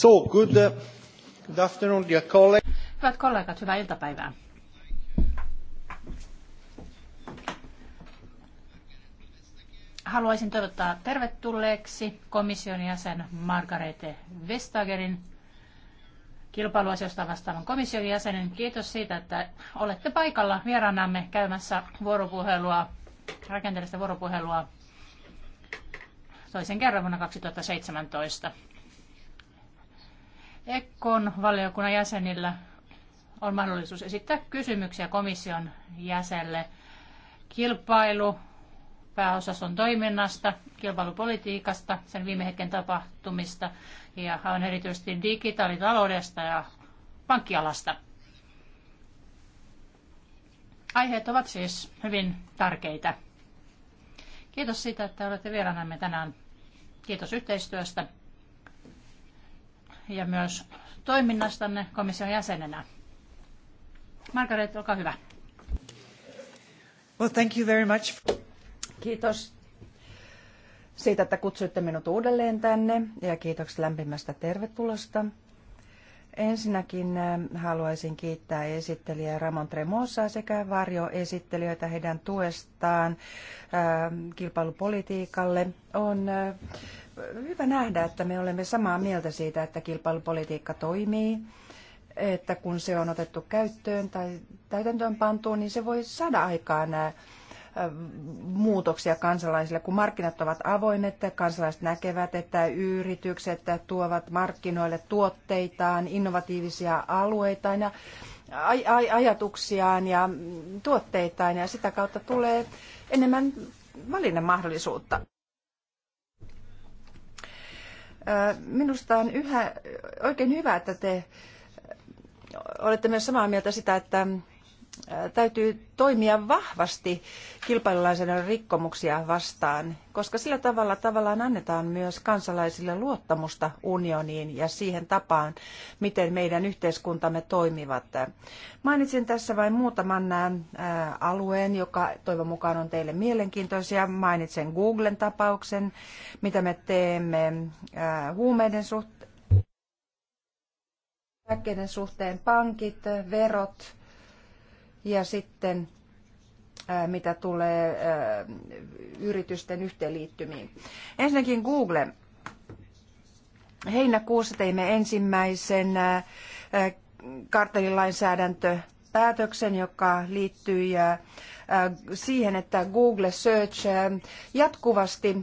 So, good, uh, good afternoon, dear colleagues. Hyvät kollegat, hyvää iltapäivää. Haluaisin toivottaa tervetulleeksi komission jäsen Margarete Vestagerin kilpailuasioista vastaavan komission jäsenen. Kiitos siitä, että olette paikalla vieraanamme käymässä vuoropuhelua, rakenteellista vuoropuhelua toisen kerran vuonna 2017. Ekkon valiokunnan jäsenillä on mahdollisuus esittää kysymyksiä komission jäsenelle kilpailu on toiminnasta, kilpailupolitiikasta, sen viime hetken tapahtumista ja on erityisesti digitaalitaloudesta ja pankkialasta. Aiheet ovat siis hyvin tärkeitä. Kiitos siitä, että olette vieraanamme tänään. Kiitos yhteistyöstä ja myös toiminnastanne komission jäsenenä. Margaret, olkaa hyvä. Well, thank you very much. Kiitos siitä, että kutsuitte minut uudelleen tänne ja kiitoksia lämpimästä tervetulosta. Ensinnäkin äh, haluaisin kiittää esittelijä Ramon Tremosaa sekä varjoesittelijöitä heidän tuestaan äh, kilpailupolitiikalle. On äh, No, hyvä nähdä, että me olemme samaa mieltä siitä, että kilpailupolitiikka toimii, että kun se on otettu käyttöön tai täytäntöön pantuun, niin se voi saada aikaan muutoksia kansalaisille, kun markkinat ovat avoimet, kansalaiset näkevät, että yritykset tuovat markkinoille tuotteitaan, innovatiivisia alueitaan ja aj- aj- ajatuksiaan ja tuotteitaan ja sitä kautta tulee enemmän valinnan mahdollisuutta. Minusta on yhä oikein hyvä, että te olette myös samaa mieltä sitä, että täytyy toimia vahvasti kilpailulainsäädännön rikkomuksia vastaan, koska sillä tavalla tavallaan annetaan myös kansalaisille luottamusta unioniin ja siihen tapaan, miten meidän yhteiskuntamme toimivat. Mainitsin tässä vain muutaman alueen, joka toivon mukaan on teille mielenkiintoisia. Mainitsen Googlen tapauksen, mitä me teemme huumeiden suhteen, lääkkeiden suhteen, pankit, verot, ja sitten äh, mitä tulee äh, yritysten yhteenliittymiin. Ensinnäkin Google. Heinäkuussa teimme ensimmäisen äh, kartellilainsäädäntö päätöksen, joka liittyy siihen, että Google Search jatkuvasti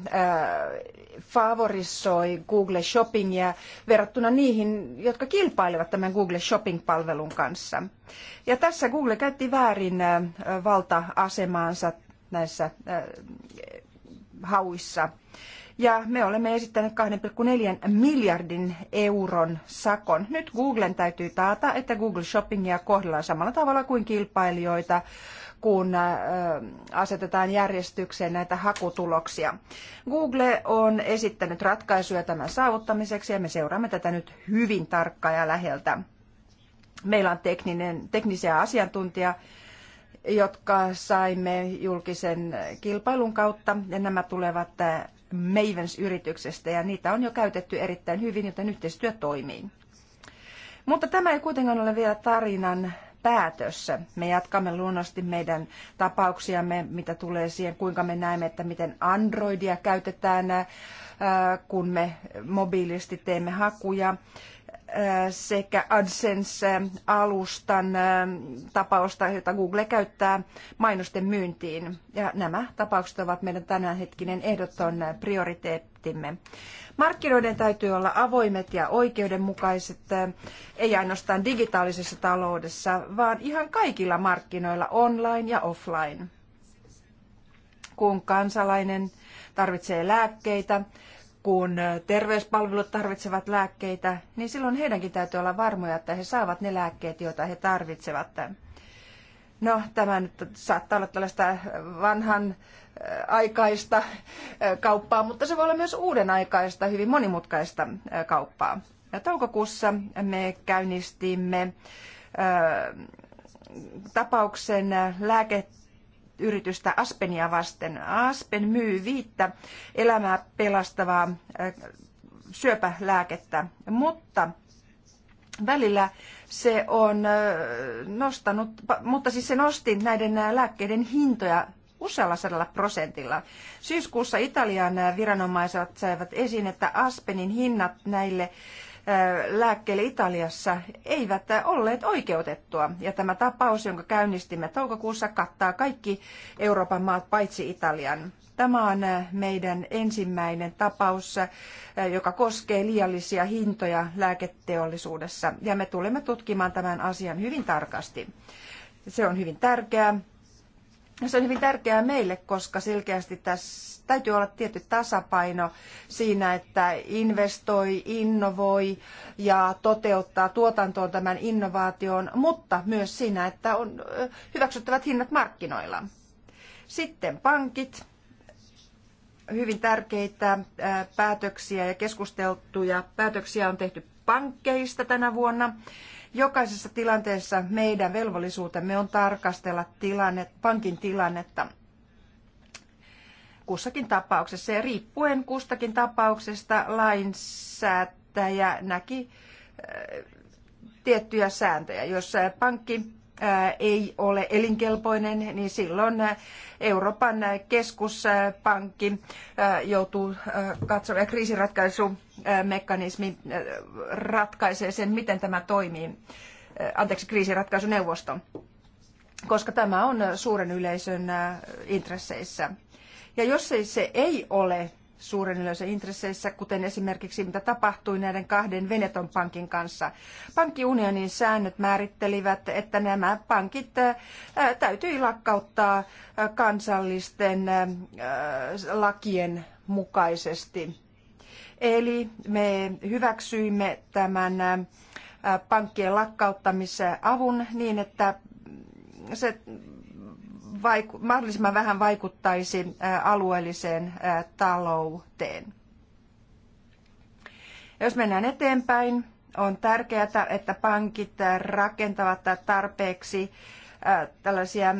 favorisoi Google Shoppingia verrattuna niihin, jotka kilpailevat tämän Google Shopping-palvelun kanssa. Ja tässä Google käytti väärin äh, valta-asemaansa näissä äh, hauissa. Ja me olemme esittäneet 2,4 miljardin euron sakon. Nyt Googlen täytyy taata, että Google Shoppingia kohdellaan samalla tavalla kuin kilpailijoita kun asetetaan järjestykseen näitä hakutuloksia. Google on esittänyt ratkaisuja tämän saavuttamiseksi ja me seuraamme tätä nyt hyvin tarkkaan ja läheltä. Meillä on tekninen, teknisiä asiantuntija, jotka saimme julkisen kilpailun kautta ja nämä tulevat Mavens-yrityksestä ja niitä on jo käytetty erittäin hyvin, joten yhteistyö toimii. Mutta tämä ei kuitenkaan ole vielä tarinan päätös. Me jatkamme luonnollisesti meidän tapauksiamme, mitä tulee siihen, kuinka me näemme, että miten Androidia käytetään, äh, kun me mobiilisti teemme hakuja äh, sekä AdSense-alustan äh, tapausta, jota Google käyttää mainosten myyntiin. Ja nämä tapaukset ovat meidän hetkinen ehdoton prioriteettimme. Markkinoiden täytyy olla avoimet ja oikeudenmukaiset, ei ainoastaan digitaalisessa taloudessa, vaan ihan kaikilla markkinoilla online ja offline. Kun kansalainen tarvitsee lääkkeitä, kun terveyspalvelut tarvitsevat lääkkeitä, niin silloin heidänkin täytyy olla varmoja, että he saavat ne lääkkeet, joita he tarvitsevat. No, tämä nyt saattaa olla tällaista vanhan aikaista kauppaa, mutta se voi olla myös uuden aikaista, hyvin monimutkaista kauppaa. Ja toukokuussa me käynnistimme tapauksen lääkeyritystä Aspenia vasten. Aspen myy viittä elämää pelastavaa syöpälääkettä, mutta välillä se on nostanut, mutta siis se nosti näiden lääkkeiden hintoja usealla sadalla prosentilla. Syyskuussa Italian viranomaiset saivat esiin, että Aspenin hinnat näille lääkkeille Italiassa eivät olleet oikeutettua. Ja tämä tapaus, jonka käynnistimme toukokuussa, kattaa kaikki Euroopan maat paitsi Italian. Tämä on meidän ensimmäinen tapaus, joka koskee liiallisia hintoja lääketeollisuudessa. Ja me tulemme tutkimaan tämän asian hyvin tarkasti. Se on hyvin tärkeää se on hyvin tärkeää meille, koska selkeästi tässä täytyy olla tietty tasapaino siinä, että investoi, innovoi ja toteuttaa tuotantoon tämän innovaation, mutta myös siinä, että on hyväksyttävät hinnat markkinoilla. Sitten pankit, hyvin tärkeitä päätöksiä ja keskusteltuja päätöksiä on tehty pankkeista tänä vuonna. Jokaisessa tilanteessa meidän velvollisuutemme on tarkastella tilanne, pankin tilannetta kussakin tapauksessa ja riippuen kustakin tapauksesta lainsäätäjä näki äh, tiettyjä sääntöjä. Jos pankki ei ole elinkelpoinen, niin silloin Euroopan keskuspankki joutuu katsomaan ja kriisiratkaisumekanismi ratkaisee sen, miten tämä toimii, anteeksi, kriisiratkaisuneuvosto, koska tämä on suuren yleisön intresseissä. Ja jos se ei ole suuren yleisön intresseissä, kuten esimerkiksi mitä tapahtui näiden kahden Veneton pankin kanssa. Pankkiunionin säännöt määrittelivät, että nämä pankit äh, täytyy lakkauttaa äh, kansallisten äh, lakien mukaisesti. Eli me hyväksyimme tämän pankkien lakkauttamisen avun niin, että se vaiku- mahdollisimman vähän vaikuttaisi alueelliseen talouteen. Jos mennään eteenpäin, on tärkeää, että pankit rakentavat tarpeeksi tällaisia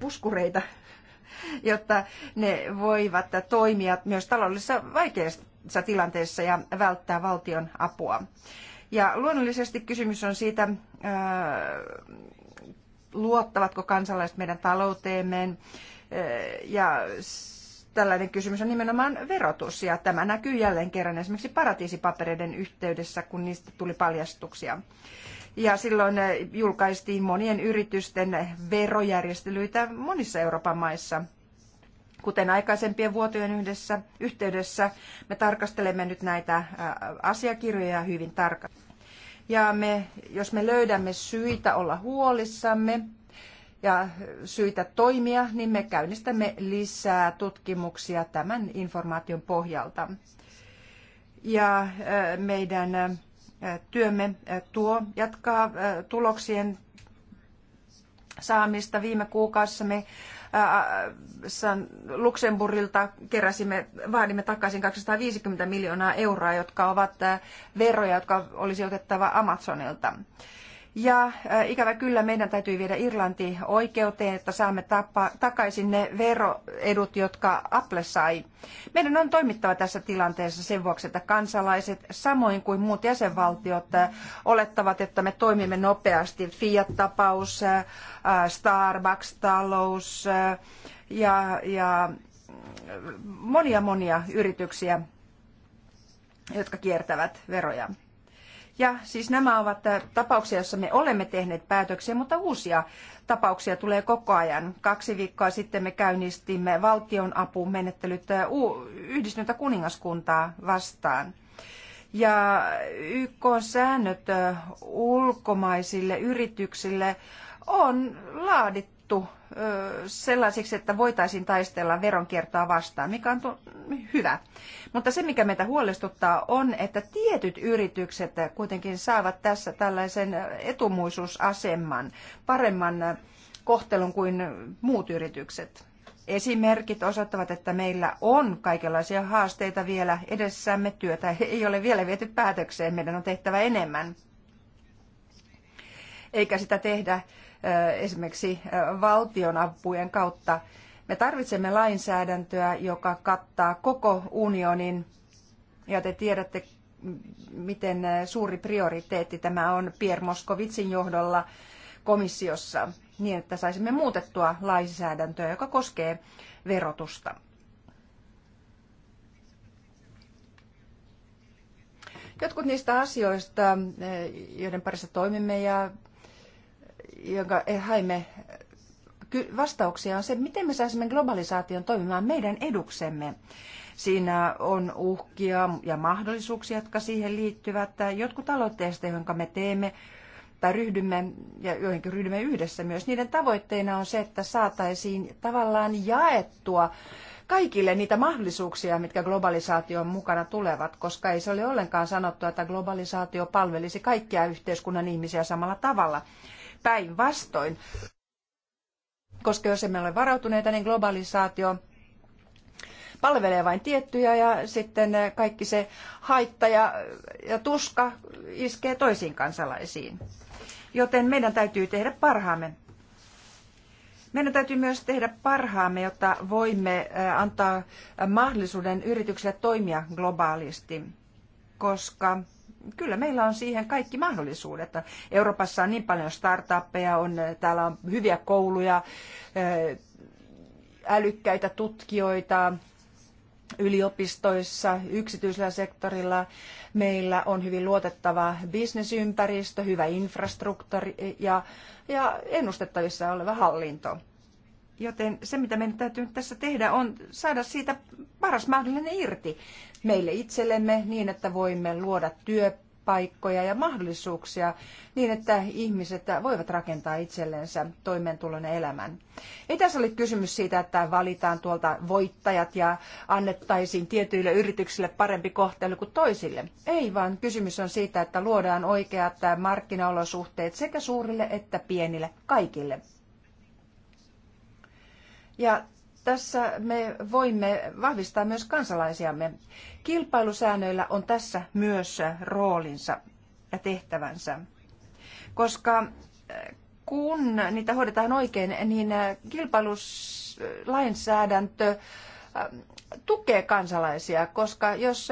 puskureita, jotta ne voivat toimia myös taloudellisessa vaikeassa tilanteessa ja välttää valtion apua. Ja luonnollisesti kysymys on siitä, äh, luottavatko kansalaiset meidän talouteemme. Äh, ja tällainen kysymys on nimenomaan verotus. Ja tämä näkyy jälleen kerran esimerkiksi paratiisipapereiden yhteydessä, kun niistä tuli paljastuksia. Ja silloin äh, julkaistiin monien yritysten verojärjestelyitä monissa Euroopan maissa. Kuten aikaisempien vuotojen yhdessä, yhteydessä, me tarkastelemme nyt näitä asiakirjoja hyvin tarkasti. Ja me, jos me löydämme syitä olla huolissamme ja syitä toimia, niin me käynnistämme lisää tutkimuksia tämän informaation pohjalta. Ja meidän työmme tuo jatkaa tuloksien saamista. Viime kuukausissa me Luxemburgilta keräsimme, vaadimme takaisin 250 miljoonaa euroa, jotka ovat veroja, jotka olisi otettava Amazonilta. Ja äh, ikävä kyllä meidän täytyy viedä Irlanti oikeuteen, että saamme tappa, takaisin ne veroedut, jotka Apple sai. Meidän on toimittava tässä tilanteessa sen vuoksi, että kansalaiset samoin kuin muut jäsenvaltiot äh, olettavat, että me toimimme nopeasti. Fiat-tapaus, äh, Starbucks-talous ja, ja monia monia yrityksiä, jotka kiertävät veroja. Ja siis nämä ovat äh, tapauksia, joissa me olemme tehneet päätöksiä, mutta uusia tapauksia tulee koko ajan. Kaksi viikkoa sitten me käynnistimme valtion apumenettelyt äh, yhdistyntä kuningaskuntaa vastaan. Ja YK-säännöt äh, ulkomaisille yrityksille on laadittu muutettu sellaisiksi, että voitaisiin taistella veronkiertoa vastaan, mikä on hyvä. Mutta se, mikä meitä huolestuttaa, on, että tietyt yritykset kuitenkin saavat tässä tällaisen etumuisuusaseman, paremman kohtelun kuin muut yritykset. Esimerkit osoittavat, että meillä on kaikenlaisia haasteita vielä edessämme. Työtä ei ole vielä viety päätökseen. Meidän on tehtävä enemmän. Eikä sitä tehdä esimerkiksi valtionapujen kautta. Me tarvitsemme lainsäädäntöä, joka kattaa koko unionin, ja te tiedätte, miten suuri prioriteetti tämä on Pierre Moskovitsin johdolla komissiossa, niin että saisimme muutettua lainsäädäntöä, joka koskee verotusta. Jotkut niistä asioista, joiden parissa toimimme ja jonka eh, haimme vastauksia, on se, miten me saisimme globalisaation toimimaan meidän eduksemme. Siinä on uhkia ja mahdollisuuksia, jotka siihen liittyvät. Jotkut aloitteista, jonka me teemme tai ryhdymme, ja joihinkin ryhdymme yhdessä myös, niiden tavoitteena on se, että saataisiin tavallaan jaettua kaikille niitä mahdollisuuksia, mitkä globalisaation mukana tulevat, koska ei se ole ollenkaan sanottu, että globalisaatio palvelisi kaikkia yhteiskunnan ihmisiä samalla tavalla päinvastoin. Koska jos emme ole varautuneita, niin globalisaatio palvelee vain tiettyjä ja sitten kaikki se haitta ja, ja tuska iskee toisiin kansalaisiin. Joten meidän täytyy tehdä parhaamme. Meidän täytyy myös tehdä parhaamme, jotta voimme antaa mahdollisuuden yrityksille toimia globaalisti, koska kyllä meillä on siihen kaikki mahdollisuudet. Euroopassa on niin paljon startuppeja, on, täällä on hyviä kouluja, älykkäitä tutkijoita, yliopistoissa, yksityisellä sektorilla. Meillä on hyvin luotettava bisnesympäristö, hyvä infrastruktuuri ja, ja ennustettavissa oleva hallinto. Joten se, mitä meidän täytyy tässä tehdä, on saada siitä paras mahdollinen irti meille itsellemme niin, että voimme luoda työpaikkoja ja mahdollisuuksia niin, että ihmiset voivat rakentaa itsellensä toimeentulon elämän. Ei tässä ole kysymys siitä, että valitaan tuolta voittajat ja annettaisiin tietyille yrityksille parempi kohtelu kuin toisille. Ei, vaan kysymys on siitä, että luodaan oikeat markkinaolosuhteet sekä suurille että pienille kaikille ja tässä me voimme vahvistaa myös kansalaisiamme. Kilpailusäännöillä on tässä myös roolinsa ja tehtävänsä, koska eh, kun niitä hoidetaan oikein, niin eh, kilpailulainsäädäntö eh, tukee kansalaisia, koska jos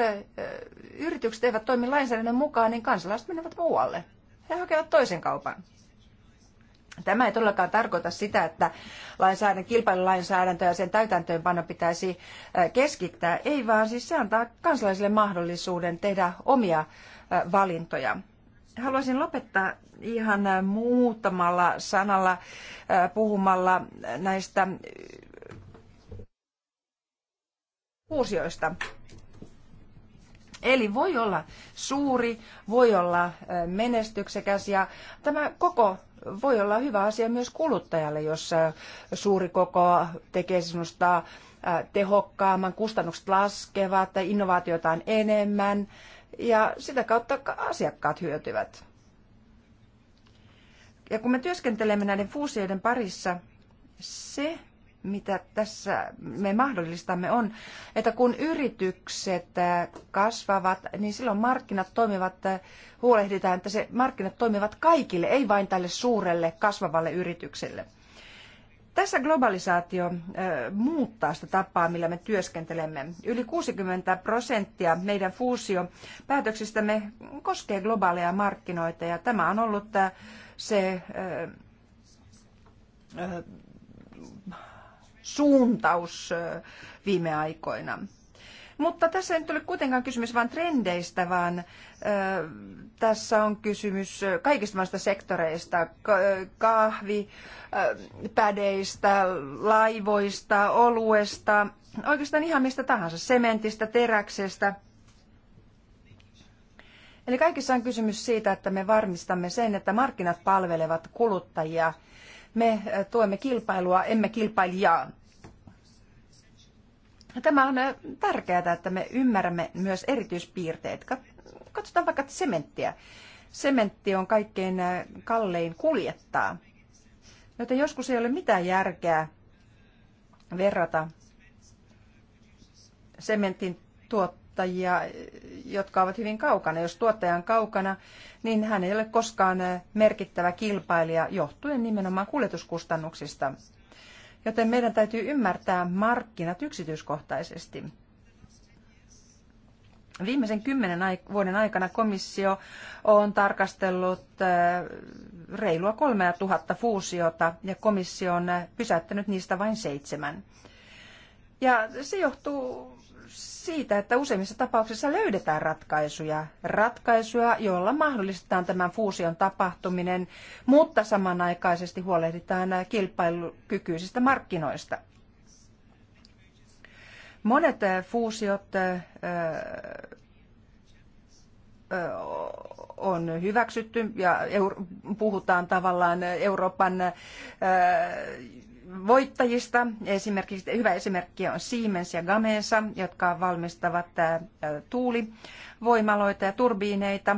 yritykset eivät toimi lainsäädännön mukaan, niin kansalaiset menevät muualle. He hakevat toisen kaupan. Tämä ei todellakaan tarkoita sitä, että lainsäädäntö, kilpailulainsäädäntö ja sen täytäntöönpano pitäisi keskittää. Ei vaan siis se antaa kansalaisille mahdollisuuden tehdä omia valintoja. Haluaisin lopettaa ihan muutamalla sanalla puhumalla näistä kuusioista. Eli voi olla suuri, voi olla menestyksekäs ja tämä koko voi olla hyvä asia myös kuluttajalle, jos äh, suuri koko tekee sinusta äh, tehokkaamman, kustannukset laskevat, innovaatioita on enemmän ja sitä kautta asiakkaat hyötyvät. Ja kun me työskentelemme näiden fuusioiden parissa, se mitä tässä me mahdollistamme on, että kun yritykset kasvavat, niin silloin markkinat toimivat, huolehditaan, että se markkinat toimivat kaikille, ei vain tälle suurelle kasvavalle yritykselle. Tässä globalisaatio muuttaa sitä tapaa, millä me työskentelemme. Yli 60 prosenttia meidän fuusiopäätöksistämme koskee globaaleja markkinoita ja tämä on ollut se suuntaus viime aikoina. Mutta tässä ei nyt ole kuitenkaan kysymys vain trendeistä, vaan ö, tässä on kysymys kaikista maista sektoreista, kahvi, ö, pädeistä, laivoista, oluesta, oikeastaan ihan mistä tahansa, sementistä, teräksestä. Eli kaikissa on kysymys siitä, että me varmistamme sen, että markkinat palvelevat kuluttajia me eh, tuemme kilpailua, emme kilpailijaa. Tämä on eh, tärkeää, että me ymmärrämme myös erityispiirteet. Katsotaan vaikka sementtiä. Sementti on kaikkein eh, kallein kuljettaa, joten joskus ei ole mitään järkeä verrata sementin tuot tuottajia, jotka ovat hyvin kaukana. Jos tuottaja on kaukana, niin hän ei ole koskaan merkittävä kilpailija johtuen nimenomaan kuljetuskustannuksista. Joten meidän täytyy ymmärtää markkinat yksityiskohtaisesti. Viimeisen kymmenen vuoden aikana komissio on tarkastellut äh, reilua 3000 fuusiota ja komissio on äh, pysäyttänyt niistä vain seitsemän. Ja se johtuu siitä, että useimmissa tapauksissa löydetään ratkaisuja. Ratkaisuja, joilla mahdollistetaan tämän fuusion tapahtuminen, mutta samanaikaisesti huolehditaan kilpailukykyisistä markkinoista. Monet eh, fuusiot eh, eh, on hyväksytty ja puhutaan tavallaan Euroopan voittajista. Esimerkiksi, hyvä esimerkki on Siemens ja Gamesa, jotka valmistavat äh, tuulivoimaloita ja turbiineita.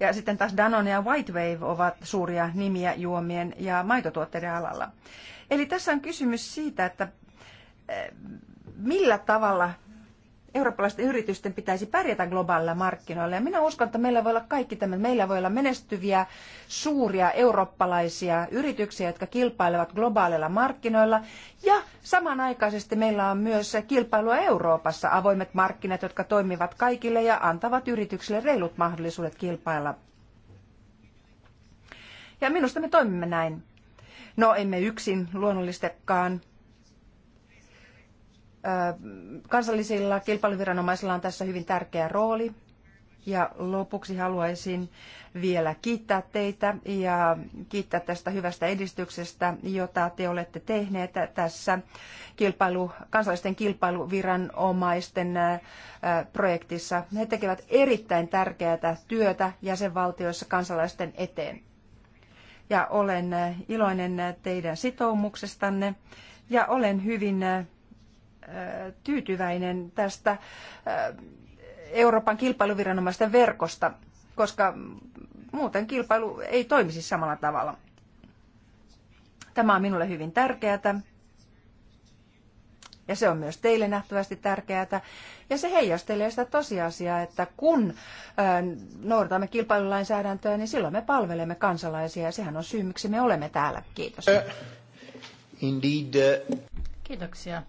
Ja sitten taas Danone ja White Wave ovat suuria nimiä juomien ja maitotuotteiden alalla. Eli tässä on kysymys siitä, että äh, millä tavalla eurooppalaisten yritysten pitäisi pärjätä globaaleilla markkinoilla. Ja minä uskon, että meillä voi olla kaikki tämä. Meillä voi olla menestyviä, suuria eurooppalaisia yrityksiä, jotka kilpailevat globaaleilla markkinoilla. Ja samanaikaisesti meillä on myös kilpailua Euroopassa, avoimet markkinat, jotka toimivat kaikille ja antavat yrityksille reilut mahdollisuudet kilpailla. Ja minusta me toimimme näin. No emme yksin luonnollisestikaan. Kansallisilla kilpailuviranomaisilla on tässä hyvin tärkeä rooli. Ja lopuksi haluaisin vielä kiittää teitä ja kiittää tästä hyvästä edistyksestä, jota te olette tehneet tässä kilpailu, kansallisten kilpailuviranomaisten projektissa. He tekevät erittäin tärkeää työtä jäsenvaltioissa kansalaisten eteen. Ja olen iloinen teidän sitoumuksestanne ja olen hyvin tyytyväinen tästä Euroopan kilpailuviranomaisten verkosta, koska muuten kilpailu ei toimisi samalla tavalla. Tämä on minulle hyvin tärkeää ja se on myös teille nähtävästi tärkeää. Ja se heijastelee sitä tosiasiaa, että kun noudatamme kilpailulainsäädäntöä, niin silloin me palvelemme kansalaisia ja sehän on syy, miksi me olemme täällä. Kiitos. Indeed. Kiitoksia.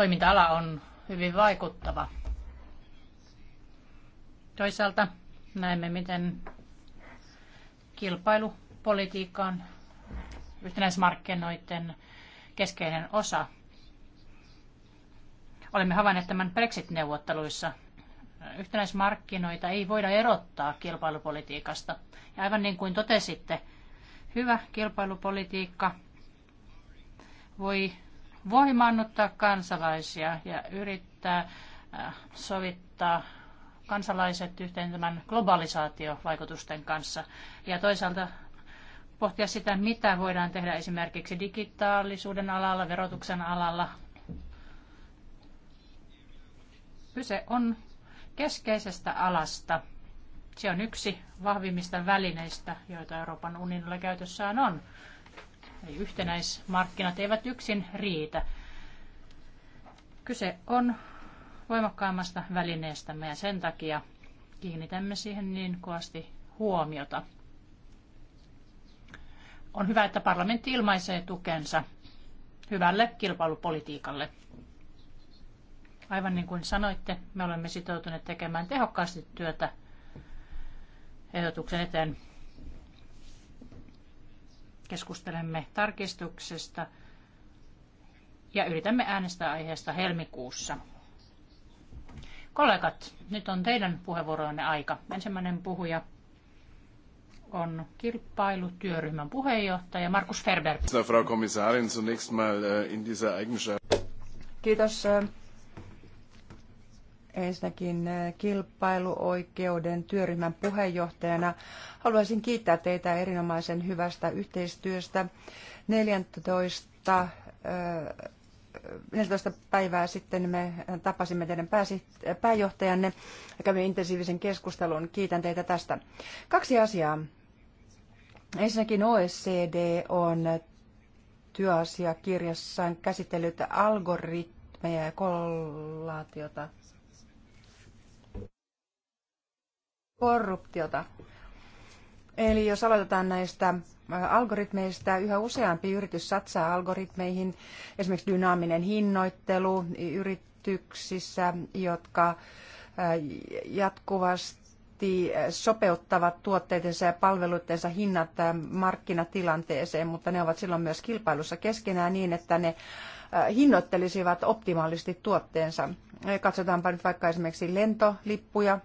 toiminta-ala on hyvin vaikuttava. Toisaalta näemme, miten kilpailupolitiikka on yhtenäismarkkinoiden keskeinen osa. Olemme havainneet tämän Brexit-neuvotteluissa. Yhtenäismarkkinoita ei voida erottaa kilpailupolitiikasta. Ja aivan niin kuin totesitte, hyvä kilpailupolitiikka voi voimaannuttaa kansalaisia ja yrittää äh, sovittaa kansalaiset yhteen tämän globalisaatiovaikutusten kanssa. Ja toisaalta pohtia sitä, mitä voidaan tehdä esimerkiksi digitaalisuuden alalla, verotuksen alalla. Kyse on keskeisestä alasta. Se on yksi vahvimmista välineistä, joita Euroopan unionilla käytössään on eli yhtenäismarkkinat eivät yksin riitä. Kyse on voimakkaammasta välineestämme ja sen takia kiinnitämme siihen niin kovasti huomiota. On hyvä, että parlamentti ilmaisee tukensa hyvälle kilpailupolitiikalle. Aivan niin kuin sanoitte, me olemme sitoutuneet tekemään tehokkaasti työtä ehdotuksen eteen keskustelemme tarkistuksesta ja yritämme äänestää aiheesta helmikuussa. Kollegat, nyt on teidän puheenvuoroonne aika. Ensimmäinen puhuja on kilpailutyöryhmän puheenjohtaja Markus Ferber. Äh, Kiitos äh, Ensinnäkin äh, kilpailuoikeuden työryhmän puheenjohtajana haluaisin kiittää teitä erinomaisen hyvästä yhteistyöstä. 14, 14 äh, päivää sitten me tapasimme teidän pääjohtajanne ja kävimme intensiivisen keskustelun. Kiitän teitä tästä. Kaksi asiaa. Ensinnäkin OECD on työasiakirjassaan käsitellyt algoritmeja ja kollaatiota – korruptiota. Eli jos aloitetaan näistä algoritmeista, yhä useampi yritys satsaa algoritmeihin, esimerkiksi dynaaminen hinnoittelu yrityksissä, jotka jatkuvasti sopeuttavat tuotteidensa ja palveluidensa hinnat markkinatilanteeseen, mutta ne ovat silloin myös kilpailussa keskenään niin, että ne hinnoittelisivat optimaalisesti tuotteensa. Katsotaanpa nyt vaikka esimerkiksi lentolippuja,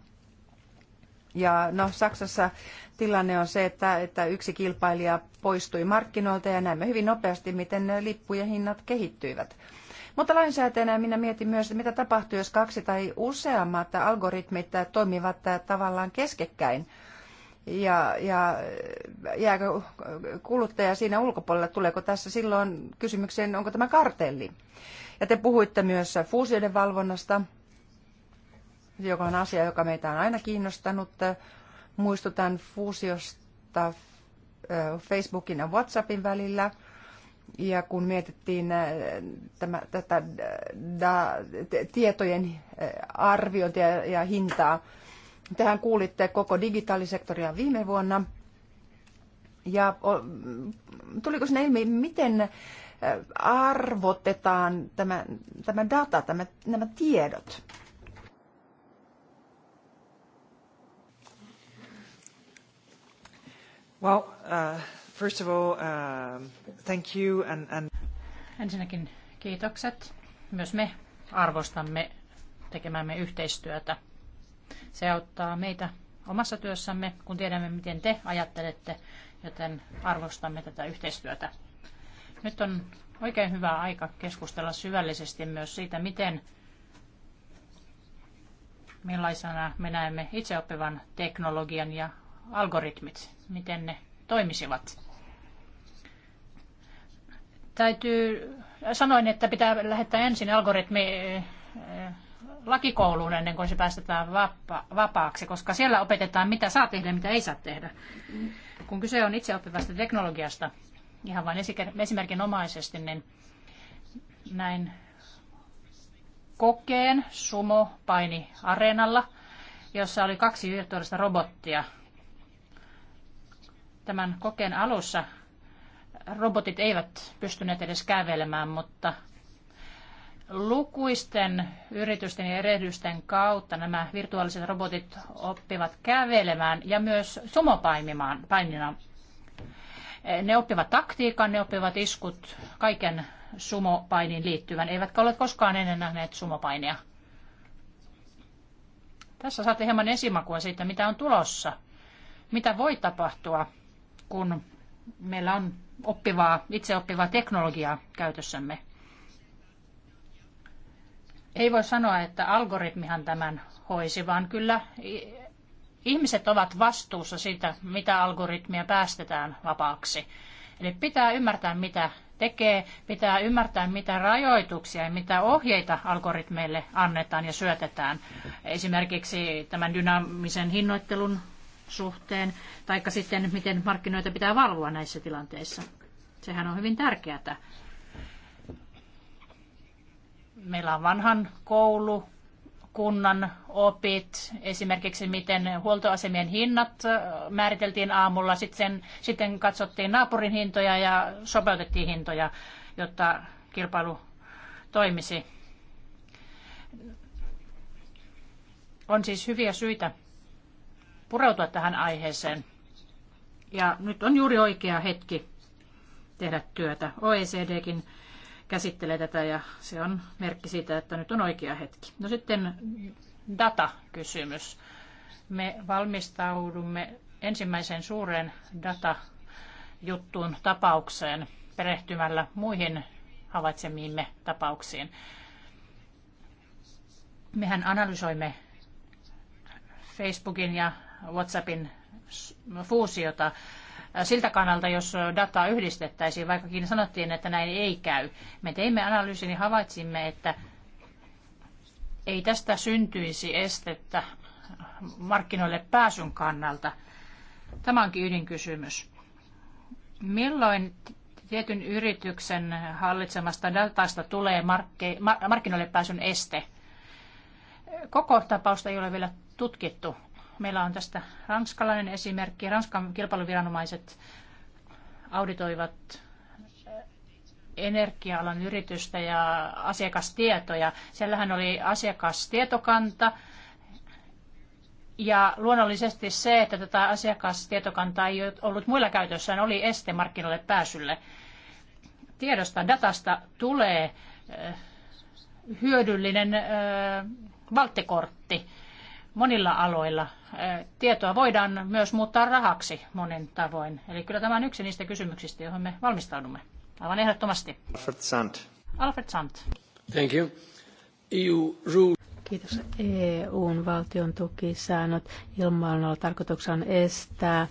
ja no, Saksassa tilanne on se, että, että yksi kilpailija poistui markkinoilta ja näemme hyvin nopeasti, miten lippujen hinnat kehittyivät. Mutta lainsäätäjänä minä mietin myös, mitä tapahtuu, jos kaksi tai useammat algoritmit toimivat tavallaan keskekkäin Ja, ja jääkö kuluttaja siinä ulkopuolella, tuleeko tässä silloin kysymykseen, onko tämä kartelli? Ja te puhuitte myös fuusioiden valvonnasta joka on asia, joka meitä on aina kiinnostanut. Muistutan fuusiosta äh, Facebookin ja WhatsAppin välillä. Ja kun mietittiin äh, tämä, tätä da, tietojen äh, arviointia ja hintaa, tehän kuulitte koko digitaalisektoria viime vuonna. Ja tuliko sinne ilmi, miten arvotetaan tämä, tämä data, tämä, nämä tiedot? Well, uh, first of all, uh, thank you and, and... Ensinnäkin kiitokset. Myös me arvostamme tekemämme yhteistyötä. Se auttaa meitä omassa työssämme, kun tiedämme, miten te ajattelette, joten arvostamme tätä yhteistyötä. Nyt on oikein hyvä aika keskustella syvällisesti myös siitä, miten millaisena me näemme itseoppivan teknologian ja algoritmit, miten ne toimisivat. Täytyy, sanoin, että pitää lähettää ensin algoritmi eh, lakikouluun ennen kuin se päästetään vapa- vapaaksi, koska siellä opetetaan, mitä saa tehdä ja mitä ei saa tehdä. Kun kyse on itseoppivasta teknologiasta, ihan vain esimerkinomaisesti, niin näin kokeen Sumo paini areenalla, jossa oli kaksi virtuaalista robottia tämän kokeen alussa robotit eivät pystyneet edes kävelemään, mutta lukuisten yritysten ja erehdysten kautta nämä virtuaaliset robotit oppivat kävelemään ja myös sumopaimimaan painina. Ne oppivat taktiikan, ne oppivat iskut, kaiken sumopainiin liittyvän, eivätkä ole koskaan ennen nähneet sumopainia. Tässä saatte hieman esimakua siitä, mitä on tulossa, mitä voi tapahtua kun meillä on oppivaa, itseoppivaa teknologiaa käytössämme. Ei voi sanoa, että algoritmihan tämän hoisi, vaan kyllä ihmiset ovat vastuussa siitä, mitä algoritmia päästetään vapaaksi. Eli pitää ymmärtää, mitä tekee, pitää ymmärtää, mitä rajoituksia ja mitä ohjeita algoritmeille annetaan ja syötetään. Esimerkiksi tämän dynaamisen hinnoittelun suhteen, taikka sitten miten markkinoita pitää valvoa näissä tilanteissa. Sehän on hyvin tärkeää. Meillä on vanhan koulu, kunnan opit, esimerkiksi miten huoltoasemien hinnat äh, määriteltiin aamulla, sitten, sitten katsottiin naapurin hintoja ja sopeutettiin hintoja, jotta kilpailu toimisi. On siis hyviä syitä pureutua tähän aiheeseen. Ja nyt on juuri oikea hetki tehdä työtä. OECDkin käsittelee tätä ja se on merkki siitä, että nyt on oikea hetki. No sitten datakysymys. Me valmistaudumme ensimmäiseen suureen datajuttuun tapaukseen perehtymällä muihin havaitsemiimme tapauksiin. Mehän analysoimme Facebookin ja WhatsAppin fuusiota siltä kannalta, jos dataa yhdistettäisiin, vaikkakin sanottiin, että näin ei käy. Me teimme analyysin ja havaitsimme, että ei tästä syntyisi estettä markkinoille pääsyn kannalta. Tämä onkin ydinkysymys. Milloin tietyn yrityksen hallitsemasta datasta tulee markke, markkinoille pääsyn este? Koko tapausta ei ole vielä tutkittu. Meillä on tästä ranskalainen esimerkki. Ranskan kilpailuviranomaiset auditoivat eh, energia-alan yritystä ja asiakastietoja. Siellähän oli asiakastietokanta, ja luonnollisesti se, että tätä asiakastietokantaa ei ollut muilla käytössään, oli este markkinoille pääsylle. Tiedosta, datasta tulee eh, hyödyllinen eh, valttikortti monilla aloilla tietoa voidaan myös muuttaa rahaksi monin tavoin. Eli kyllä tämä on yksi niistä kysymyksistä, joihin me valmistaudumme. Aivan ehdottomasti. Alfred Sant. Alfred Sant. Thank you. EU rule. Kiitos. EUn valtion tukisäännöt ilmailun tarkoituksena on estää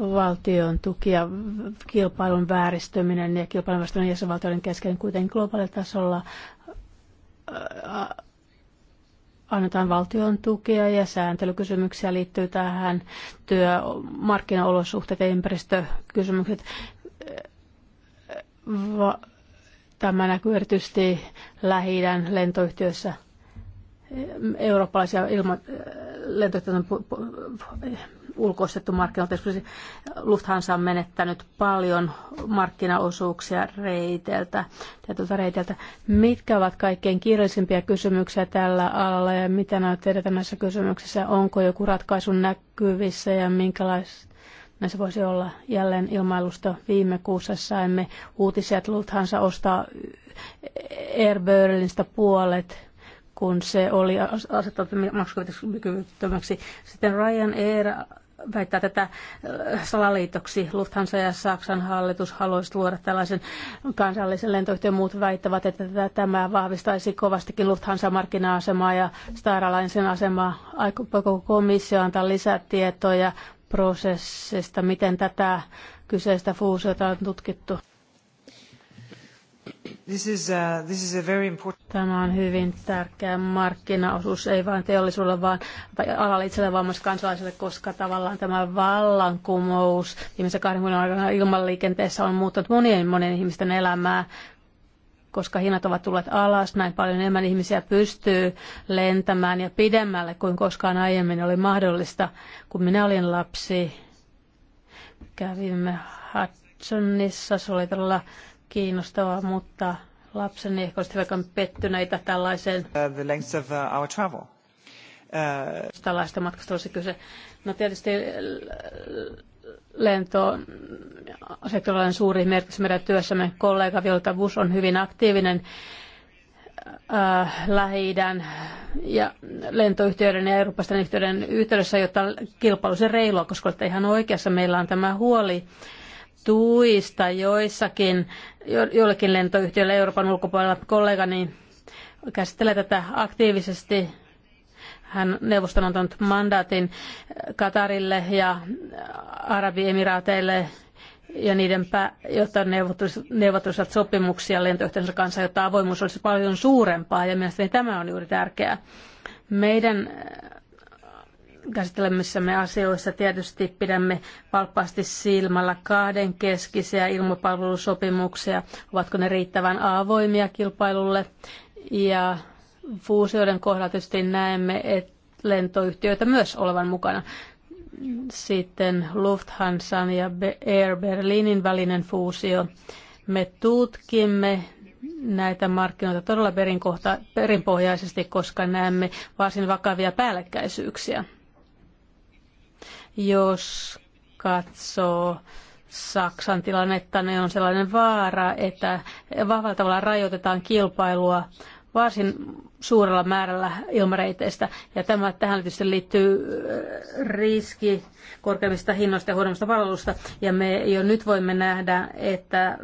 valtion tukia kilpailun vääristyminen ja kilpailun vääristyminen jäsenvaltioiden kesken kuitenkin globaalilla tasolla annetaan valtion tukea ja sääntelykysymyksiä liittyy tähän, työmarkkinaolosuhteet ja ympäristökysymykset. Tämä näkyy erityisesti lähi lentoyhtiössä eurooppalaisia ilma- lentoyhtiöitä ulkoistettu markkinoilta. Esimerkiksi Lufthansa on menettänyt paljon markkinaosuuksia reiteltä, tuota reiteltä. Mitkä ovat kaikkein kiireellisimpiä kysymyksiä tällä alalla ja mitä näyttää edetä näissä kysymyksissä? Onko joku ratkaisu näkyvissä ja minkälaista? se voisi olla jälleen ilmailusta. Viime kuussa saimme uutisia, että Lufthansa ostaa Air Berlinistä puolet kun se oli asetettu maksukyvyttömäksi. Sitten Ryan Air väittää tätä äh, salaliitoksi. Lufthansa ja Saksan hallitus haluaisi luoda tällaisen kansallisen lentoyhtiön. Muut väittävät, että tämä vahvistaisi kovastikin Lufthansa-markkina-asemaa ja Star Alliancen asemaa. Aikooko komissio antaa lisätietoja prosessista, miten tätä kyseistä fuusiota on tutkittu? Uh, tämä on hyvin tärkeä markkinaosuus, ei vain teollisuudelle, vaan alalle itselle, vaan myös kansalaisille, koska tavallaan tämä vallankumous viimeisen vuoden aikana ilmanliikenteessä on muuttanut monien monien ihmisten elämää, koska hinnat ovat tulleet alas, näin paljon enemmän ihmisiä pystyy lentämään ja pidemmälle kuin koskaan aiemmin oli mahdollista. Kun minä olin lapsi, kävimme Hudsonissa, se oli todella kiinnostavaa, mutta lapseni ehkä olisi vaikka pettyneitä tällaiseen. Uh, the length of uh, our travel. Uh... Tällaista matkasta olisi kyse. No tietysti äh, lento on suuri merkitys meidän työssämme. Kollega Vilta Bus on hyvin aktiivinen äh, lähi ja lentoyhtiöiden ja eurooppalaisten yhtiöiden yhteydessä, jotta kilpailu se reilua, koska olette ihan oikeassa. Meillä on tämä huoli tuista joissakin, jo, joillekin lentoyhtiöille Euroopan ulkopuolella. Kollegani käsittelee tätä aktiivisesti. Hän neuvoston on mandaatin Katarille ja Arabiemiraateille ja niiden pää, jotta neuvottelisivat sopimuksia lentoyhtiönsä kanssa, jotta avoimuus olisi paljon suurempaa ja mielestäni tämä on juuri tärkeää. Meidän käsittelemissämme asioissa tietysti pidämme valppaasti silmällä kahden keskisiä ilmapalvelusopimuksia, ovatko ne riittävän avoimia kilpailulle. Ja fuusioiden kohdalla tietysti näemme, että lentoyhtiöitä myös olevan mukana. Sitten Lufthansan ja Air Berlinin välinen fuusio. Me tutkimme näitä markkinoita todella perinpohjaisesti, koska näemme varsin vakavia päällekkäisyyksiä jos katsoo Saksan tilannetta, niin on sellainen vaara, että vahvalla tavalla rajoitetaan kilpailua varsin suurella määrällä ilmareiteistä. Ja tämä, tähän tietysti liittyy äh, riski korkeimmista hinnoista ja huonommista palvelusta. Ja me jo nyt voimme nähdä, että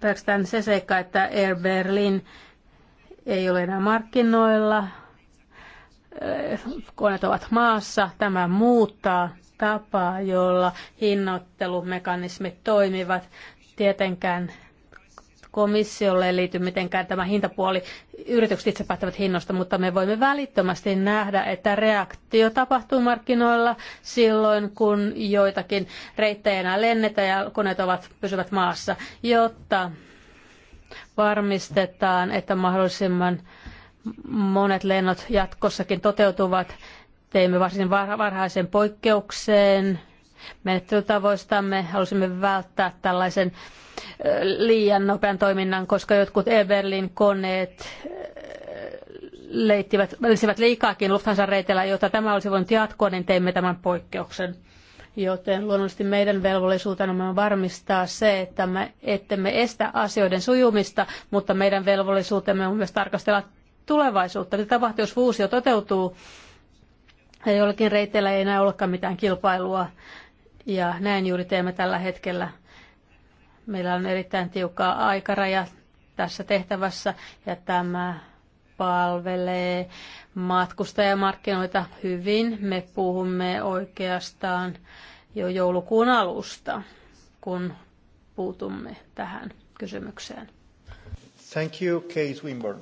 pelkästään se seikka, että Air Berlin ei ole enää markkinoilla, äh, koneet ovat maassa, tämä muuttaa tapa, jolla hinnoittelumekanismit toimivat. Tietenkään komissiolle ei liity mitenkään tämä hintapuoli. Yritykset itse päättävät hinnosta, mutta me voimme välittömästi nähdä, että reaktio tapahtuu markkinoilla silloin, kun joitakin reittejä enää lennetä ja koneet ovat, pysyvät maassa, jotta varmistetaan, että mahdollisimman monet lennot jatkossakin toteutuvat Teimme varsin varhaisen poikkeukseen menettelytavoistamme. Halusimme välttää tällaisen liian nopean toiminnan, koska jotkut Everlin koneet leittivät, leisivät liikaakin Lufthansa-reiteillä, jota tämä olisi voinut jatkoa, niin teimme tämän poikkeuksen. Joten luonnollisesti meidän velvollisuutena on varmistaa se, että me ettemme estä asioiden sujumista, mutta meidän velvollisuutemme on myös tarkastella tulevaisuutta. Mitä tapahtuu, jos fuusio toteutuu? joillakin reiteillä ei enää olekaan mitään kilpailua. Ja näin juuri teemme tällä hetkellä. Meillä on erittäin tiukka aikaraja tässä tehtävässä ja tämä palvelee matkustajamarkkinoita hyvin. Me puhumme oikeastaan jo joulukuun alusta, kun puutumme tähän kysymykseen. Thank you, Kate Winburn.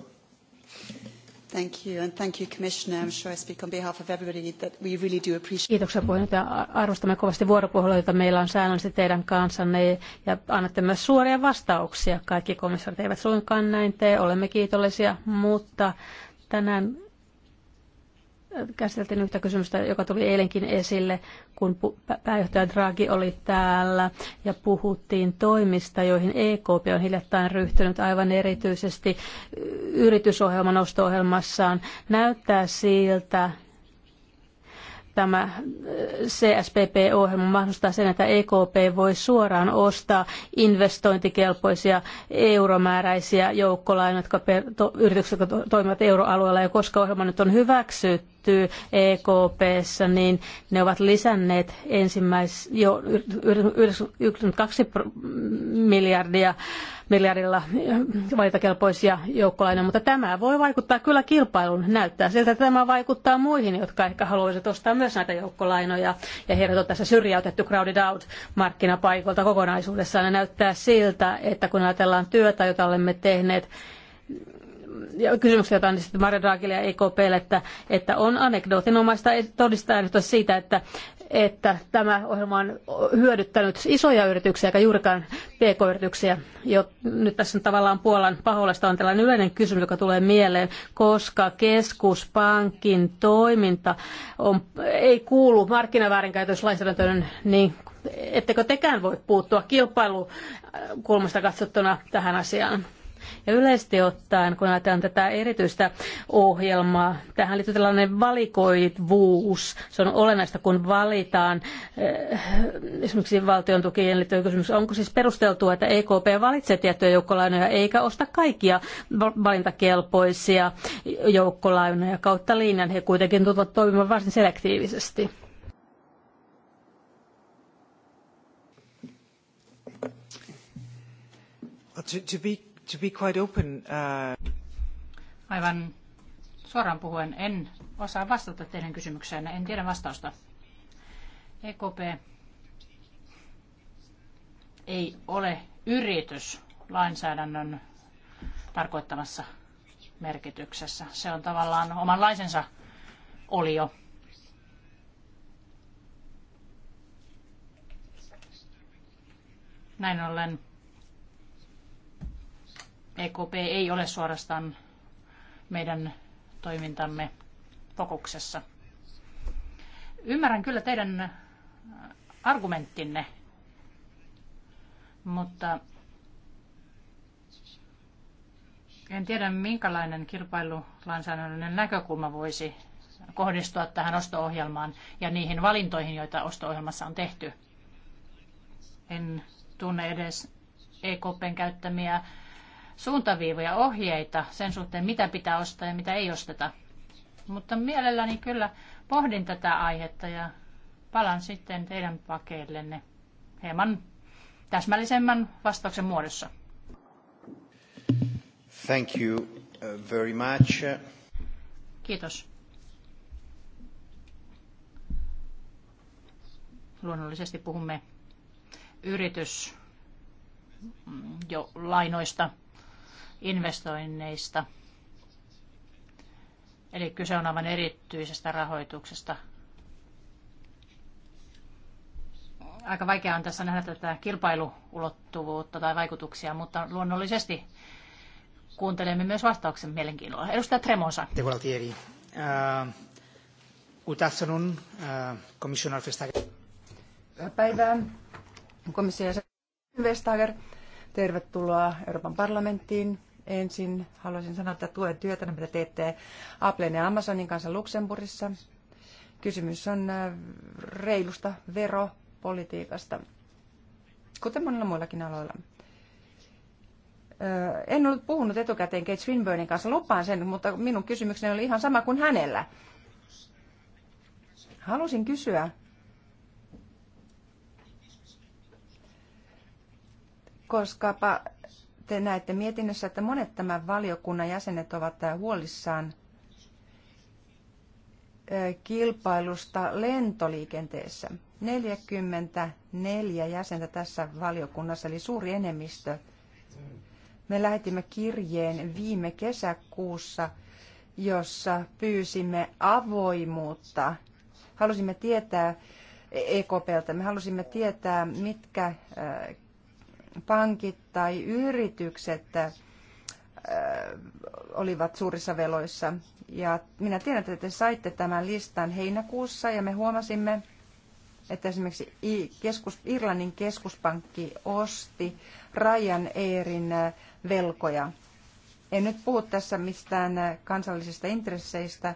Thank you, and thank you, Commissioner. I'm sure I speak on behalf of everybody that we really do appreciate. Kiitoksia puheenjohtaja. Arvostamme kovasti vuoropuhelua, jota meillä on säännöllisesti teidän kanssanne ja annatte myös suoria vastauksia. Kaikki komissaarit eivät suinkaan näin tee, olemme kiitollisia, mutta tänään käsiteltiin yhtä kysymystä, joka tuli eilenkin esille, kun pääjohtaja Draghi oli täällä ja puhuttiin toimista, joihin EKP on hiljattain ryhtynyt aivan erityisesti yritysohjelman osto-ohjelmassaan. Näyttää siltä, tämä CSPP-ohjelma mahdollistaa sen, että EKP voi suoraan ostaa investointikelpoisia euromääräisiä joukkolainoja, jotka per, to, yritykset jotka toimivat euroalueella. Ja koska ohjelma nyt on hyväksytty, liittyy EKPssä, niin ne ovat lisänneet ensimmäis jo 92 miljardia miljardilla valintakelpoisia joukkolainoja, mutta tämä voi vaikuttaa kyllä kilpailuun. Näyttää siltä, että tämä vaikuttaa muihin, jotka ehkä haluaisivat ostaa myös näitä joukkolainoja. Ja heidät on tässä syrjäytetty crowded out markkinapaikoilta kokonaisuudessaan. Ja näyttää siltä, että kun ajatellaan työtä, jota olemme tehneet ja kysymyksiä jotain sitten Mario Draghille ja EKPlle, että, että on anekdootinomaista e- todistaa siitä, että, että tämä ohjelma on hyödyttänyt isoja yrityksiä eikä juurikaan pk-yrityksiä. Jo, nyt tässä on tavallaan Puolan paholaista on tällainen yleinen kysymys, joka tulee mieleen, koska keskuspankin toiminta on, ei kuulu markkinaväärinkäytöslainsäädäntöön niin ettekö tekään voi puuttua kilpailukulmasta katsottuna tähän asiaan? Ja yleisesti ottaen, kun ajatellaan tätä erityistä ohjelmaa, tähän liittyy tällainen valikoivuus. Se on olennaista, kun valitaan eh, esimerkiksi valtion tukien liittyen kysymys. Onko siis perusteltua, että EKP valitsee tiettyjä joukkolainoja eikä osta kaikkia valintakelpoisia joukkolainoja kautta linjan? He kuitenkin tuntuvat toimimaan varsin selektiivisesti. To, to be to be quite open, uh... Aivan suoraan puhuen en osaa vastata teidän kysymykseenne. En tiedä vastausta. EKP ei ole yritys lainsäädännön tarkoittamassa merkityksessä. Se on tavallaan omanlaisensa olio. Näin ollen EKP ei ole suorastaan meidän toimintamme fokuksessa. Ymmärrän kyllä teidän äh, argumenttinne, mutta en tiedä, minkälainen kilpailulainsäädännöllinen näkökulma voisi kohdistua tähän osto-ohjelmaan ja niihin valintoihin, joita osto-ohjelmassa on tehty. En tunne edes EKPn käyttämiä suuntaviivoja, ohjeita sen suhteen, mitä pitää ostaa ja mitä ei osteta. Mutta mielelläni kyllä pohdin tätä aihetta ja palan sitten teidän pakeillenne hieman täsmällisemmän vastauksen muodossa. Thank you uh, very much. Kiitos. Luonnollisesti puhumme yritys mm, jo lainoista investoinneista. Eli kyse on aivan erityisestä rahoituksesta. Aika vaikea on tässä nähdä tätä kilpailuulottuvuutta tai vaikutuksia, mutta luonnollisesti kuuntelemme myös vastauksen mielenkiinnolla. Edustaja Tremosa. Te Gualtieri. Uh, good afternoon, uh, Commissioner Vestager. Päivää, komission Vestager. Tervetuloa Euroopan parlamenttiin. Ensin haluaisin sanoa, että tuen työtä, mitä teette Applen ja Amazonin kanssa Luxemburgissa. Kysymys on äh, reilusta veropolitiikasta, kuten monilla muillakin aloilla. Äh, en ollut puhunut etukäteen Kate Swinburnin kanssa, lupaan sen, mutta minun kysymykseni oli ihan sama kuin hänellä. Halusin kysyä, koska te näette mietinnössä, että monet tämän valiokunnan jäsenet ovat äh, huolissaan äh, kilpailusta lentoliikenteessä. 44 jäsentä tässä valiokunnassa, eli suuri enemmistö. Me lähetimme kirjeen viime kesäkuussa, jossa pyysimme avoimuutta. Halusimme tietää EKPltä, me halusimme tietää, mitkä äh, pankit tai yritykset äh, olivat suurissa veloissa. Ja minä tiedän, että te saitte tämän listan heinäkuussa ja me huomasimme, että esimerkiksi keskus, Irlannin keskuspankki osti Ryan eerin äh, velkoja. En nyt puhu tässä mistään äh, kansallisista intresseistä,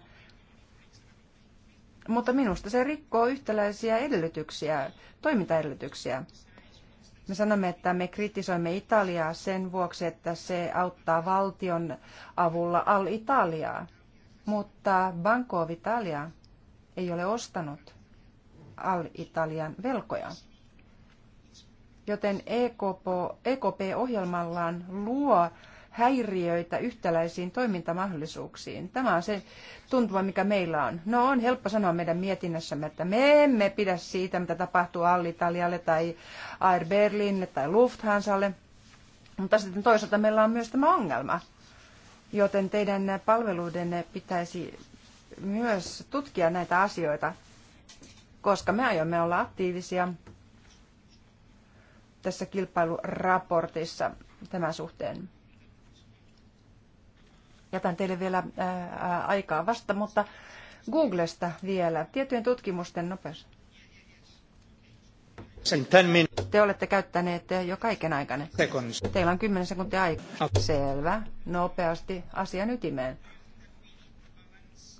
mutta minusta se rikkoo yhtäläisiä edellytyksiä, toimintaedellytyksiä. Me sanomme, että me kritisoimme Italiaa sen vuoksi, että se auttaa valtion avulla Al Italiaa, mutta Banco of Italia ei ole ostanut Al Italian velkoja. Joten EKP, EKP ohjelmallaan luo häiriöitä yhtäläisiin toimintamahdollisuuksiin. Tämä on se tuntuma, mikä meillä on. No on helppo sanoa meidän mietinnössämme, että me emme pidä siitä, mitä tapahtuu Allitalialle tai Air Berlinille tai Lufthansalle. Mutta sitten toisaalta meillä on myös tämä ongelma, joten teidän palveluiden pitäisi myös tutkia näitä asioita, koska me aiomme olla aktiivisia tässä kilpailuraportissa tämän suhteen jätän teille vielä äh, aikaa vasta, mutta Googlesta vielä. Tietojen tutkimusten nopeus. Te olette käyttäneet jo kaiken aikana. Teillä on 10 sekuntia aikaa. No. Selvä. Nopeasti asian ytimeen.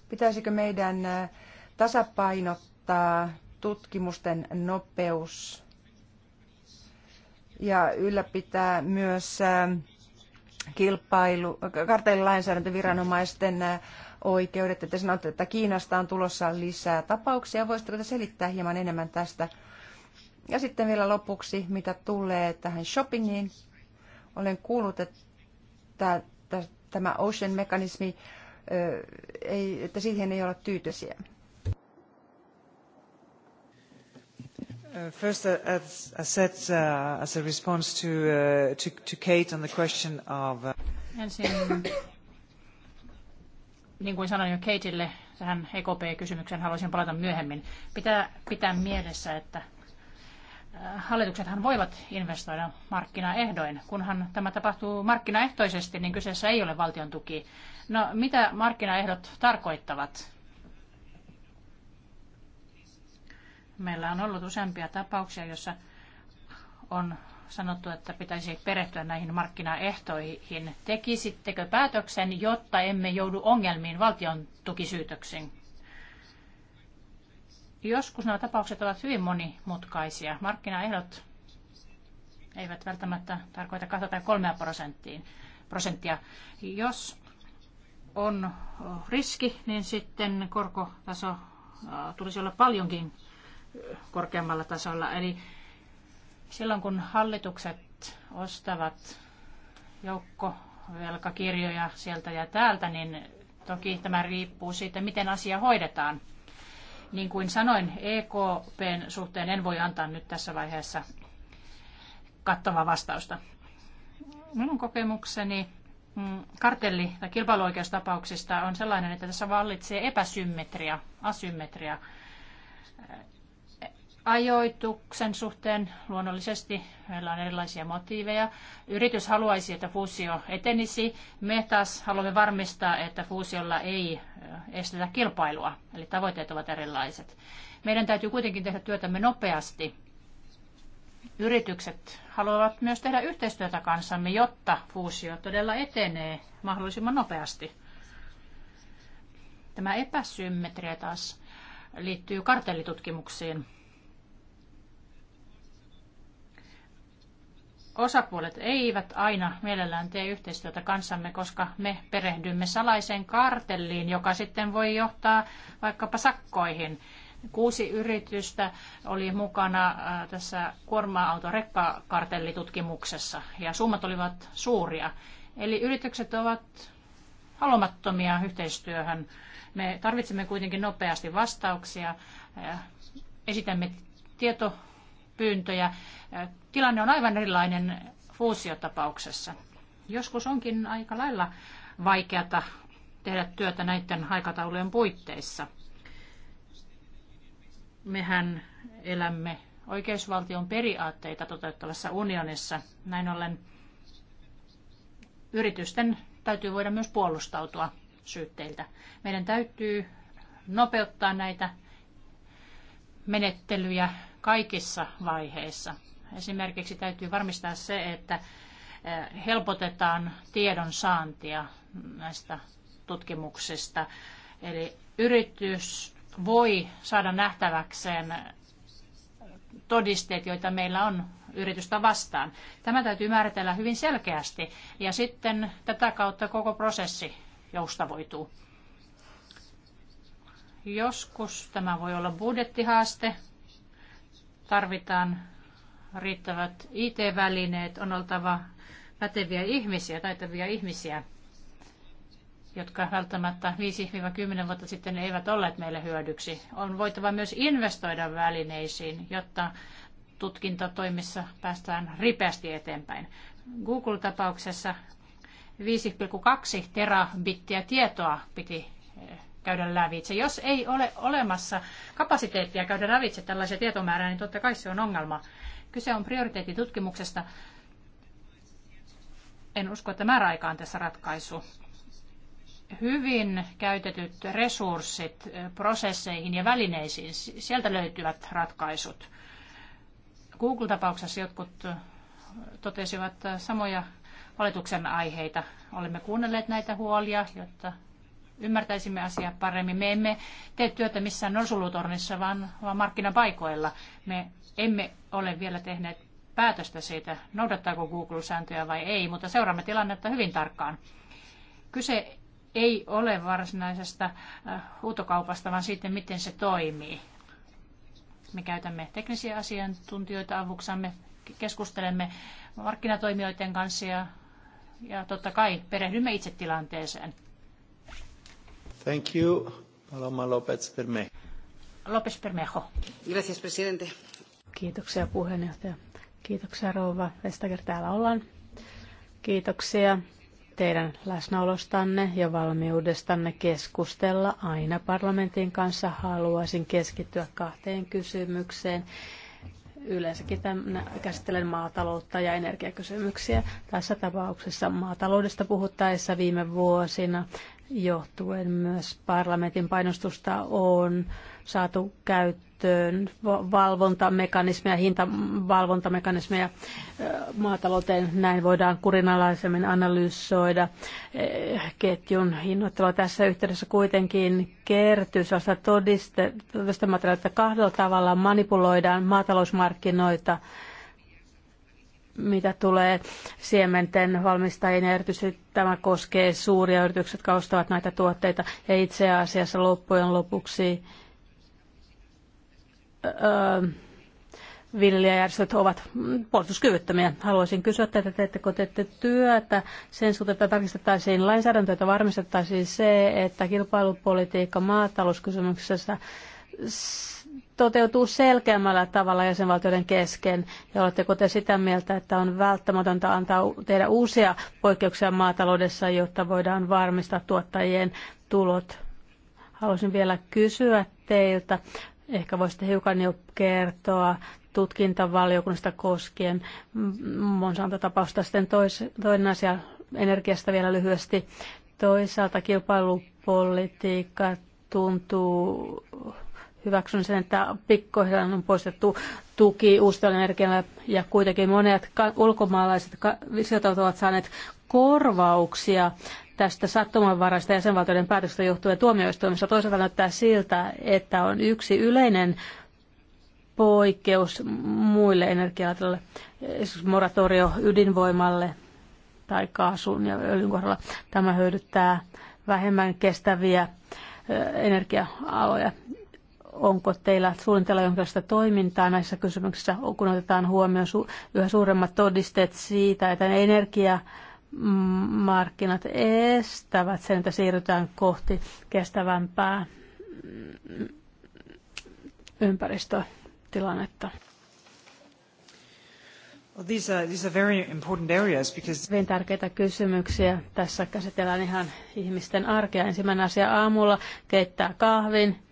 Pitäisikö meidän äh, tasapainottaa tutkimusten nopeus ja ylläpitää myös äh, kilpailu, kartellilainsäädäntöviranomaisten äh, oikeudet, että sanotte, että Kiinasta on tulossa lisää tapauksia. Voisitteko selittää hieman enemmän tästä? Ja sitten vielä lopuksi, mitä tulee tähän shoppingiin. Olen kuullut, että tämä Ocean-mekanismi, että siihen ei ole tyytyisiä. Uh, first, uh, as I said, uh, as a response to, Kate on the question of... Ensin, niin kuin sanoin jo Kateille tähän EKP-kysymykseen, haluaisin palata myöhemmin. Pitää pitää mielessä, että äh, hallituksethan voivat investoida markkinaehdoin. Kunhan tämä tapahtuu markkinaehtoisesti, niin kyseessä ei ole valtion tuki. No, mitä markkinaehdot tarkoittavat? Meillä on ollut useampia tapauksia, joissa on sanottu, että pitäisi perehtyä näihin markkinaehtoihin. Tekisittekö päätöksen, jotta emme joudu ongelmiin valtion tukisyytöksiin? Joskus nämä tapaukset ovat hyvin monimutkaisia. Markkinaehdot eivät välttämättä tarkoita 2 tai 3 prosenttia. Jos on riski, niin sitten korkotaso tulisi olla paljonkin korkeammalla tasolla. Eli silloin kun hallitukset ostavat joukkovelkakirjoja sieltä ja täältä, niin toki tämä riippuu siitä, miten asia hoidetaan. Niin kuin sanoin, EKPn suhteen en voi antaa nyt tässä vaiheessa kattavaa vastausta. Minun kokemukseni mm, kartelli- tai kilpailuoikeustapauksista on sellainen, että tässä vallitsee epäsymmetria, asymmetria ajoituksen suhteen luonnollisesti meillä on erilaisia motiiveja. Yritys haluaisi, että fuusio etenisi. Me taas haluamme varmistaa, että fuusiolla ei estetä kilpailua, eli tavoitteet ovat erilaiset. Meidän täytyy kuitenkin tehdä työtämme nopeasti. Yritykset haluavat myös tehdä yhteistyötä kanssamme, jotta fuusio todella etenee mahdollisimman nopeasti. Tämä epäsymmetria taas liittyy kartellitutkimuksiin osapuolet eivät aina mielellään tee yhteistyötä kanssamme, koska me perehdymme salaiseen kartelliin, joka sitten voi johtaa vaikkapa sakkoihin. Kuusi yritystä oli mukana äh, tässä kuorma-autorekkakartellitutkimuksessa ja summat olivat suuria. Eli yritykset ovat halumattomia yhteistyöhön. Me tarvitsemme kuitenkin nopeasti vastauksia, äh, esitämme tietopyyntöjä äh, tilanne on aivan erilainen fuusiotapauksessa. Joskus onkin aika lailla vaikeata tehdä työtä näiden aikataulujen puitteissa. Mehän elämme oikeusvaltion periaatteita toteuttavassa unionissa. Näin ollen yritysten täytyy voida myös puolustautua syytteiltä. Meidän täytyy nopeuttaa näitä menettelyjä kaikissa vaiheissa. Esimerkiksi täytyy varmistaa se, että eh, helpotetaan tiedon saantia näistä tutkimuksista. Eli yritys voi saada nähtäväkseen todisteet, joita meillä on yritystä vastaan. Tämä täytyy määritellä hyvin selkeästi ja sitten tätä kautta koko prosessi joustavoituu. Joskus tämä voi olla budjettihaaste. Tarvitaan riittävät IT-välineet, on oltava päteviä ihmisiä, taitavia ihmisiä, jotka välttämättä 5-10 vuotta sitten eivät olleet meille hyödyksi. On voitava myös investoida välineisiin, jotta tutkintotoimissa päästään ripeästi eteenpäin. Google-tapauksessa 5,2 terabittiä tietoa piti eh, käydä lävitse. Jos ei ole olemassa kapasiteettia käydä lävitse tällaisia tietomäärää, niin totta kai se on ongelma. Kyse on prioriteettitutkimuksesta. En usko, että määräaika on tässä ratkaisu. Hyvin käytetyt resurssit prosesseihin ja välineisiin, sieltä löytyvät ratkaisut. Google-tapauksessa jotkut totesivat samoja valituksen aiheita. Olemme kuunnelleet näitä huolia, jotta ymmärtäisimme asiaa paremmin. Me emme tee työtä missään norsulutornissa, vaan, vaan markkinapaikoilla. Me emme ole vielä tehneet päätöstä siitä, noudattaako Google sääntöjä vai ei, mutta seuraamme tilannetta hyvin tarkkaan. Kyse ei ole varsinaisesta äh, huutokaupasta, vaan siitä, miten se toimii. Me käytämme teknisiä asiantuntijoita avuksamme, keskustelemme markkinatoimijoiden kanssa ja, ja totta kai perehdymme itse tilanteeseen. Thank you. Paloma López Permejo. López Gracias, presidente. Kiitoksia puheenjohtaja. Kiitoksia rouva Vestager, täällä ollaan. Kiitoksia teidän läsnäolostanne ja valmiudestanne keskustella aina parlamentin kanssa. Haluaisin keskittyä kahteen kysymykseen. Yleensäkin tämän, käsittelen maataloutta ja energiakysymyksiä. Tässä tapauksessa maataloudesta puhuttaessa viime vuosina johtuen myös parlamentin painostusta on saatu käyttöön käyttöön valvontamekanismeja, hintavalvontamekanismeja maatalouteen. Näin voidaan kurinalaisemmin analysoida ketjun hinnoittelua. Tässä yhteydessä kuitenkin kertyy sellaista todiste, että kahdella tavalla manipuloidaan maatalousmarkkinoita mitä tulee siementen valmistajien, erityisesti tämä koskee suuria yrityksiä, jotka ostavat näitä tuotteita, ja itse asiassa loppujen lopuksi öö, viljelijäjärjestöt ovat puolustuskyvyttömiä. Haluaisin kysyä teitä, teettekö teette työtä sen suhteen, että tarkistettaisiin lainsäädäntöä, että varmistettaisiin se, että kilpailupolitiikka maatalouskysymyksessä toteutuu selkeämmällä tavalla jäsenvaltioiden kesken? Ja oletteko te sitä mieltä, että on välttämätöntä antaa tehdä uusia poikkeuksia maataloudessa, jotta voidaan varmistaa tuottajien tulot? Haluaisin vielä kysyä teiltä Ehkä voisitte hiukan jo kertoa tutkintavaliokunnasta koskien Monsanto-tapausta. Sitten tois, toinen asia energiasta vielä lyhyesti. Toisaalta kilpailupolitiikka tuntuu hyväksyn sen, että pikkuhiljaa on poistettu tuki uusiutuvalle energialle ja kuitenkin monet ulkomaalaiset sijoittajat ovat saaneet korvauksia tästä sattumanvaraista jäsenvaltioiden päätöksestä johtuen tuomioistuimessa. Toisaalta näyttää siltä, että on yksi yleinen poikkeus muille energiaatolle, esimerkiksi moratorio ydinvoimalle tai kaasun ja öljyn kohdalla. Tämä hyödyttää vähemmän kestäviä energia-aloja. Onko teillä suunnitella jonkinlaista toimintaa näissä kysymyksissä, kun otetaan huomioon yhä suuremmat todisteet siitä, että energia markkinat estävät sen, että siirrytään kohti kestävämpää ympäristötilannetta. Well, these are, these are very important areas because... Hyvin tärkeitä kysymyksiä. Tässä käsitellään ihan ihmisten arkea. Ensimmäinen asia aamulla keittää kahvin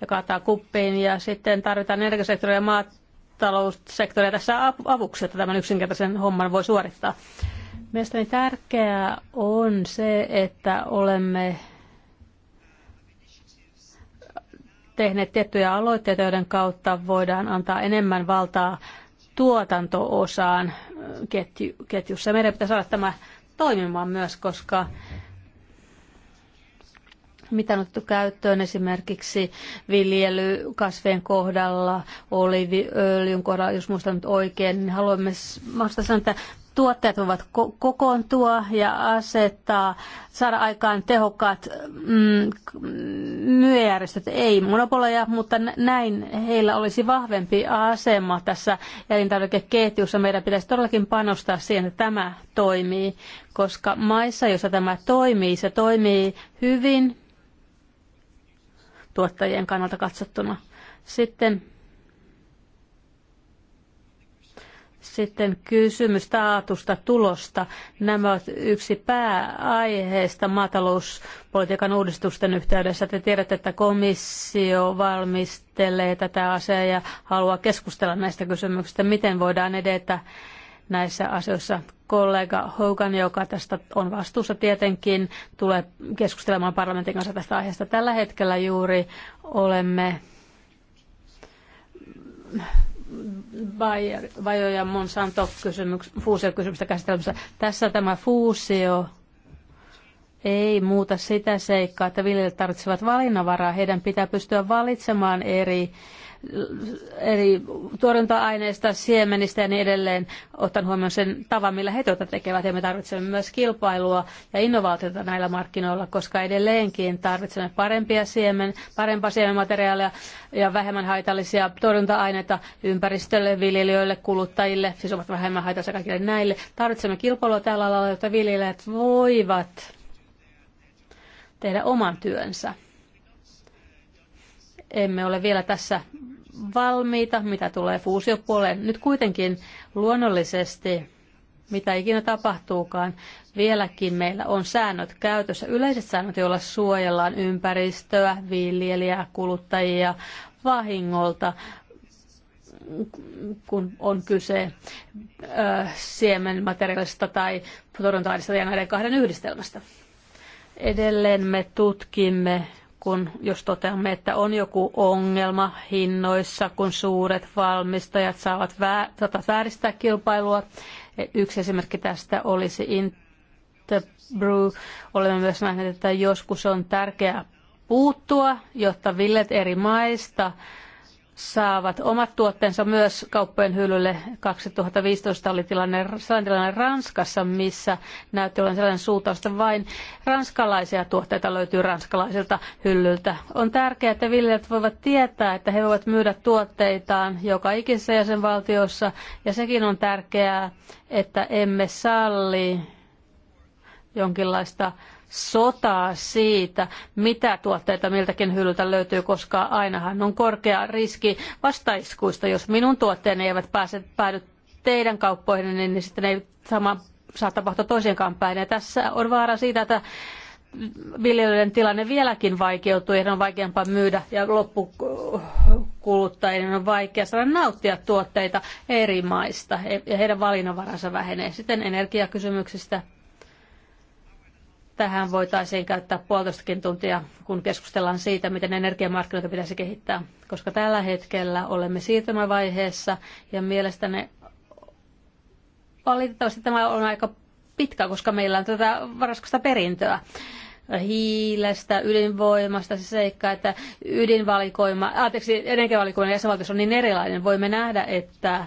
ja kaataa kuppiin ja sitten tarvitaan energiasektoria ja maataloussektoria tässä avuksi, että tämän yksinkertaisen homman voi suorittaa. Mielestäni tärkeää on se, että olemme tehneet tiettyjä aloitteita, joiden kautta voidaan antaa enemmän valtaa tuotantoosaan ketju, ketjussa. Meidän pitäisi saada tämä toimimaan myös, koska mitä on otettu käyttöön esimerkiksi viljelykasvien kohdalla, oliviöljyn kohdalla, jos muistan nyt oikein, niin haluamme mahdollista sanoa, että tuottajat voivat ko- kokoontua ja asettaa, saada aikaan tehokkaat mm, myöjärjestöt, ei monopoleja, mutta näin heillä olisi vahvempi asema tässä elintarvikeketjussa. Meidän pitäisi todellakin panostaa siihen, että tämä toimii, koska maissa, joissa tämä toimii, se toimii hyvin tuottajien kannalta katsottuna. Sitten Sitten kysymys taatusta tulosta. Nämä ovat yksi pääaiheista maatalouspolitiikan uudistusten yhteydessä. Te tiedätte, että komissio valmistelee tätä asiaa ja haluaa keskustella näistä kysymyksistä, miten voidaan edetä näissä asioissa. Kollega Hogan, joka tästä on vastuussa tietenkin, tulee keskustelemaan parlamentin kanssa tästä aiheesta. Tällä hetkellä juuri olemme Bayer ja Monsanto fuusiokysymystä käsittelemässä. Tässä tämä fuusio ei muuta sitä seikkaa, että viljelijät tarvitsevat valinnanvaraa. Heidän pitää pystyä valitsemaan eri Eri torjunta-aineista, siemenistä ja niin edelleen, ottaen huomioon sen tavan, millä he tuota tekevät. Ja me tarvitsemme myös kilpailua ja innovaatiota näillä markkinoilla, koska edelleenkin tarvitsemme parempia siemen, parempaa siemenmateriaalia ja vähemmän haitallisia torjunta-aineita ympäristölle, viljelijöille, kuluttajille, siis ovat vähemmän haitallisia kaikille näille. Tarvitsemme kilpailua tällä alalla, jotta viljelijät voivat tehdä oman työnsä emme ole vielä tässä valmiita, mitä tulee fuusiopuoleen. Nyt kuitenkin luonnollisesti, mitä ikinä tapahtuukaan, vieläkin meillä on säännöt käytössä, yleiset säännöt, joilla suojellaan ympäristöä, viljelijää, kuluttajia vahingolta, kun on kyse siemenmateriaalista tai torjunta ja näiden kahden yhdistelmästä. Edelleen me tutkimme kun jos toteamme, että on joku ongelma hinnoissa, kun suuret valmistajat saavat väär, vääristää kilpailua. Yksi esimerkki tästä olisi Interbrew. Olemme myös nähneet, että joskus on tärkeää puuttua, jotta villet eri maista saavat omat tuotteensa myös kauppojen hyllylle. 2015 oli tilanne, sellainen tilanne Ranskassa, missä näytti olevan sellainen suuntaus, että vain ranskalaisia tuotteita löytyy ranskalaisilta hyllyltä. On tärkeää, että viljelijät voivat tietää, että he voivat myydä tuotteitaan joka ikisessä jäsenvaltiossa, ja sekin on tärkeää, että emme salli jonkinlaista sotaa siitä, mitä tuotteita miltäkin hyllyltä löytyy, koska ainahan on korkea riski vastaiskuista. Jos minun tuotteeni eivät pääse, päädy teidän kauppoihin, niin, niin sitten ei sama saa tapahtua toisenkaan päin. Ja tässä on vaara siitä, että viljelijöiden tilanne vieläkin vaikeutuu, heidän on vaikeampaa myydä ja loppukuluttajien on vaikea saada nauttia tuotteita eri maista ja heidän valinnanvaransa vähenee. Sitten energiakysymyksistä Tähän voitaisiin käyttää puolitoistakin tuntia, kun keskustellaan siitä, miten energiamarkkinoita pitäisi kehittää, koska tällä hetkellä olemme siirtymävaiheessa ja mielestäni valitettavasti tämä on aika pitkä, koska meillä on tätä varaskasta perintöä hiilestä, ydinvoimasta, se seikka, että ydinvalikoima, anteeksi, energiavalikoima jäsenvaltiossa on niin erilainen. Voimme nähdä, että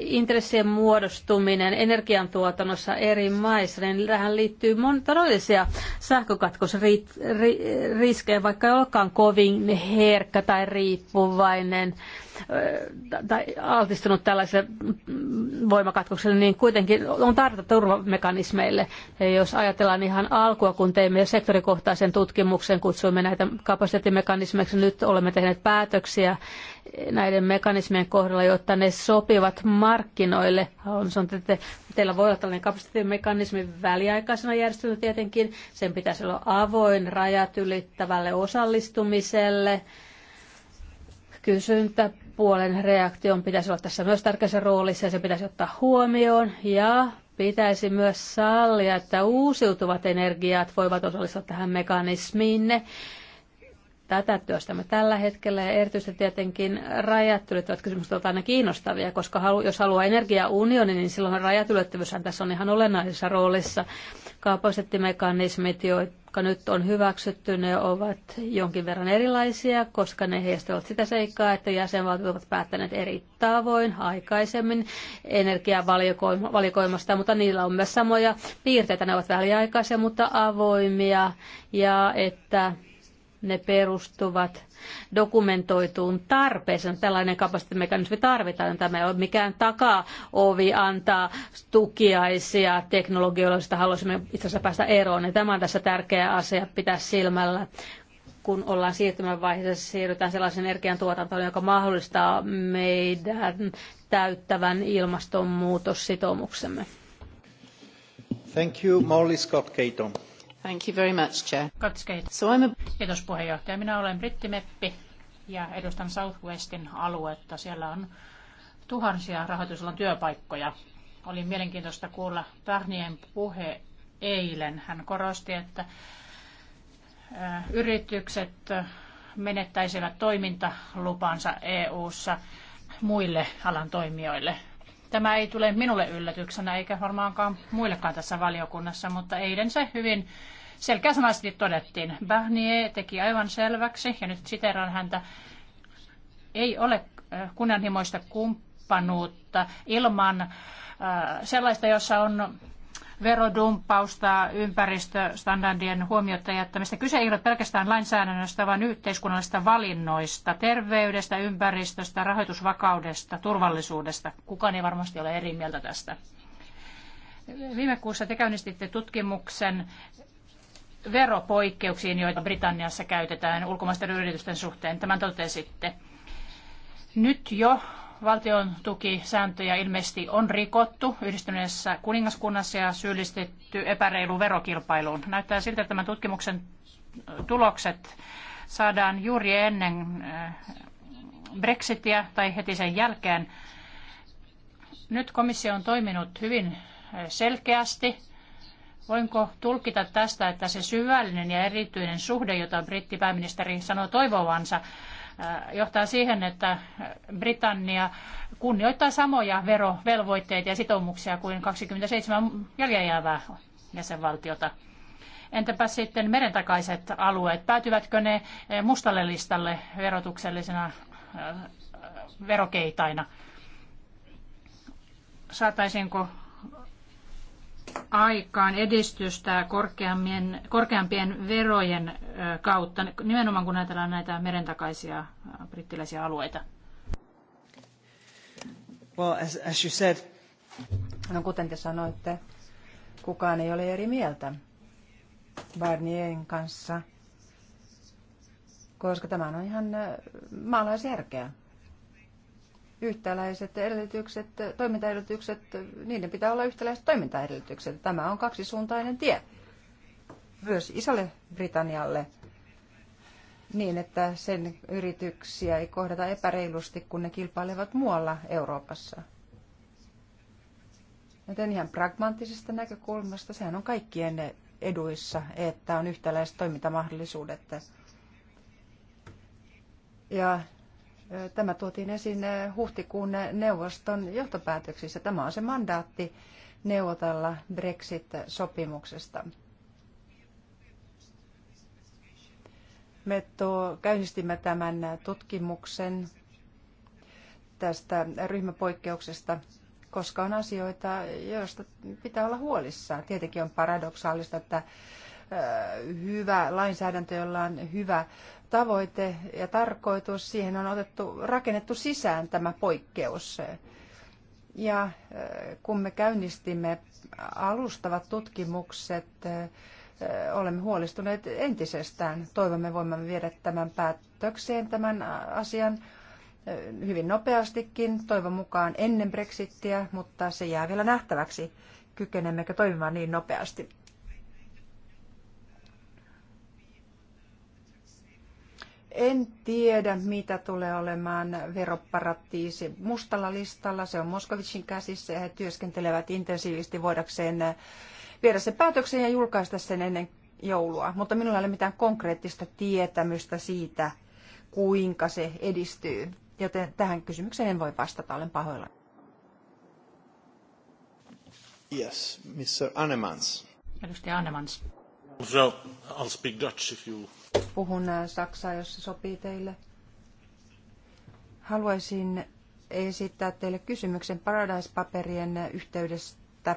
intressien muodostuminen energiantuotannossa eri maissa, niin tähän liittyy mon- todellisia sähkökatkosriskejä, vaikka ei olekaan kovin herkkä tai riippuvainen tai altistunut tällaiselle voimakatkokselle, niin kuitenkin on tarvetta turvamekanismeille. Ja jos ajatellaan ihan alkua, kun teimme sektorikohtaisen tutkimuksen, kutsuimme näitä kapasiteettimekanismeiksi, nyt olemme tehneet päätöksiä, näiden mekanismien kohdalla, jotta ne sopivat markkinoille. Haluan sanoa, että teillä voi olla tällainen kapasiteettimekanismi väliaikaisena järjestelmä tietenkin. Sen pitäisi olla avoin rajat ylittävälle osallistumiselle. Kysyntäpuolen reaktion pitäisi olla tässä myös tärkeässä roolissa ja se pitäisi ottaa huomioon. Ja pitäisi myös sallia, että uusiutuvat energiat voivat osallistua tähän mekanismiin. Tätä työstämme tällä hetkellä ja erityisesti tietenkin rajat ylittävät kysymykset ovat aina kiinnostavia, koska halu, jos haluaa energiaunioni, niin silloin rajat ylittävyyshän tässä on ihan olennaisessa roolissa. Kapasiteettimekanismit, jotka nyt on hyväksytty, ne ovat jonkin verran erilaisia, koska ne heijastavat sitä seikkaa, että jäsenvaltiot ovat päättäneet eri tavoin aikaisemmin energiavalikoimasta, mutta niillä on myös samoja piirteitä. Ne ovat väliaikaisia, mutta avoimia ja että ne perustuvat dokumentoituun tarpeeseen. Tällainen kapasiteettimekanismi tarvitaan. Tämä ei ole mikään ovi antaa tukiaisia teknologioilla, joista haluaisimme itse asiassa päästä eroon. Ja tämä on tässä tärkeä asia pitää silmällä kun ollaan siirtymävaiheessa, siirrytään sellaisen energiantuotantoon, joka mahdollistaa meidän täyttävän ilmastonmuutossitoumuksemme. Thank you, Molly Scott Caton. Thank you very much, Chair. So I'm a... Kiitos puheenjohtaja. Minä olen brittimeppi ja edustan South Westin aluetta. Siellä on tuhansia rahoitusalan työpaikkoja. Oli mielenkiintoista kuulla Tahnien puhe eilen. Hän korosti, että yritykset menettäisivät toimintalupansa EU-ssa muille alan toimijoille. Tämä ei tule minulle yllätyksenä eikä varmaankaan muillekaan tässä valiokunnassa, mutta eilen se hyvin selkeäsanaisesti todettiin. Barnier teki aivan selväksi, ja nyt siteraan häntä, ei ole kunnianhimoista kumppanuutta ilman sellaista, jossa on verodumppausta, ympäristöstandardien huomiota jättämistä. Kyse ei ole pelkästään lainsäädännöstä, vaan yhteiskunnallisista valinnoista, terveydestä, ympäristöstä, rahoitusvakaudesta, turvallisuudesta. Kukaan ei varmasti ole eri mieltä tästä. Viime kuussa te käynnistitte tutkimuksen veropoikkeuksiin, joita Britanniassa käytetään ulkomaisten yritysten suhteen. Tämän totesitte. Nyt jo valtion tukisääntöjä ilmeisesti on rikottu yhdistyneessä kuningaskunnassa ja syyllistetty epäreilu verokilpailuun. Näyttää siltä, että tämän tutkimuksen tulokset saadaan juuri ennen äh, Brexitia tai heti sen jälkeen. Nyt komissio on toiminut hyvin äh, selkeästi Voinko tulkita tästä, että se syvällinen ja erityinen suhde, jota brittipääministeri sanoo toivovansa, äh, johtaa siihen, että Britannia kunnioittaa samoja verovelvoitteita ja sitoumuksia kuin 27 jäljellä jäävää jäsenvaltiota. Entäpä sitten merentakaiset alueet? Päätyvätkö ne äh, mustalle listalle verotuksellisena äh, verokeitaina? Saataisinko aikaan edistystä korkeampien, korkeampien verojen kautta, nimenomaan kun ajatellaan näitä merentakaisia brittiläisiä alueita? Well, as, as you said. No, kuten te sanoitte, kukaan ei ole eri mieltä Barnierin kanssa, koska tämä on ihan maalaisjärkeä yhtäläiset edellytykset, toimintaedellytykset, niiden pitää olla yhtäläiset toimintaedellytykset. Tämä on kaksisuuntainen tie myös isolle Britannialle niin, että sen yrityksiä ei kohdata epäreilusti, kun ne kilpailevat muualla Euroopassa. Joten ihan pragmaattisesta näkökulmasta sehän on kaikkien eduissa, että on yhtäläiset toimintamahdollisuudet. Ja Tämä tuotiin esiin huhtikuun neuvoston johtopäätöksissä. Tämä on se mandaatti neuvotella Brexit-sopimuksesta. Me tuo, käynnistimme tämän tutkimuksen tästä ryhmäpoikkeuksesta, koska on asioita, joista pitää olla huolissaan. Tietenkin on paradoksaalista, että hyvä lainsäädäntö, jolla on hyvä tavoite ja tarkoitus, siihen on otettu, rakennettu sisään tämä poikkeus. Ja äh, kun me käynnistimme alustavat tutkimukset, äh, olemme huolestuneet entisestään. Toivomme voimme viedä tämän päätökseen tämän asian äh, hyvin nopeastikin, toivon mukaan ennen Brexittiä, mutta se jää vielä nähtäväksi, kykenemmekö toimimaan niin nopeasti. En tiedä, mitä tulee olemaan veroparatiisi mustalla listalla. Se on Moskovitsin käsissä ja he työskentelevät intensiivisesti voidakseen eh, viedä sen päätöksen ja julkaista sen ennen joulua. Mutta minulla ei ole mitään konkreettista tietämystä siitä, kuinka se edistyy. Joten tähän kysymykseen en voi vastata, olen pahoilla. Yes, Mr. Annemans. Edustaja Annemans. Well, I'll speak Dutch if you Puhun äh, saksaa, jos se sopii teille. Haluaisin esittää teille kysymyksen Paradise-paperien äh, yhteydestä.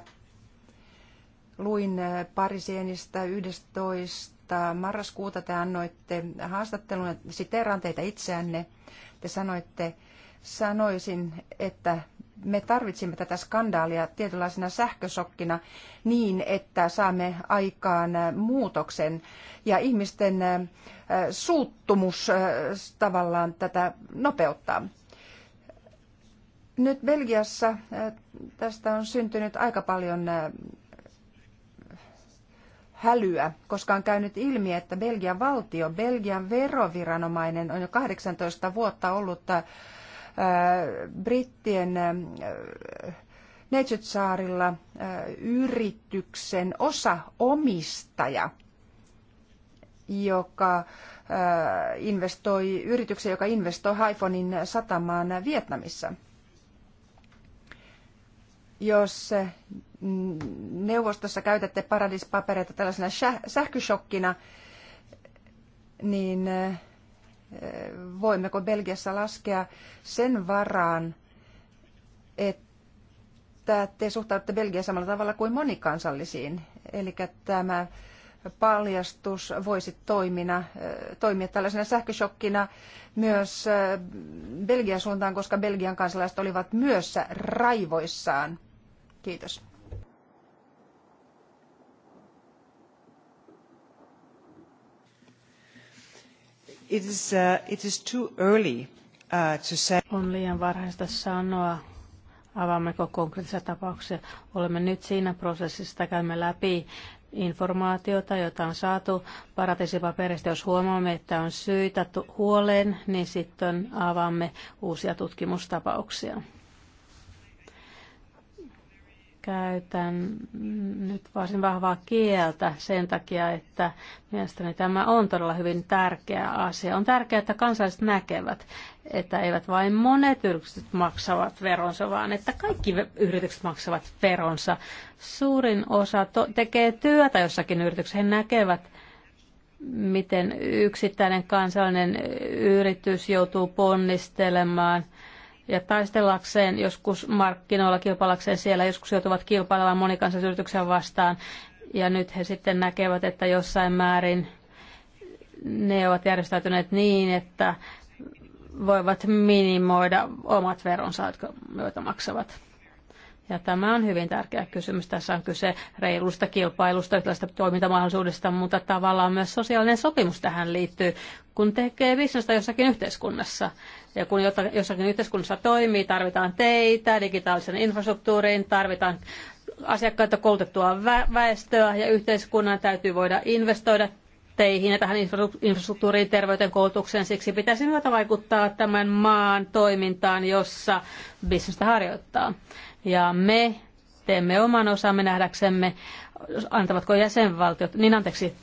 Luin äh, Parisienistä 11. marraskuuta te annoitte haastattelun, siteeraan teitä itseänne. Te sanoitte, sanoisin, että me tarvitsimme tätä skandaalia tietynlaisena sähkösokkina niin, että saamme aikaan muutoksen ja ihmisten äh, suuttumus äh, tavallaan tätä nopeuttaa. Nyt Belgiassa äh, tästä on syntynyt aika paljon hälyä, koska on käynyt ilmi, että Belgian valtio, Belgian veroviranomainen on jo 18 vuotta ollut Äh, brittien äh, Neitsytsaarilla äh, yrityksen osaomistaja, joka investoi, yrityksen, joka investoi Haifonin satamaan Vietnamissa. Jos neuvostossa käytätte paradispapereita tällaisena sähkyshokkina, niin voimmeko Belgiassa laskea sen varaan, että te suhtaudutte Belgiaan samalla tavalla kuin monikansallisiin. Eli tämä paljastus voisi toimina, toimia tällaisena sähköshokkina myös äh, Belgian suuntaan, koska Belgian kansalaiset olivat myös raivoissaan. Kiitos. On liian varhaista sanoa, avaammeko konkreettisia tapauksia. Olemme nyt siinä prosessissa, että käymme läpi informaatiota, jota on saatu paratesipaperistä. Jos huomaamme, että on syytä huoleen, niin sitten avaamme uusia tutkimustapauksia käytän nyt varsin vahvaa kieltä sen takia, että mielestäni tämä on todella hyvin tärkeä asia. On tärkeää, että kansalaiset näkevät, että eivät vain monet yritykset maksavat veronsa, vaan että kaikki yritykset maksavat veronsa. Suurin osa tekee työtä jossakin yrityksessä. He näkevät, miten yksittäinen kansallinen yritys joutuu ponnistelemaan – ja taistellakseen, joskus markkinoilla kilpailakseen siellä, joskus joutuvat kilpailemaan monikansallisyrityksen vastaan. Ja nyt he sitten näkevät, että jossain määrin ne ovat järjestäytyneet niin, että voivat minimoida omat veronsa, joita maksavat. Ja tämä on hyvin tärkeä kysymys. Tässä on kyse reilusta kilpailusta, tällaista toimintamahdollisuudesta, mutta tavallaan myös sosiaalinen sopimus tähän liittyy kun tekee bisnestä jossakin yhteiskunnassa. Ja kun jossakin yhteiskunnassa toimii, tarvitaan teitä, digitaalisen infrastruktuuriin, tarvitaan asiakkaita koulutettua väestöä ja yhteiskunnan täytyy voida investoida teihin ja tähän infrastruktuuriin, terveyteen, koulutukseen. Siksi pitäisi myötä vaikuttaa tämän maan toimintaan, jossa bisnestä harjoittaa. Ja me teemme oman osamme nähdäksemme, antavatko jäsenvaltiot, niin anteeksi,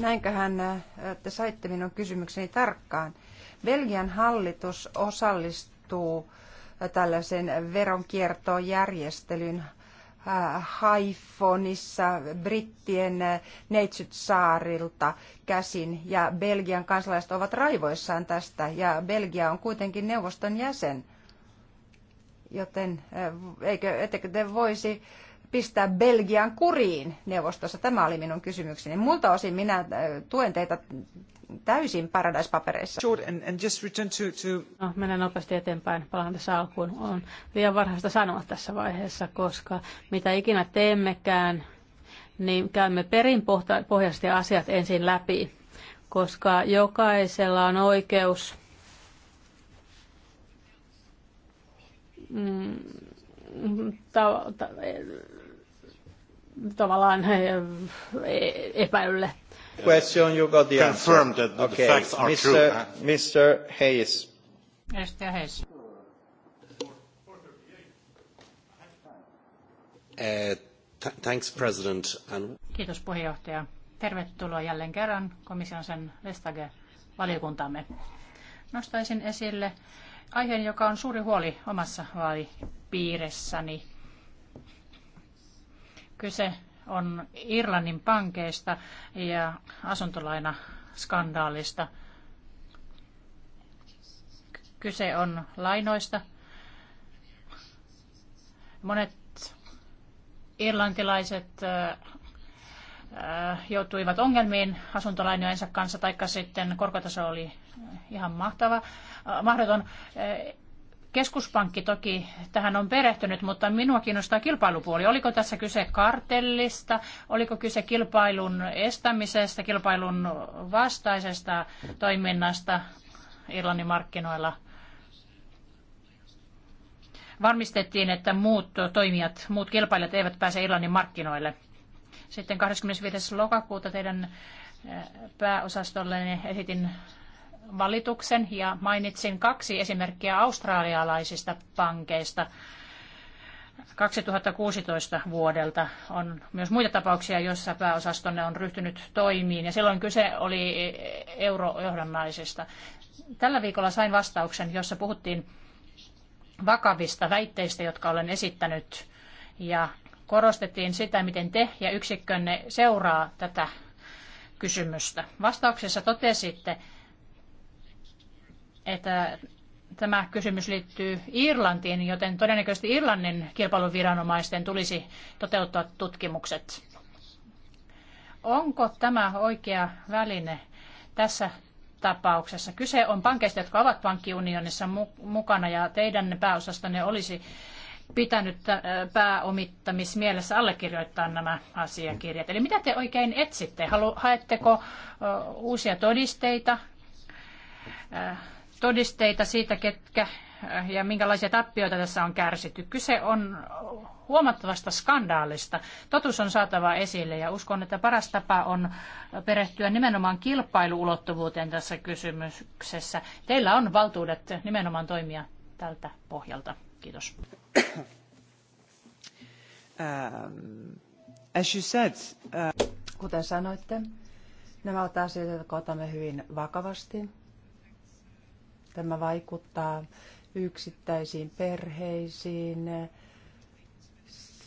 Näinköhän äh, te saitte minun kysymykseni tarkkaan. Belgian hallitus osallistuu äh, tällaisen veronkiertojärjestelyn äh, Haifonissa brittien neitsytsaarilta käsin ja Belgian kansalaiset ovat raivoissaan tästä ja Belgia on kuitenkin neuvoston jäsen. Joten eikö, ettekö te voisi pistää Belgian kuriin neuvostossa? Tämä oli minun kysymykseni. Multa osin minä äh, tuen teitä täysin paradise-papereissa. No, mennään nopeasti eteenpäin. Palaan tässä alkuun. On liian varhaista sanoa tässä vaiheessa, koska mitä ikinä teemmekään, niin käymme perinpohjaisesti asiat ensin läpi, koska jokaisella on oikeus mm, ta, ta, tavallaan eh, e-, epäilylle. Question, you got the answer. Confirmed that the okay. facts are Mr. true. Mr. Hayes. Mr. Hayes. Uh, th- thanks, President. And... Kiitos puheenjohtaja. Tervetuloa jälleen kerran komission sen Vestager valiokuntamme. Nostaisin esille aiheen, joka on suuri huoli omassa vaalipiirissäni Kyse on Irlannin pankeista ja asuntolainaskandaalista. Kyse on lainoista. Monet irlantilaiset joutuivat ongelmiin asuntolainojensa kanssa, taikka sitten korkotaso oli ihan mahtava, mahdoton. Keskuspankki toki tähän on perehtynyt, mutta minua kiinnostaa kilpailupuoli. Oliko tässä kyse kartellista, oliko kyse kilpailun estämisestä, kilpailun vastaisesta toiminnasta Irlannin markkinoilla? Varmistettiin, että muut toimijat, muut kilpailijat eivät pääse Irlannin markkinoille. Sitten 25. lokakuuta teidän eh, pääosastollenne esitin valituksen ja mainitsin kaksi esimerkkiä australialaisista pankeista 2016 vuodelta. On myös muita tapauksia, joissa pääosastonne on ryhtynyt toimiin ja silloin kyse oli eurojohdannaisista. Tällä viikolla sain vastauksen, jossa puhuttiin vakavista väitteistä, jotka olen esittänyt ja korostettiin sitä, miten te ja yksikkönne seuraa tätä kysymystä. Vastauksessa totesitte, että tämä kysymys liittyy Irlantiin, joten todennäköisesti Irlannin kilpailuviranomaisten tulisi toteuttaa tutkimukset. Onko tämä oikea väline tässä tapauksessa? Kyse on pankeista, jotka ovat pankkiunionissa mukana ja teidän pääosastanne olisi pitänyt äh, pääomittamismielessä allekirjoittaa nämä asiakirjat. Eli mitä te oikein etsitte? haetteko uusia todisteita? Äh, todisteita siitä, ketkä äh, ja minkälaisia tappioita tässä on kärsitty. Kyse on huomattavasta skandaalista. Totuus on saatava esille ja uskon, että paras tapa on perehtyä nimenomaan kilpailuulottuvuuteen tässä kysymyksessä. Teillä on valtuudet nimenomaan toimia tältä pohjalta. Kiitos. Um, as you said, uh, Kuten sanoitte, nämä ovat asioita, jotka otamme hyvin vakavasti Tämä vaikuttaa yksittäisiin perheisiin,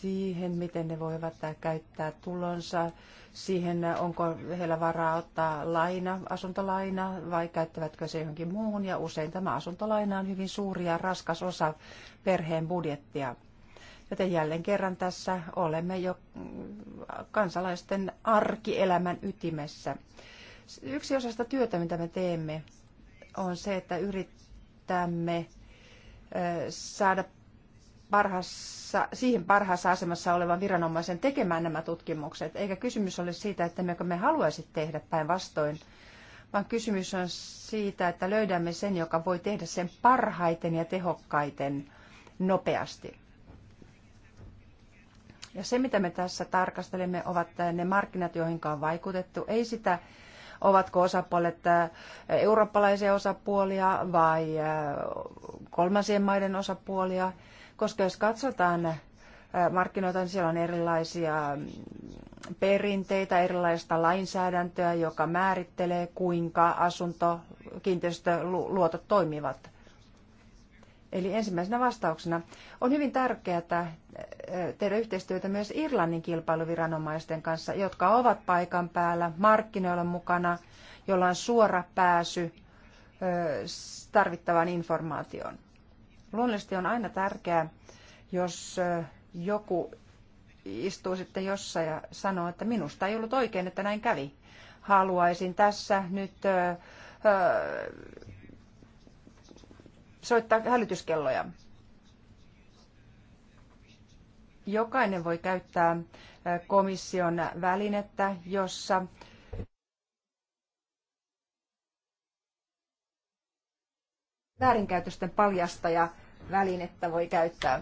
siihen, miten ne voivat käyttää tulonsa, siihen, onko heillä varaa ottaa laina, asuntolaina vai käyttävätkö se johonkin muuhun. Ja usein tämä asuntolaina on hyvin suuri ja raskas osa perheen budjettia. Joten jälleen kerran tässä olemme jo kansalaisten arkielämän ytimessä. Yksi osasta työtä, mitä me teemme, on se, että yritämme saada parhassa, siihen parhaassa asemassa olevan viranomaisen tekemään nämä tutkimukset. Eikä kysymys ole siitä, että mekö me haluaisi tehdä päinvastoin, vaan kysymys on siitä, että löydämme sen, joka voi tehdä sen parhaiten ja tehokkaiten nopeasti. Ja se, mitä me tässä tarkastelemme, ovat ne markkinat, joihin on vaikutettu. Ei sitä, Ovatko osapuolet äh, eurooppalaisia osapuolia vai äh, kolmansien maiden osapuolia? Koska jos katsotaan äh, markkinoita, niin siellä on erilaisia mm, perinteitä, erilaista lainsäädäntöä, joka määrittelee, kuinka asunto, kiinteistöluotot toimivat. Eli ensimmäisenä vastauksena on hyvin tärkeää äh, tehdä yhteistyötä myös Irlannin kilpailuviranomaisten kanssa, jotka ovat paikan päällä, markkinoilla mukana, jolla on suora pääsy äh, tarvittavaan informaatioon. Luonnollisesti on aina tärkeää, jos äh, joku istuu sitten jossain ja sanoo, että minusta ei ollut oikein, että näin kävi. Haluaisin tässä nyt soittaa hälytyskelloja. Jokainen voi käyttää komission välinettä, jossa väärinkäytösten paljastaja välinettä voi käyttää.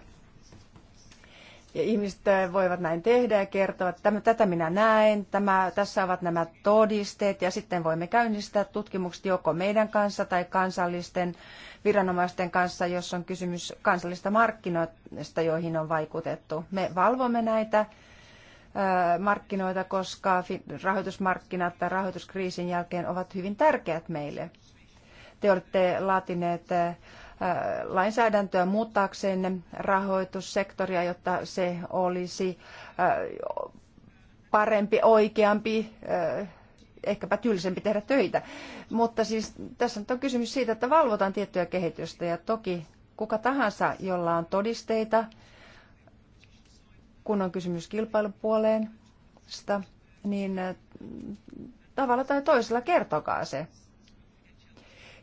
Ja ihmiset äh, voivat näin tehdä ja kertoa, että tätä minä näen, tämä, tässä ovat nämä todisteet ja sitten voimme käynnistää tutkimukset joko meidän kanssa tai kansallisten viranomaisten kanssa, jos on kysymys kansallista markkinoista, joihin on vaikutettu. Me valvomme näitä äh, markkinoita, koska rahoitusmarkkinat tai rahoituskriisin jälkeen ovat hyvin tärkeät meille. Te olette laatineet äh, lainsäädäntöä muuttaakseen rahoitussektoria, jotta se olisi parempi, oikeampi, ehkäpä tylsempi tehdä töitä. Mutta siis tässä nyt on kysymys siitä, että valvotaan tiettyä kehitystä ja toki kuka tahansa, jolla on todisteita, kun on kysymys kilpailupuoleen, niin tavalla tai toisella kertokaa se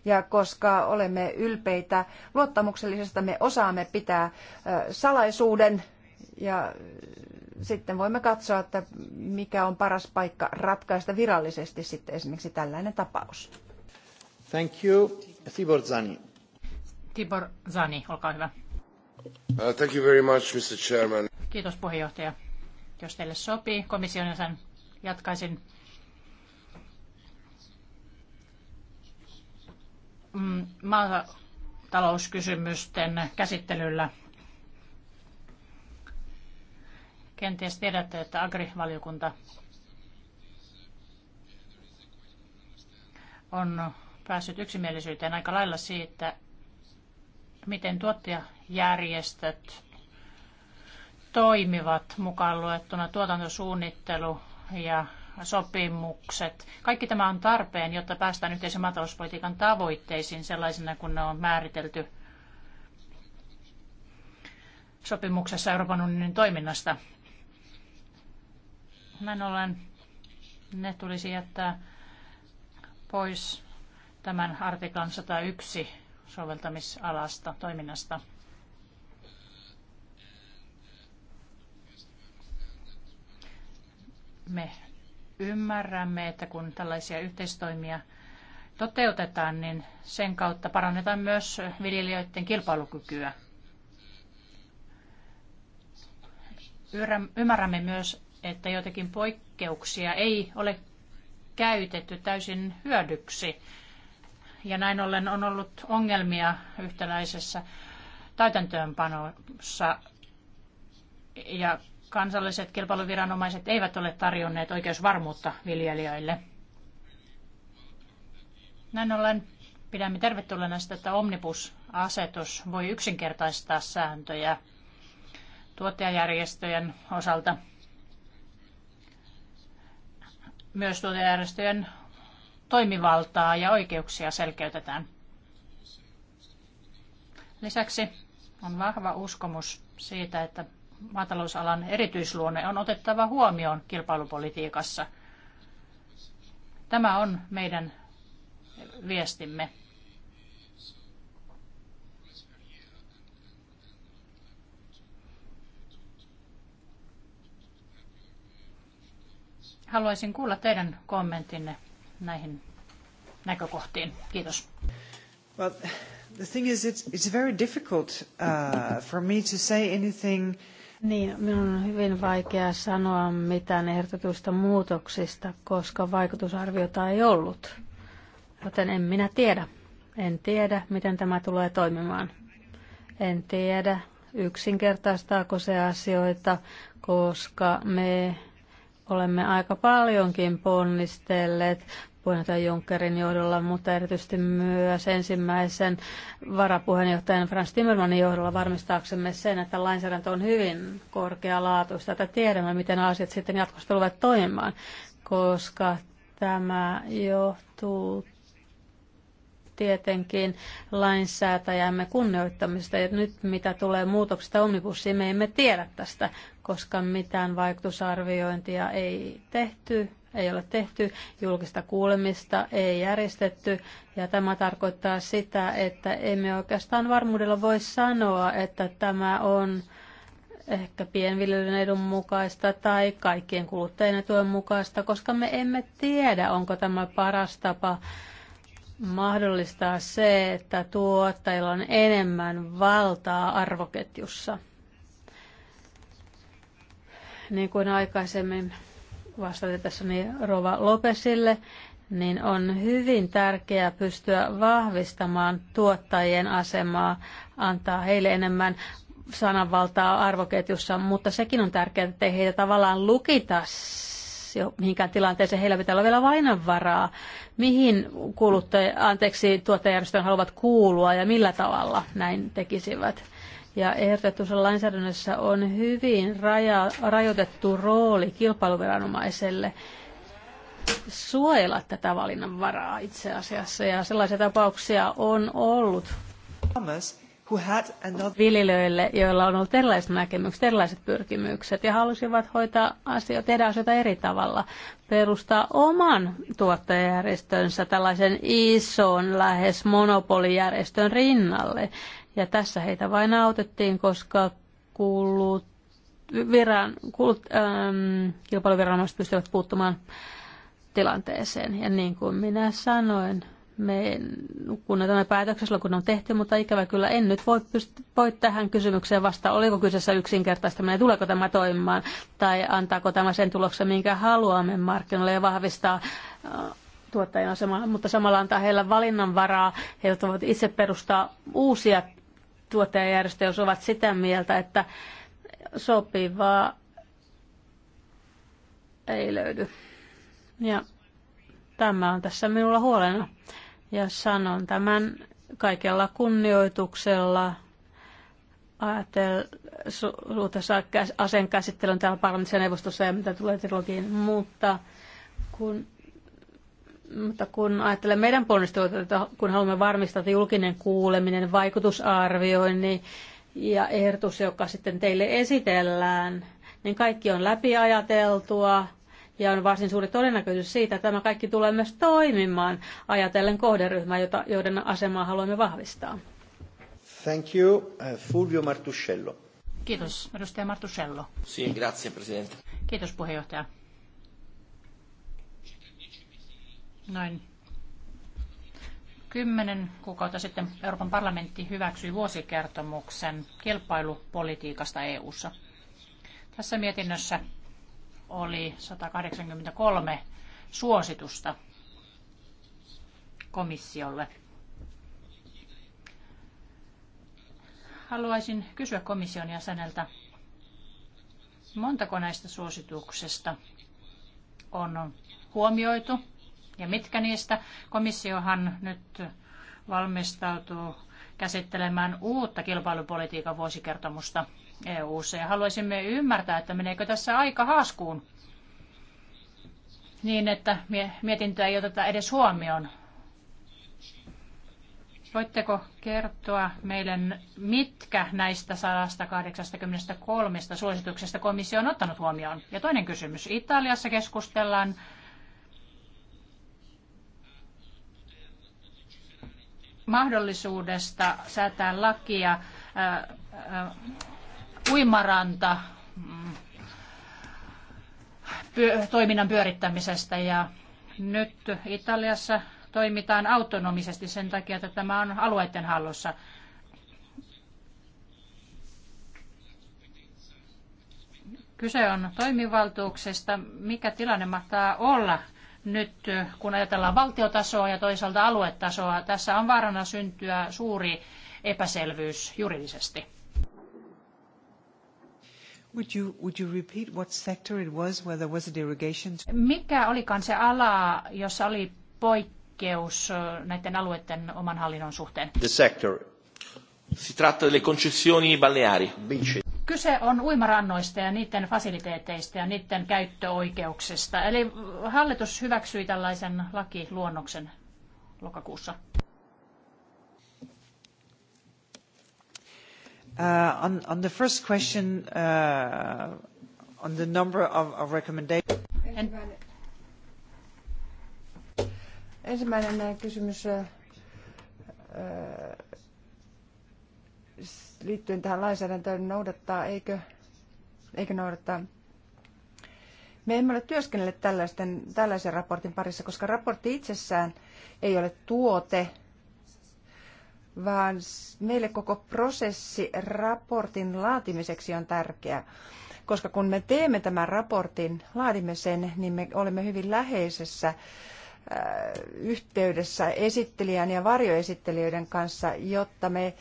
ja koska olemme ylpeitä luottamuksellisesta, me osaamme pitää salaisuuden ja sitten voimme katsoa, että mikä on paras paikka ratkaista virallisesti sitten esimerkiksi tällainen tapaus. Thank you. Tibor Zani. Tibor Zani, olkaa hyvä. Uh, thank you very much, Mr. Chairman. Kiitos puheenjohtaja. Jos teille sopii, komission jäsen, jatkaisin Mm, maatalouskysymysten käsittelyllä. Kenties tiedätte, että agrivaliokunta on päässyt yksimielisyyteen aika lailla siitä, miten tuottajajärjestöt toimivat mukaan luettuna tuotantosuunnittelu ja sopimukset. Kaikki tämä on tarpeen, jotta päästään yhteisen maatalouspolitiikan tavoitteisiin sellaisina kuin ne on määritelty sopimuksessa Euroopan unionin toiminnasta. Näin ollen ne tulisi jättää pois tämän artiklan 101 soveltamisalasta toiminnasta. me Ymmärrämme, että kun tällaisia yhteistoimia toteutetaan, niin sen kautta parannetaan myös viljelijöiden kilpailukykyä. Ymmärrämme myös, että joitakin poikkeuksia ei ole käytetty täysin hyödyksi. Ja näin ollen on ollut ongelmia yhtäläisessä täytäntöönpanossa ja kansalliset kilpailuviranomaiset eivät ole tarjonneet oikeusvarmuutta viljelijöille. Näin ollen pidämme tervetulleena sitä, että Omnibus-asetus voi yksinkertaistaa sääntöjä tuottajajärjestöjen osalta. Myös tuottajajärjestöjen toimivaltaa ja oikeuksia selkeytetään. Lisäksi on vahva uskomus siitä, että maatalousalan erityisluonne on otettava huomioon kilpailupolitiikassa. Tämä on meidän viestimme. Haluaisin kuulla teidän kommenttinne näihin näkökohtiin. Kiitos. Well, the thing is, it's, it's very difficult uh, for me to say anything uh, niin, minun on hyvin vaikea sanoa mitään ehdotetuista muutoksista, koska vaikutusarviota ei ollut. Joten en minä tiedä. En tiedä, miten tämä tulee toimimaan. En tiedä, yksinkertaistaako se asioita, koska me olemme aika paljonkin ponnistelleet puheenjohtaja Junckerin johdolla, mutta erityisesti myös ensimmäisen varapuheenjohtajan Frans Timmermanin johdolla varmistaaksemme sen, että lainsäädäntö on hyvin korkealaatuista, että tiedämme, miten asiat sitten jatkossa tulevat toimimaan, koska tämä johtuu tietenkin lainsäätäjämme kunnioittamista Ja nyt mitä tulee muutoksista omnibussiin, me emme tiedä tästä, koska mitään vaikutusarviointia ei tehty ei ole tehty, julkista kuulemista ei järjestetty, ja tämä tarkoittaa sitä, että emme oikeastaan varmuudella voi sanoa, että tämä on ehkä pienviljelyn edun mukaista tai kaikkien kuluttajien tuen mukaista, koska me emme tiedä, onko tämä paras tapa mahdollistaa se, että tuottajilla on enemmän valtaa arvoketjussa. Niin kuin aikaisemmin vastata tässä niin Rova Lopesille, niin on hyvin tärkeää pystyä vahvistamaan tuottajien asemaa, antaa heille enemmän sananvaltaa arvoketjussa, mutta sekin on tärkeää, että ei heitä tavallaan lukita jo mihinkään tilanteeseen. Heillä pitää olla vielä vainanvaraa, mihin kuluttaja, anteeksi, tuottajajärjestöön haluavat kuulua ja millä tavalla näin tekisivät. Ja ehdotetussa lainsäädännössä on hyvin raja, rajoitettu rooli kilpailuviranomaiselle suojella tätä varaa itse asiassa. Ja sellaisia tapauksia on ollut viljelijöille, joilla on ollut erilaiset näkemykset, erilaiset pyrkimykset ja halusivat hoitaa asioita, tehdä asioita eri tavalla, perustaa oman tuottajajärjestönsä tällaisen ison lähes monopolijärjestön rinnalle. Ja tässä heitä vain autettiin, koska kulut, viran, kulut, ähm, kilpailuviranomaiset pystyvät puuttumaan tilanteeseen. Ja niin kuin minä sanoin, me kunnetamme päätöksessä kun on tehty, mutta ikävä kyllä en nyt voi, pyst- voi tähän kysymykseen vastata, oliko kyseessä yksinkertaistaminen, tuleeko tämä toimimaan, tai antaako tämä sen tuloksen, minkä haluamme markkinoille ja vahvistaa äh, tuottajan asemaa, mutta samalla antaa heillä valinnanvaraa. He voivat itse perustaa uusia tuottajajärjestö, jos ovat sitä mieltä, että sopivaa ei löydy. Ja tämä on tässä minulla huolena. Ja sanon tämän kaikella kunnioituksella suhteessa asen käsittelyn täällä parlamentissa neuvostossa ja mitä tulee trilogiin, mutta kun mutta kun ajattelen meidän että kun haluamme varmistaa, että julkinen kuuleminen, vaikutusarvioinnin ja ehdotus, joka sitten teille esitellään, niin kaikki on läpiajateltua ja on varsin suuri todennäköisyys siitä, että tämä kaikki tulee myös toimimaan ajatellen kohderyhmää, jota, joiden asemaa haluamme vahvistaa. Thank you, uh, Fulvio Martuscello. Kiitos, edustaja Martuscello. grazie, presidente. Kiitos, puheenjohtaja. Noin kymmenen kuukautta sitten Euroopan parlamentti hyväksyi vuosikertomuksen kilpailupolitiikasta EU:ssa. Tässä mietinnössä oli 183 suositusta komissiolle. Haluaisin kysyä komission jäseneltä, montako näistä suosituksesta on huomioitu ja mitkä niistä? Komissiohan nyt valmistautuu käsittelemään uutta kilpailupolitiikan vuosikertomusta EU:ssa ja haluaisimme ymmärtää, että meneekö tässä aika haaskuun niin, että mietintöä ei oteta edes huomioon. Voitteko kertoa meille, mitkä näistä 183 suosituksesta komissio on ottanut huomioon? Ja toinen kysymys. Italiassa keskustellaan mahdollisuudesta säätää lakia uimaranta mm, toiminnan pyörittämisestä ja nyt Italiassa toimitaan autonomisesti sen takia, että tämä on alueiden hallussa. Kyse on toimivaltuuksesta. Mikä tilanne mahtaa olla nyt, eh, kun ajatellaan valtiotasoa ja toisaalta aluetasoa, tässä on vaarana syntyä suuri epäselvyys juridisesti. Would you, would you repeat what sector it was where there was a derogation? Mikä olikaan se ala, jossa oli poikkeus eh, näiden alueiden oman hallinnon suhteen? The sector. Si tratta delle concessioni balneari. Beaches. Kyse on uimarannoista ja niiden fasiliteeteista ja niiden käyttöoikeuksista. Eli hallitus hyväksyi tällaisen lakiluonnoksen lokakuussa. Uh, on, on the first question, uh, on the number of, of recommendations. Ensimmäinen. Ensimmäinen uh, kysymys. Uh, uh liittyen tähän lainsäädäntöön noudattaa, eikö, eikö noudattaa. Me emme ole työskennelle tällaisten, tällaisen raportin parissa, koska raportti itsessään ei ole tuote, vaan meille koko prosessi raportin laatimiseksi on tärkeä. Koska kun me teemme tämän raportin, laadimme sen, niin me olemme hyvin läheisessä äh, yhteydessä esittelijän ja varjoesittelijöiden kanssa, jotta me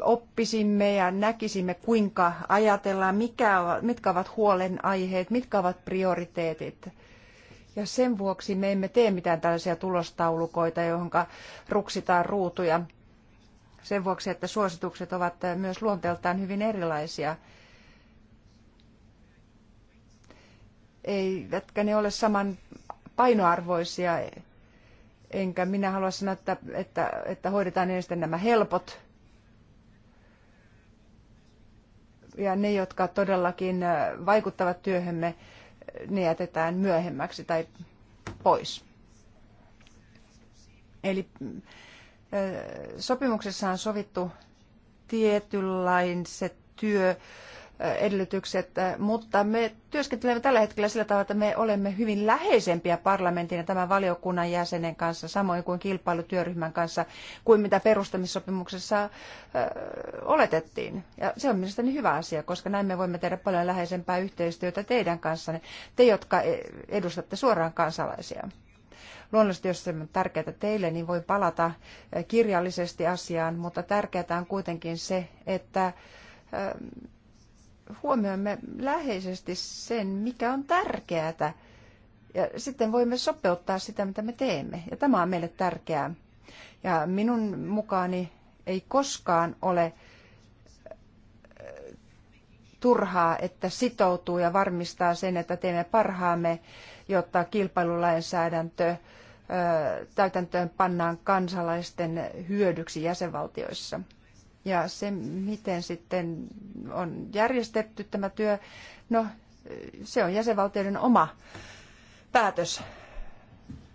oppisimme ja näkisimme, kuinka ajatellaan, mikä, mitkä ovat huolenaiheet, mitkä ovat prioriteetit. Ja sen vuoksi me emme tee mitään tällaisia tulostaulukoita, johon ruksitaan ruutuja. Sen vuoksi, että suositukset ovat myös luonteeltaan hyvin erilaisia. Eivätkä ne ole saman painoarvoisia, enkä minä halua sanoa, että, että, että hoidetaan ensin nämä helpot ja ne, jotka todellakin vaikuttavat työhömme, ne jätetään myöhemmäksi tai pois. Eli sopimuksessa on sovittu tietynlaiset työ edellytykset, mutta me työskentelemme tällä hetkellä sillä tavalla, että me olemme hyvin läheisempiä parlamentin ja tämän valiokunnan jäsenen kanssa, samoin kuin kilpailutyöryhmän kanssa, kuin mitä perustamissopimuksessa äh, oletettiin. Ja se on mielestäni hyvä asia, koska näin me voimme tehdä paljon läheisempää yhteistyötä teidän kanssanne, te jotka e, edustatte suoraan kansalaisia. Luonnollisesti, jos se on tärkeää teille, niin voi palata äh, kirjallisesti asiaan, mutta tärkeää on kuitenkin se, että ähm, huomioimme läheisesti sen, mikä on tärkeää. Ja sitten voimme sopeuttaa sitä, mitä me teemme. Ja tämä on meille tärkeää. Ja minun mukaani ei koskaan ole turhaa, että sitoutuu ja varmistaa sen, että teemme parhaamme, jotta kilpailulainsäädäntö täytäntöön pannaan kansalaisten hyödyksi jäsenvaltioissa. Ja se, miten sitten on järjestetty tämä työ, no se on jäsenvaltioiden oma päätös.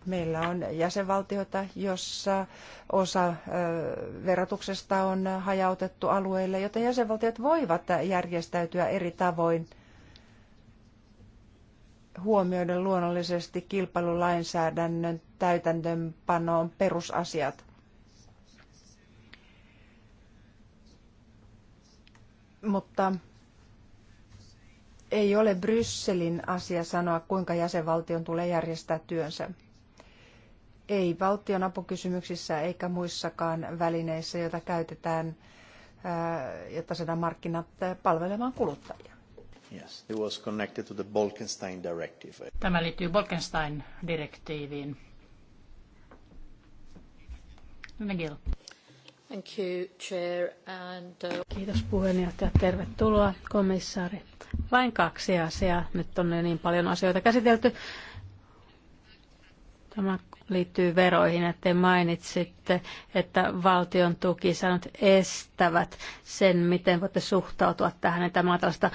Meillä on jäsenvaltioita, jossa osa verotuksesta on hajautettu alueille, joten jäsenvaltiot voivat järjestäytyä eri tavoin huomioiden luonnollisesti kilpailulainsäädännön täytäntöönpanoon perusasiat. Mutta ei ole Brysselin asia sanoa, kuinka jäsenvaltion tulee järjestää työnsä. Ei valtion apukysymyksissä eikä muissakaan välineissä, joita käytetään, äh, jotta saadaan markkinat äh, palvelemaan kuluttajia. Yes, it was connected to the Bolkenstein directive. Tämä liittyy Bolkenstein-direktiiviin. McGill. Thank you, chair, and, uh... Kiitos puheenjohtaja. Tervetuloa komissaari. Vain kaksi asiaa. Nyt on niin paljon asioita käsitelty. Tämä liittyy veroihin, että te mainitsitte, että valtion tukisäännöt estävät sen, miten voitte suhtautua tähän. Tämä on tällaista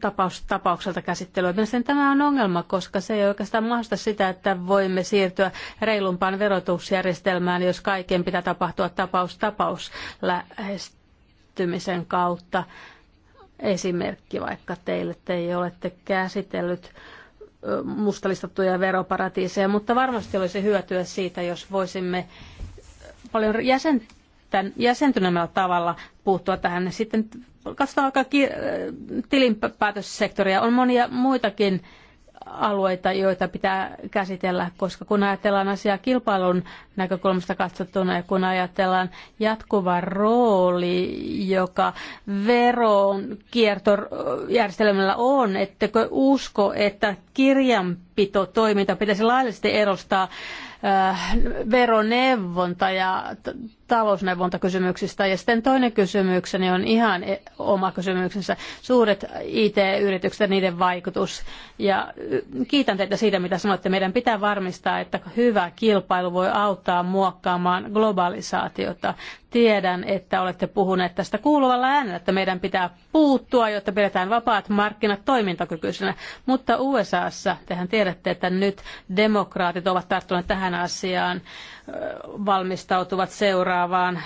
tapaus, tapaukselta käsittelyä. Mielestäni tämä on ongelma, koska se ei oikeastaan mahdollista sitä, että voimme siirtyä reilumpaan verotusjärjestelmään, jos kaiken pitää tapahtua tapaus tapaus lähestymisen kautta. Esimerkki vaikka teille, te ei olette käsitellyt mustalistattuja veroparatiiseja, mutta varmasti olisi hyötyä siitä, jos voisimme paljon jäsen, jäsentyneemmällä tavalla puuttua tähän. Sitten katsotaan vaikka tilinpäätössektoria. On monia muitakin alueita, joita pitää käsitellä, koska kun ajatellaan asiaa kilpailun näkökulmasta katsottuna ja kun ajatellaan jatkuva rooli, joka veron kiertojärjestelmällä on, ettekö usko, että kirjanpitotoiminta pitäisi laillisesti erostaa Äh, veroneuvonta ja talousneuvontakysymyksistä. Ja sitten toinen kysymykseni on ihan e, oma kysymyksensä, suuret IT-yritykset ja niiden vaikutus. Ja kiitän teitä siitä, mitä sanoitte. Meidän pitää varmistaa, että hyvä kilpailu voi auttaa muokkaamaan globalisaatiota. Tiedän, että olette puhuneet tästä kuuluvalla äänellä, että meidän pitää puuttua, jotta pidetään vapaat markkinat toimintakykyisinä. Mutta USAssa, tehän tiedätte, että nyt demokraatit ovat tarttuneet tähän asiaan, valmistautuvat seuraavaan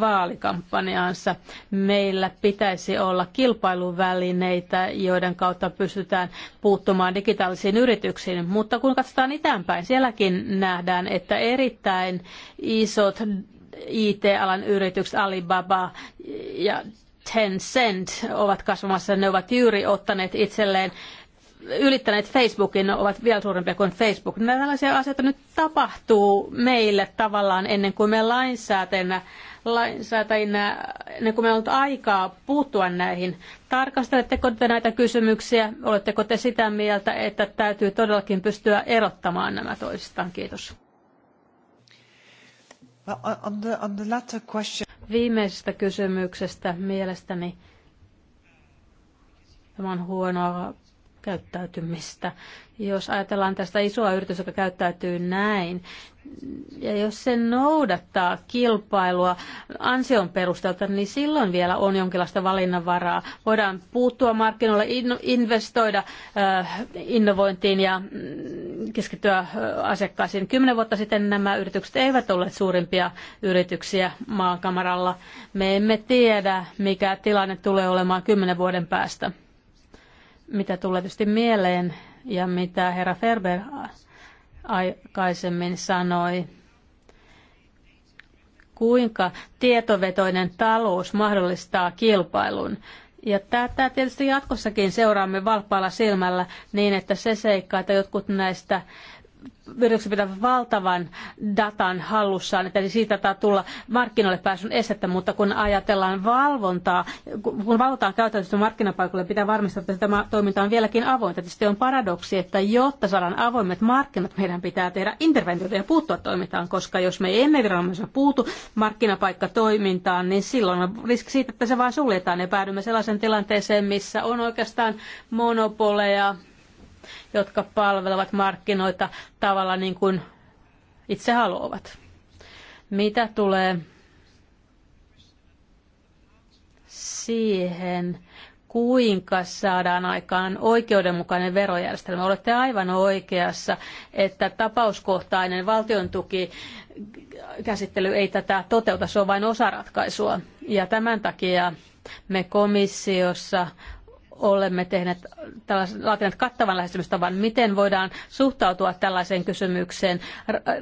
vaalikampanjaansa. Meillä pitäisi olla kilpailuvälineitä, joiden kautta pystytään puuttumaan digitaalisiin yrityksiin, mutta kun katsotaan itään päin, sielläkin nähdään, että erittäin isot IT-alan yritykset Alibaba ja Tencent ovat kasvamassa. Ne ovat juuri ottaneet itselleen ylittäneet Facebookin, ovat vielä suurempia kuin Facebook. Nämä tällaisia asioita nyt tapahtuu meille tavallaan ennen kuin me lainsäätäjinä, lainsäätäjinä ennen kuin meillä on aikaa puuttua näihin. Tarkasteletteko te näitä kysymyksiä? Oletteko te sitä mieltä, että täytyy todellakin pystyä erottamaan nämä toisistaan? Kiitos. On the, on the latter question. Viimeisestä kysymyksestä mielestäni tämä on huonoa käyttäytymistä. Jos ajatellaan tästä isoa yritystä, joka käyttäytyy näin, ja jos se noudattaa kilpailua ansion perusteelta, niin silloin vielä on jonkinlaista valinnanvaraa. Voidaan puuttua markkinoille, investoida äh, innovointiin ja mm, keskittyä äh, asiakkaisiin. Kymmenen vuotta sitten nämä yritykset eivät olleet suurimpia yrityksiä maankamaralla. Me emme tiedä, mikä tilanne tulee olemaan kymmenen vuoden päästä mitä tulee tietysti mieleen ja mitä herra Ferber aikaisemmin sanoi, kuinka tietovetoinen talous mahdollistaa kilpailun. Ja tätä tietysti jatkossakin seuraamme valppaalla silmällä niin, että se seikka, että jotkut näistä yritykset pitävät valtavan datan hallussaan, että niin siitä saattaa tulla markkinoille pääsyn estettä, mutta kun ajatellaan valvontaa, kun valvotaan käytännössä markkinapaikalle, pitää varmistaa, että tämä toiminta on vieläkin avointa. Tietysti on paradoksi, että jotta saadaan avoimet markkinat, meidän pitää tehdä interventioita ja puuttua toimintaan, koska jos me emme viranomaisena puutu markkinapaikkatoimintaan, niin silloin on riski siitä, että se vain suljetaan ja päädymme sellaisen tilanteeseen, missä on oikeastaan monopoleja, jotka palvelevat markkinoita tavalla niin kuin itse haluavat. Mitä tulee siihen, kuinka saadaan aikaan oikeudenmukainen verojärjestelmä. Olette aivan oikeassa, että tapauskohtainen valtion tuki käsittely ei tätä toteuta, se on vain osaratkaisua. Ja tämän takia me komissiossa olemme tehneet tällaisen, laatineet kattavan lähestymistavan, miten voidaan suhtautua tällaiseen kysymykseen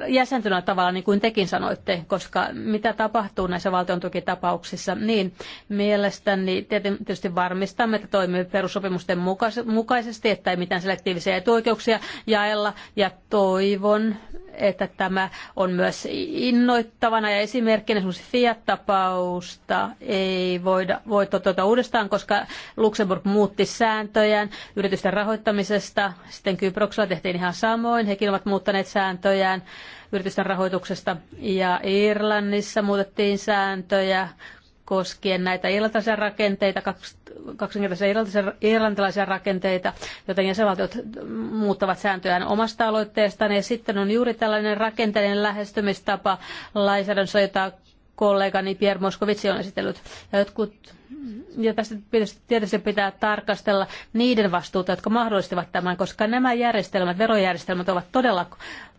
jäsentyneellä tavalla, niin kuin tekin sanoitte, koska mitä tapahtuu näissä valtiontukitapauksissa, niin mielestäni tietysti varmistamme, että toimii perussopimusten mukaisesti, että ei mitään selektiivisiä etuoikeuksia jaella, ja toivon, että tämä on myös innoittavana ja esimerkkinä esimerkiksi Fiat-tapausta ei voida, voi toteuttaa uudestaan, koska Luxemburg muutti sääntöjään yritysten rahoittamisesta. Sitten Kyproksella tehtiin ihan samoin, hekin ovat muuttaneet sääntöjään yritysten rahoituksesta ja Irlannissa muutettiin sääntöjä koskien näitä irlantilaisia rakenteita, kaksinkertaisia irlantilaisia rakenteita, joten jäsenvaltiot muuttavat sääntöjään omasta aloitteestaan. Ja sitten on juuri tällainen rakenteellinen lähestymistapa lainsäädännössä, jota kollegani Pierre Moskovitsi on esitellyt. Ja, jotkut, ja tästä tietysti pitää tarkastella niiden vastuuta, jotka mahdollistivat tämän, koska nämä järjestelmät, verojärjestelmät ovat todella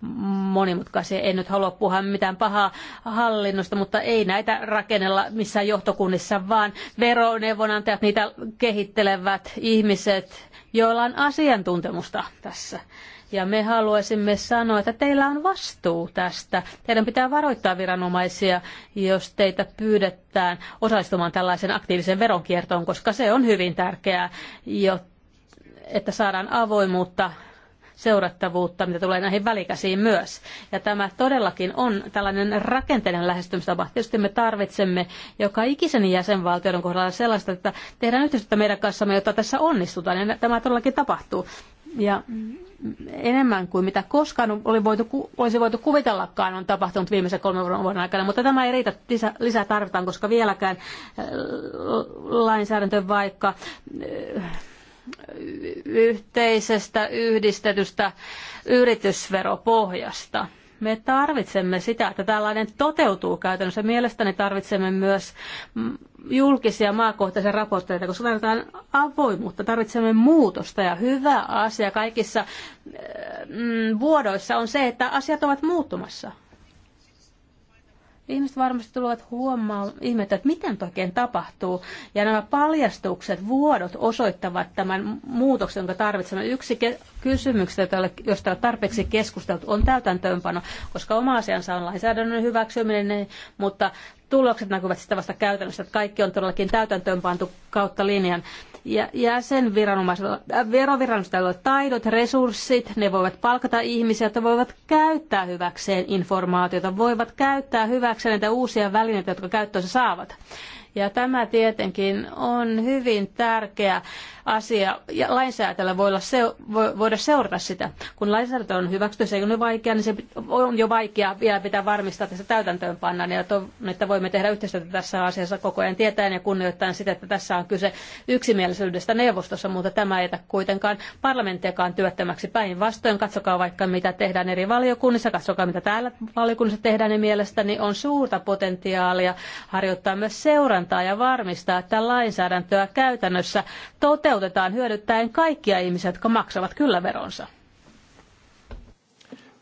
monimutkaisia. En nyt halua puhua mitään pahaa hallinnosta, mutta ei näitä rakennella missään johtokunnissa, vaan veroneuvonantajat, niitä kehittelevät ihmiset, joilla on asiantuntemusta tässä. Ja me haluaisimme sanoa, että teillä on vastuu tästä. Teidän pitää varoittaa viranomaisia, jos teitä pyydetään osallistumaan tällaisen aktiivisen veronkiertoon, koska se on hyvin tärkeää, että saadaan avoimuutta seurattavuutta, mitä tulee näihin välikäsiin myös. Ja tämä todellakin on tällainen rakenteellinen lähestymistapa. Tietysti me tarvitsemme joka ikisen jäsenvaltioiden kohdalla sellaista, että tehdään yhteistyötä meidän kanssamme, jotta tässä onnistutaan. Ja tämä todellakin tapahtuu. Ja mm. enemmän kuin mitä koskaan oli voitu, olisi voitu kuvitellakaan on tapahtunut viimeisen kolmen vuoden aikana, mutta tämä ei riitä, lisää, lisää tarvitaan, koska vieläkään äh, lainsäädäntö vaikka äh, yhteisestä yhdistetystä yritysveropohjasta. Me tarvitsemme sitä, että tällainen toteutuu käytännössä. Mielestäni tarvitsemme myös mm, julkisia maakohtaisia raportteja, koska tarvitaan avoimuutta, tarvitsemme muutosta ja hyvä asia kaikissa äh, mm, vuodoissa on se, että asiat ovat muuttumassa. Ihmiset varmasti tulevat huomaamaan, ihmettä, että miten oikein tapahtuu. Ja nämä paljastukset, vuodot osoittavat tämän muutoksen, jonka tarvitsemme. Yksi ke- josta on tarpeeksi keskusteltu, on täytäntöönpano, koska oma asiansa on lainsäädännön hyväksyminen, mutta tulokset näkyvät sitä vasta käytännössä, että kaikki on todellakin täytäntöönpantu kautta linjan. Ja jäsenviranomaisilla, äh, veroviranomaisilla on taidot, resurssit, ne voivat palkata ihmisiä, että voivat käyttää hyväkseen informaatiota, voivat käyttää hyväkseen näitä uusia välineitä, jotka käyttöönsä saavat. Ja tämä tietenkin on hyvin tärkeä asia, ja lainsäätäjällä voi olla se, voida seurata sitä. Kun lainsäädäntö on hyväksytty, se ei ole vaikea, niin se on jo vaikea vielä pitää varmistaa, että se täytäntöön pannaan, ja toivon, että voimme tehdä yhteistyötä tässä asiassa koko ajan tietäen ja kunnioittaen sitä, että tässä on kyse yksimielisyydestä neuvostossa, mutta tämä ei jätä kuitenkaan parlamenttiakaan työttömäksi päinvastoin. Katsokaa vaikka, mitä tehdään eri valiokunnissa, katsokaa, mitä täällä valiokunnissa tehdään, niin mielestäni on suurta potentiaalia harjoittaa myös seurantaa seurantaa ja varmistaa, että lainsäädäntöä käytännössä toteutetaan hyödyttäen kaikkia ihmisiä, jotka maksavat kyllä veronsa.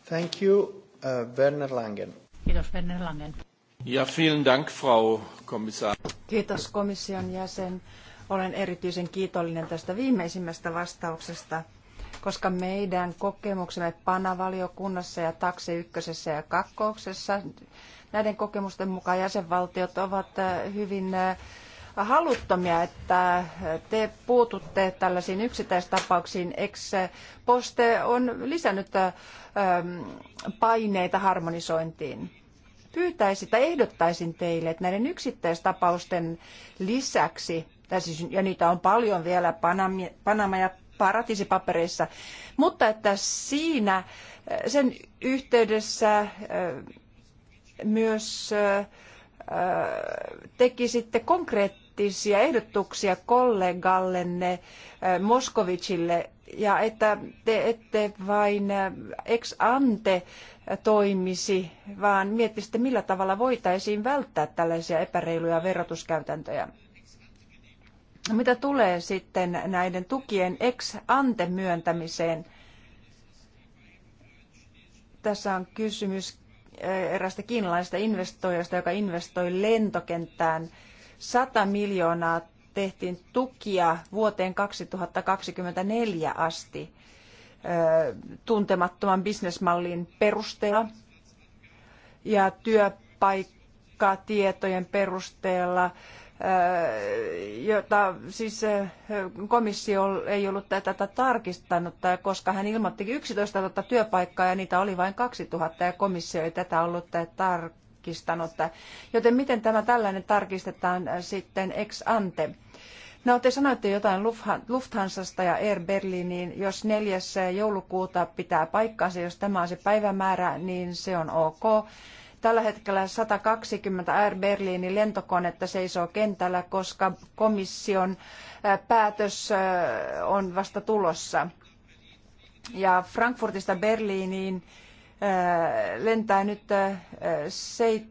Thank you, uh, Werner Langen. Kiitos, Werner Langen. Ja vielen Dank, Frau Kommissar. Kiitos komission jäsen. Olen erityisen kiitollinen tästä viimeisimmästä vastauksesta koska meidän kokemuksemme PANA-valiokunnassa ja TAKSE ykkösessä ja kakkoksessa Näiden kokemusten mukaan jäsenvaltiot ovat äh, hyvin äh, haluttomia, että äh, te puututte tällaisiin yksittäistapauksiin. Ex poste on lisännyt ähm, paineita harmonisointiin. Pyytäisin tai ehdottaisin teille, että näiden yksittäistapausten lisäksi, siis, ja niitä on paljon vielä Panama ja paratiisipapereissa, mutta että siinä sen yhteydessä myös tekisitte konkreettisia ehdotuksia kollegallenne Moskovicille ja että te ette vain ex ante toimisi, vaan miettisitte millä tavalla voitaisiin välttää tällaisia epäreiluja verotuskäytäntöjä. Mitä tulee sitten näiden tukien ex ante myöntämiseen, tässä on kysymys erästä kiinalaisesta investoijasta, joka investoi lentokenttään. 100 miljoonaa tehtiin tukia vuoteen 2024 asti tuntemattoman bisnesmallin perusteella ja työpaikkatietojen perusteella jota siis komissio ei ollut tätä tarkistanut, koska hän ilmoitti 11 000 työpaikkaa ja niitä oli vain 2000 ja komissio ei tätä ollut tarkistanut. Joten miten tämä tällainen tarkistetaan sitten ex ante? No te sanoitte jotain Lufthansasta ja Air Berliniin. Jos 4. joulukuuta pitää paikkaansa, jos tämä on se päivämäärä, niin se on ok. Tällä hetkellä 120 Air Berliinin lentokonetta seisoo kentällä, koska komission päätös on vasta tulossa. Ja Frankfurtista Berliiniin lentää nyt se,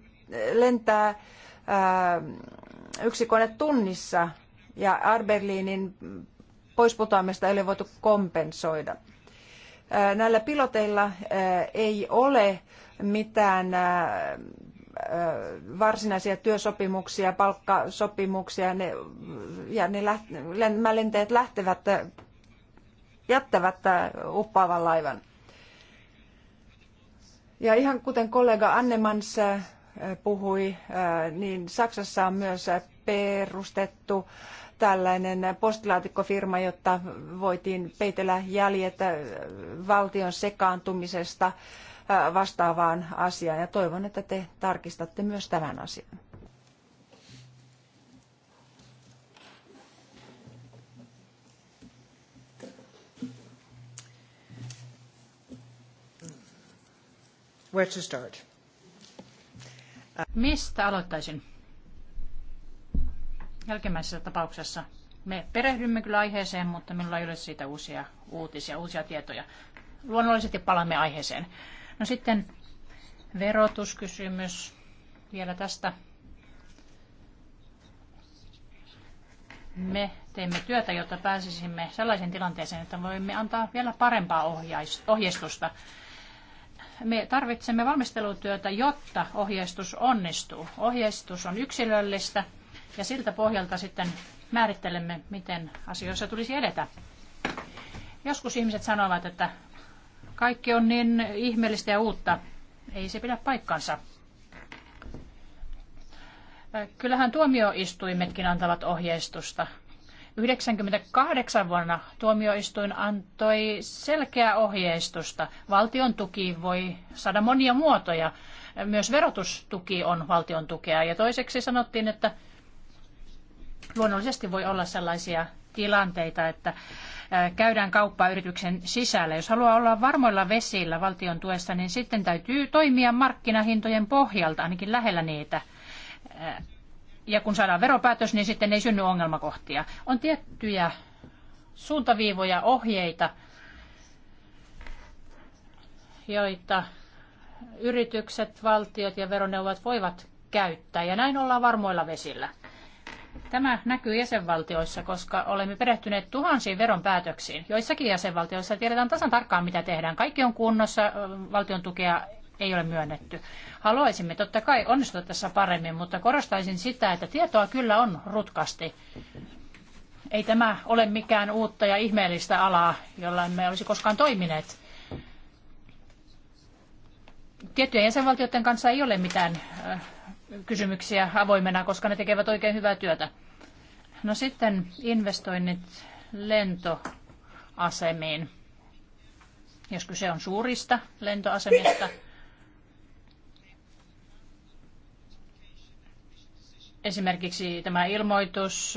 lentää yksi kone tunnissa ja Air Berliinin poisputoamista ei ole voitu kompensoida. Näillä piloteilla ei ole mitään äh, äh, varsinaisia työsopimuksia, palkkasopimuksia ne, ja ne läht, lentäjät lähtevät, äh, jättävät uppaavan laivan. Ja ihan kuten kollega Annemans puhui, niin Saksassa on myös perustettu tällainen postilaatikkofirma, jotta voitiin peitellä jäljet valtion sekaantumisesta vastaavaan asiaan ja toivon, että te tarkistatte myös tämän asian. Where to start? Mistä aloittaisin? Jälkimmäisessä tapauksessa me perehdymme kyllä aiheeseen, mutta minulla ei ole siitä uusia uutisia, uusia tietoja. Luonnollisesti palaamme aiheeseen. No sitten verotuskysymys vielä tästä. Me teemme työtä, jotta pääsisimme sellaisen tilanteeseen, että voimme antaa vielä parempaa ohjeistusta. Me tarvitsemme valmistelutyötä, jotta ohjeistus onnistuu. Ohjeistus on yksilöllistä ja siltä pohjalta sitten määrittelemme, miten asioissa tulisi edetä. Joskus ihmiset sanovat, että kaikki on niin ihmeellistä ja uutta. Ei se pidä paikkansa. Kyllähän tuomioistuimetkin antavat ohjeistusta. 98 vuonna tuomioistuin antoi selkeää ohjeistusta. Valtion tuki voi saada monia muotoja. Myös verotustuki on valtion tukea. Ja toiseksi sanottiin, että luonnollisesti voi olla sellaisia tilanteita, että käydään kauppaa yrityksen sisällä. Jos haluaa olla varmoilla vesillä valtion tuessa, niin sitten täytyy toimia markkinahintojen pohjalta, ainakin lähellä niitä. Ja kun saadaan veropäätös, niin sitten ei synny ongelmakohtia. On tiettyjä suuntaviivoja, ohjeita, joita yritykset, valtiot ja veroneuvot voivat käyttää. Ja näin ollaan varmoilla vesillä. Tämä näkyy jäsenvaltioissa, koska olemme perehtyneet tuhansiin veronpäätöksiin. Joissakin jäsenvaltioissa tiedetään tasan tarkkaan, mitä tehdään. Kaikki on kunnossa, valtion tukea ei ole myönnetty. Haluaisimme totta kai onnistua tässä paremmin, mutta korostaisin sitä, että tietoa kyllä on rutkasti. Ei tämä ole mikään uutta ja ihmeellistä alaa, jolla emme olisi koskaan toimineet. Tiettyjen jäsenvaltioiden kanssa ei ole mitään kysymyksiä avoimena, koska ne tekevät oikein hyvää työtä. No sitten investoinnit lentoasemiin. Jos kyse on suurista lentoasemista, esimerkiksi tämä ilmoitus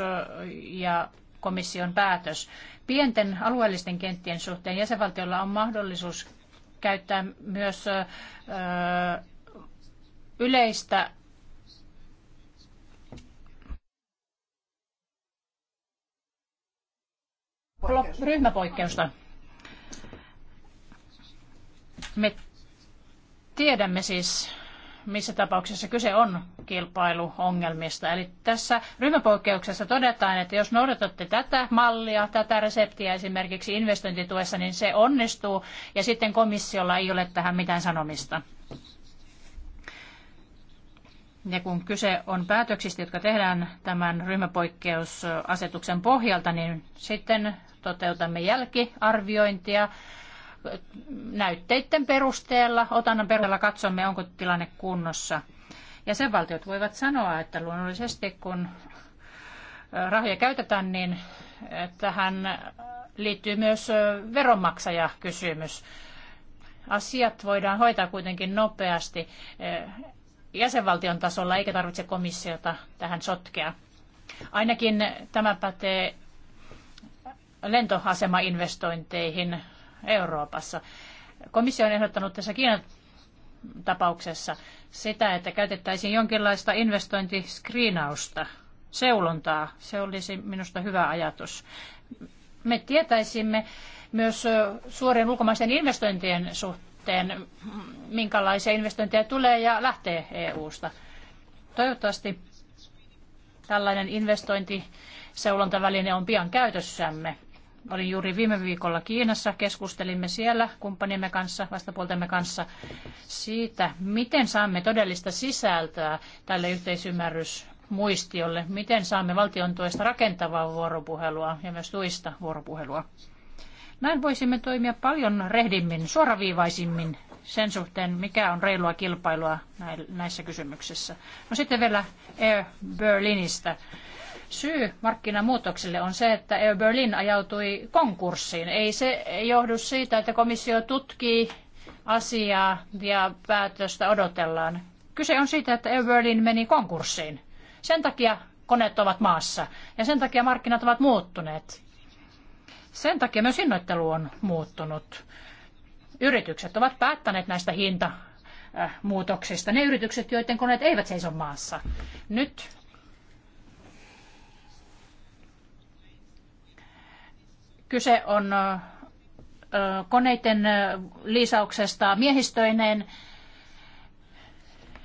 ja komission päätös. Pienten alueellisten kenttien suhteen jäsenvaltiolla on mahdollisuus käyttää myös yleistä ryhmäpoikkeusta. Me tiedämme siis, missä tapauksessa kyse on kilpailuongelmista. Eli tässä ryhmäpoikkeuksessa todetaan, että jos noudatatte tätä mallia, tätä reseptiä esimerkiksi investointituessa, niin se onnistuu ja sitten komissiolla ei ole tähän mitään sanomista. Ja kun kyse on päätöksistä, jotka tehdään tämän ryhmäpoikkeusasetuksen pohjalta, niin sitten toteutamme jälkiarviointia näytteiden perusteella, otannan perusteella katsomme, onko tilanne kunnossa. valtiot voivat sanoa, että luonnollisesti kun rahoja käytetään, niin tähän liittyy myös veronmaksajakysymys. Asiat voidaan hoitaa kuitenkin nopeasti jäsenvaltion tasolla, eikä tarvitse komissiota tähän sotkea. Ainakin tämä pätee lentoasemainvestointeihin Euroopassa. Komissio on ehdottanut tässä Kiinan tapauksessa sitä, että käytettäisiin jonkinlaista investointiskriinausta, seulontaa. Se olisi minusta hyvä ajatus. Me tietäisimme myös suorien ulkomaisten investointien suhteen, suhteen, minkälaisia investointeja tulee ja lähtee EU-sta. Toivottavasti tällainen investointiseulontaväline on pian käytössämme. Olin juuri viime viikolla Kiinassa, keskustelimme siellä kumppanimme kanssa, vastapuoltemme kanssa siitä, miten saamme todellista sisältöä tälle yhteisymmärrysmuistiolle, miten saamme valtion tuesta rakentavaa vuoropuhelua ja myös tuista vuoropuhelua. Näin voisimme toimia paljon rehdimmin, suoraviivaisimmin sen suhteen, mikä on reilua kilpailua näissä kysymyksissä. No sitten vielä Air Berlinistä. Syy markkinamuutokselle on se, että Air Berlin ajautui konkurssiin. Ei se johdu siitä, että komissio tutkii asiaa ja päätöstä odotellaan. Kyse on siitä, että Air Berlin meni konkurssiin. Sen takia koneet ovat maassa ja sen takia markkinat ovat muuttuneet. Sen takia myös hinnoittelu on muuttunut. Yritykset ovat päättäneet näistä hintamuutoksista. Ne yritykset, joiden koneet eivät seiso maassa. Nyt kyse on koneiden lisäuksesta miehistöineen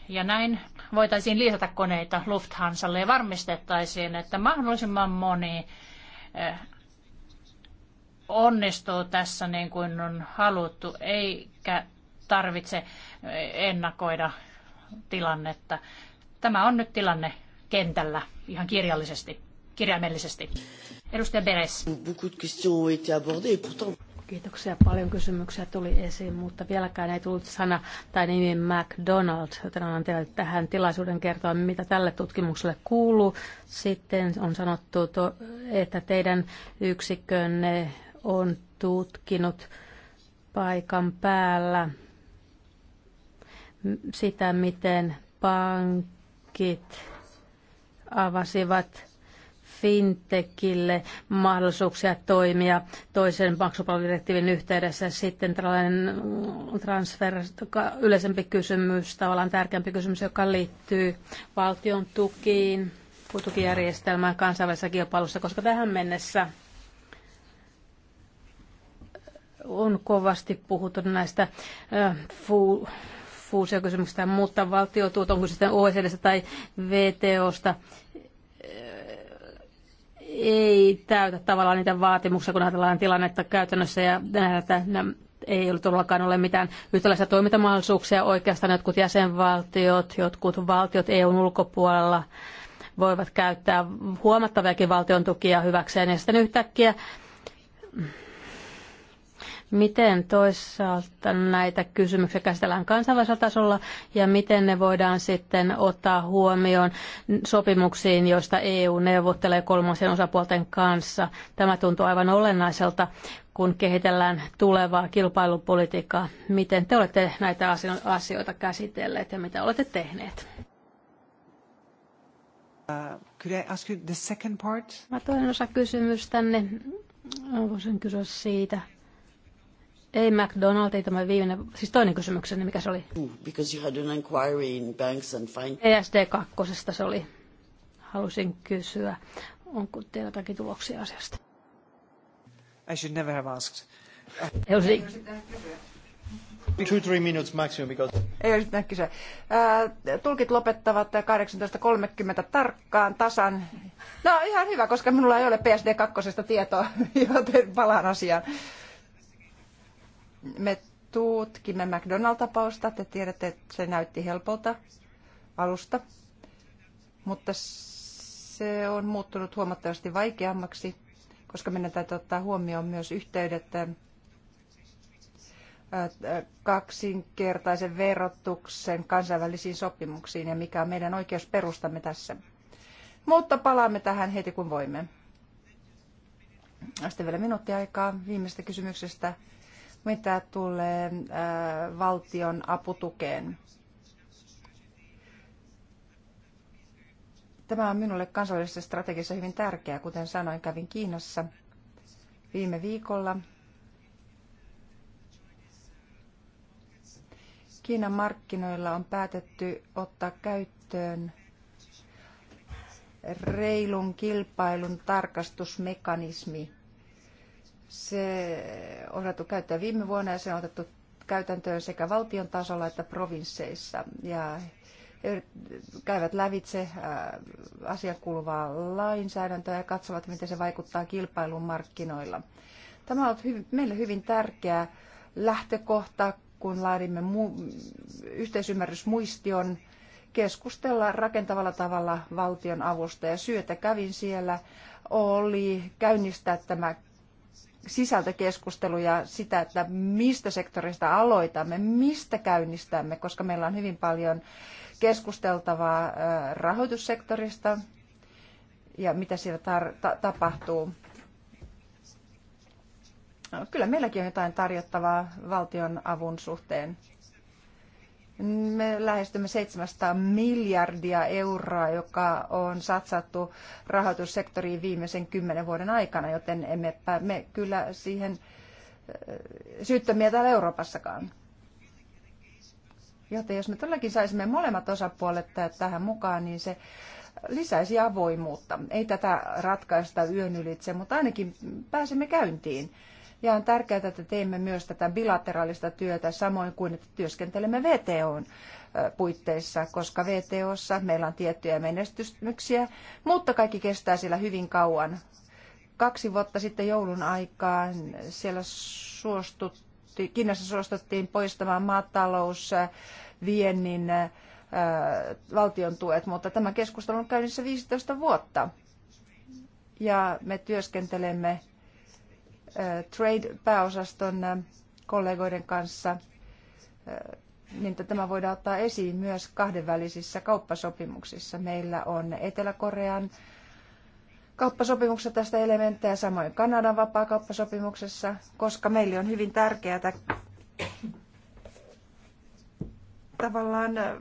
ja näin voitaisiin lisätä koneita Lufthansalle ja varmistettaisiin, että mahdollisimman moni onnistuu tässä niin kuin on haluttu, eikä tarvitse ennakoida tilannetta. Tämä on nyt tilanne kentällä ihan kirjallisesti, kirjaimellisesti. Edustaja Beres. Kiitoksia. Paljon kysymyksiä tuli esiin, mutta vieläkään ei tullut sana tai nimi McDonald, joten annan teille tähän tilaisuuden kertoa, mitä tälle tutkimukselle kuuluu. Sitten on sanottu, että teidän yksikkönne on tutkinut paikan päällä sitä, miten pankit avasivat fintechille mahdollisuuksia toimia toisen maksupalveludirektiivin yhteydessä. Sitten tällainen transfer, yleisempi kysymys, tavallaan tärkeämpi kysymys, joka liittyy valtion tukiin, tukijärjestelmään kansainvälisessä kilpailussa, koska tähän mennessä on kovasti puhuttu näistä fu- ja mutta valtiotuot, onko sitten OECD tai VTOsta, ei täytä tavallaan niitä vaatimuksia, kun ajatellaan tilannetta käytännössä ja nähdään, että ei ole todellakaan ole mitään yhtäläisiä toimintamahdollisuuksia. Oikeastaan jotkut jäsenvaltiot, jotkut valtiot EUn ulkopuolella voivat käyttää huomattaviakin valtion tukia hyväkseen ja sitten yhtäkkiä miten toisaalta näitä kysymyksiä käsitellään kansainvälisellä tasolla ja miten ne voidaan sitten ottaa huomioon sopimuksiin, joista EU neuvottelee kolmansien osapuolten kanssa. Tämä tuntuu aivan olennaiselta, kun kehitellään tulevaa kilpailupolitiikkaa. Miten te olette näitä asioita käsitelleet ja mitä olette tehneet? Uh, could I ask you the second part? Mä toinen osa tänne. Voisin kysyä siitä, ei McDonald, ei tämä viimeinen, siis toinen kysymykseni, mikä se oli? Because you had an inquiry in banks and e ESD2 se oli. Halusin kysyä, onko teillä jotakin tuloksia asiasta? I should never have asked. Ei olisi... Two, three minutes maximum because... Ei olisi näin kysyä. Tulkit lopettavat 18.30 tarkkaan tasan. No ihan hyvä, koska minulla ei ole PSD2 tietoa, joten palaan asiaan. Me tutkimme McDonald-tapausta. Te tiedätte, että se näytti helpolta alusta, mutta se on muuttunut huomattavasti vaikeammaksi, koska meidän täytyy ottaa huomioon myös yhteydet kaksinkertaisen verotuksen kansainvälisiin sopimuksiin ja mikä on meidän oikeusperustamme tässä. Mutta palaamme tähän heti kun voimme. Sitten vielä minuutti aikaa viimeisestä kysymyksestä mitä tulee äh, valtion aputukeen. Tämä on minulle kansallisessa strategiassa hyvin tärkeää. Kuten sanoin, kävin Kiinassa viime viikolla. Kiinan markkinoilla on päätetty ottaa käyttöön reilun kilpailun tarkastusmekanismi se on otettu käyttöön viime vuonna ja se on otettu käytäntöön sekä valtion tasolla että provinsseissa. Ja he käyvät lävitse äh, asian kuuluvaa lainsäädäntöä ja katsovat, miten se vaikuttaa kilpailun markkinoilla. Tämä on meille hyvin tärkeä lähtökohta, kun laadimme mu- yhteisymmärrysmuistion keskustella rakentavalla tavalla valtion avusta ja syötä kävin siellä oli käynnistää tämä sisältökeskusteluja sitä, että mistä sektorista aloitamme, mistä käynnistämme, koska meillä on hyvin paljon keskusteltavaa rahoitussektorista ja mitä siellä ta tapahtuu. No, kyllä meilläkin on jotain tarjottavaa valtion avun suhteen me lähestymme 700 miljardia euroa, joka on satsattu rahoitussektoriin viimeisen kymmenen vuoden aikana, joten emme me kyllä siihen äh, syyttömiä täällä Euroopassakaan. Joten jos me todellakin saisimme molemmat osapuolet tähän mukaan, niin se lisäisi avoimuutta. Ei tätä ratkaista yön ylitse, mutta ainakin pääsemme käyntiin. Ja on tärkeää, että teemme myös tätä bilateraalista työtä samoin kuin, että työskentelemme VTOn puitteissa, koska VTOssa meillä on tiettyjä menestyksiä, mutta kaikki kestää siellä hyvin kauan. Kaksi vuotta sitten joulun aikaan siellä suostutti, Kiinassa suostuttiin poistamaan maatalous, viennin, valtion tuet, mutta tämä keskustelu on käynnissä 15 vuotta. Ja me työskentelemme Trade-pääosaston äh, kollegoiden kanssa, äh, niin että tämä voidaan ottaa esiin myös kahdenvälisissä kauppasopimuksissa. Meillä on Etelä-Korean kauppasopimuksessa tästä elementtejä, samoin Kanadan vapaakauppasopimuksessa, koska meille on hyvin tärkeää tavallaan äh,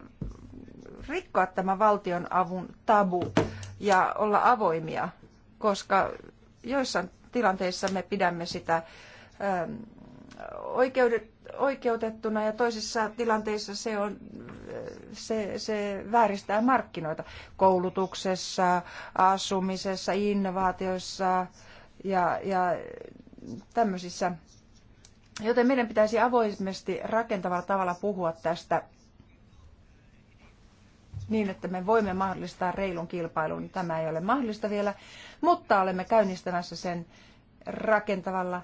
rikkoa tämä valtion avun tabu ja olla avoimia, koska joissain tilanteissa me pidämme sitä ähm, oikeutettuna ja toisissa tilanteissa se, on, äh, se, se vääristää markkinoita koulutuksessa, asumisessa, innovaatioissa ja, ja tämmöisissä. Joten meidän pitäisi avoimesti rakentavalla tavalla puhua tästä niin, että me voimme mahdollistaa reilun kilpailun. Tämä ei ole mahdollista vielä, mutta olemme käynnistämässä sen rakentavalla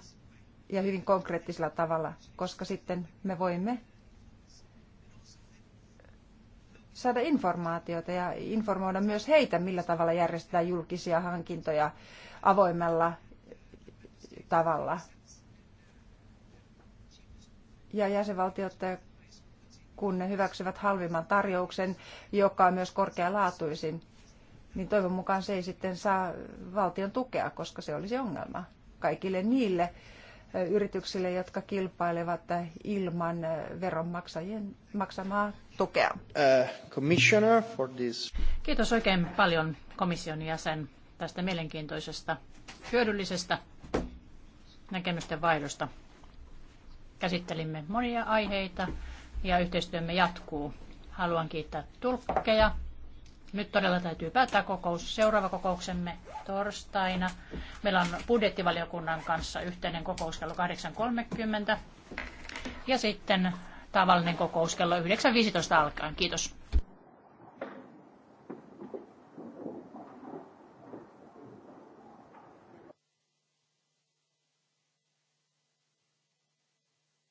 ja hyvin konkreettisella tavalla, koska sitten me voimme saada informaatiota ja informoida myös heitä, millä tavalla järjestetään julkisia hankintoja avoimella tavalla. Ja jäsenvaltiot kun ne hyväksyvät halvimman tarjouksen, joka on myös korkealaatuisin, niin toivon mukaan se ei sitten saa valtion tukea, koska se olisi ongelma kaikille niille eh, yrityksille, jotka kilpailevat eh, ilman eh, veronmaksajien maksamaa tukea. Uh, for this. Kiitos oikein paljon komission jäsen tästä mielenkiintoisesta, hyödyllisestä näkemysten vaihdosta. Käsittelimme monia aiheita ja yhteistyömme jatkuu. Haluan kiittää tulkkeja. Nyt todella täytyy päättää kokous. Seuraava kokouksemme torstaina. Meillä on budjettivaliokunnan kanssa yhteinen kokous kello 8.30 ja sitten tavallinen kokous kello 9.15 alkaen. Kiitos.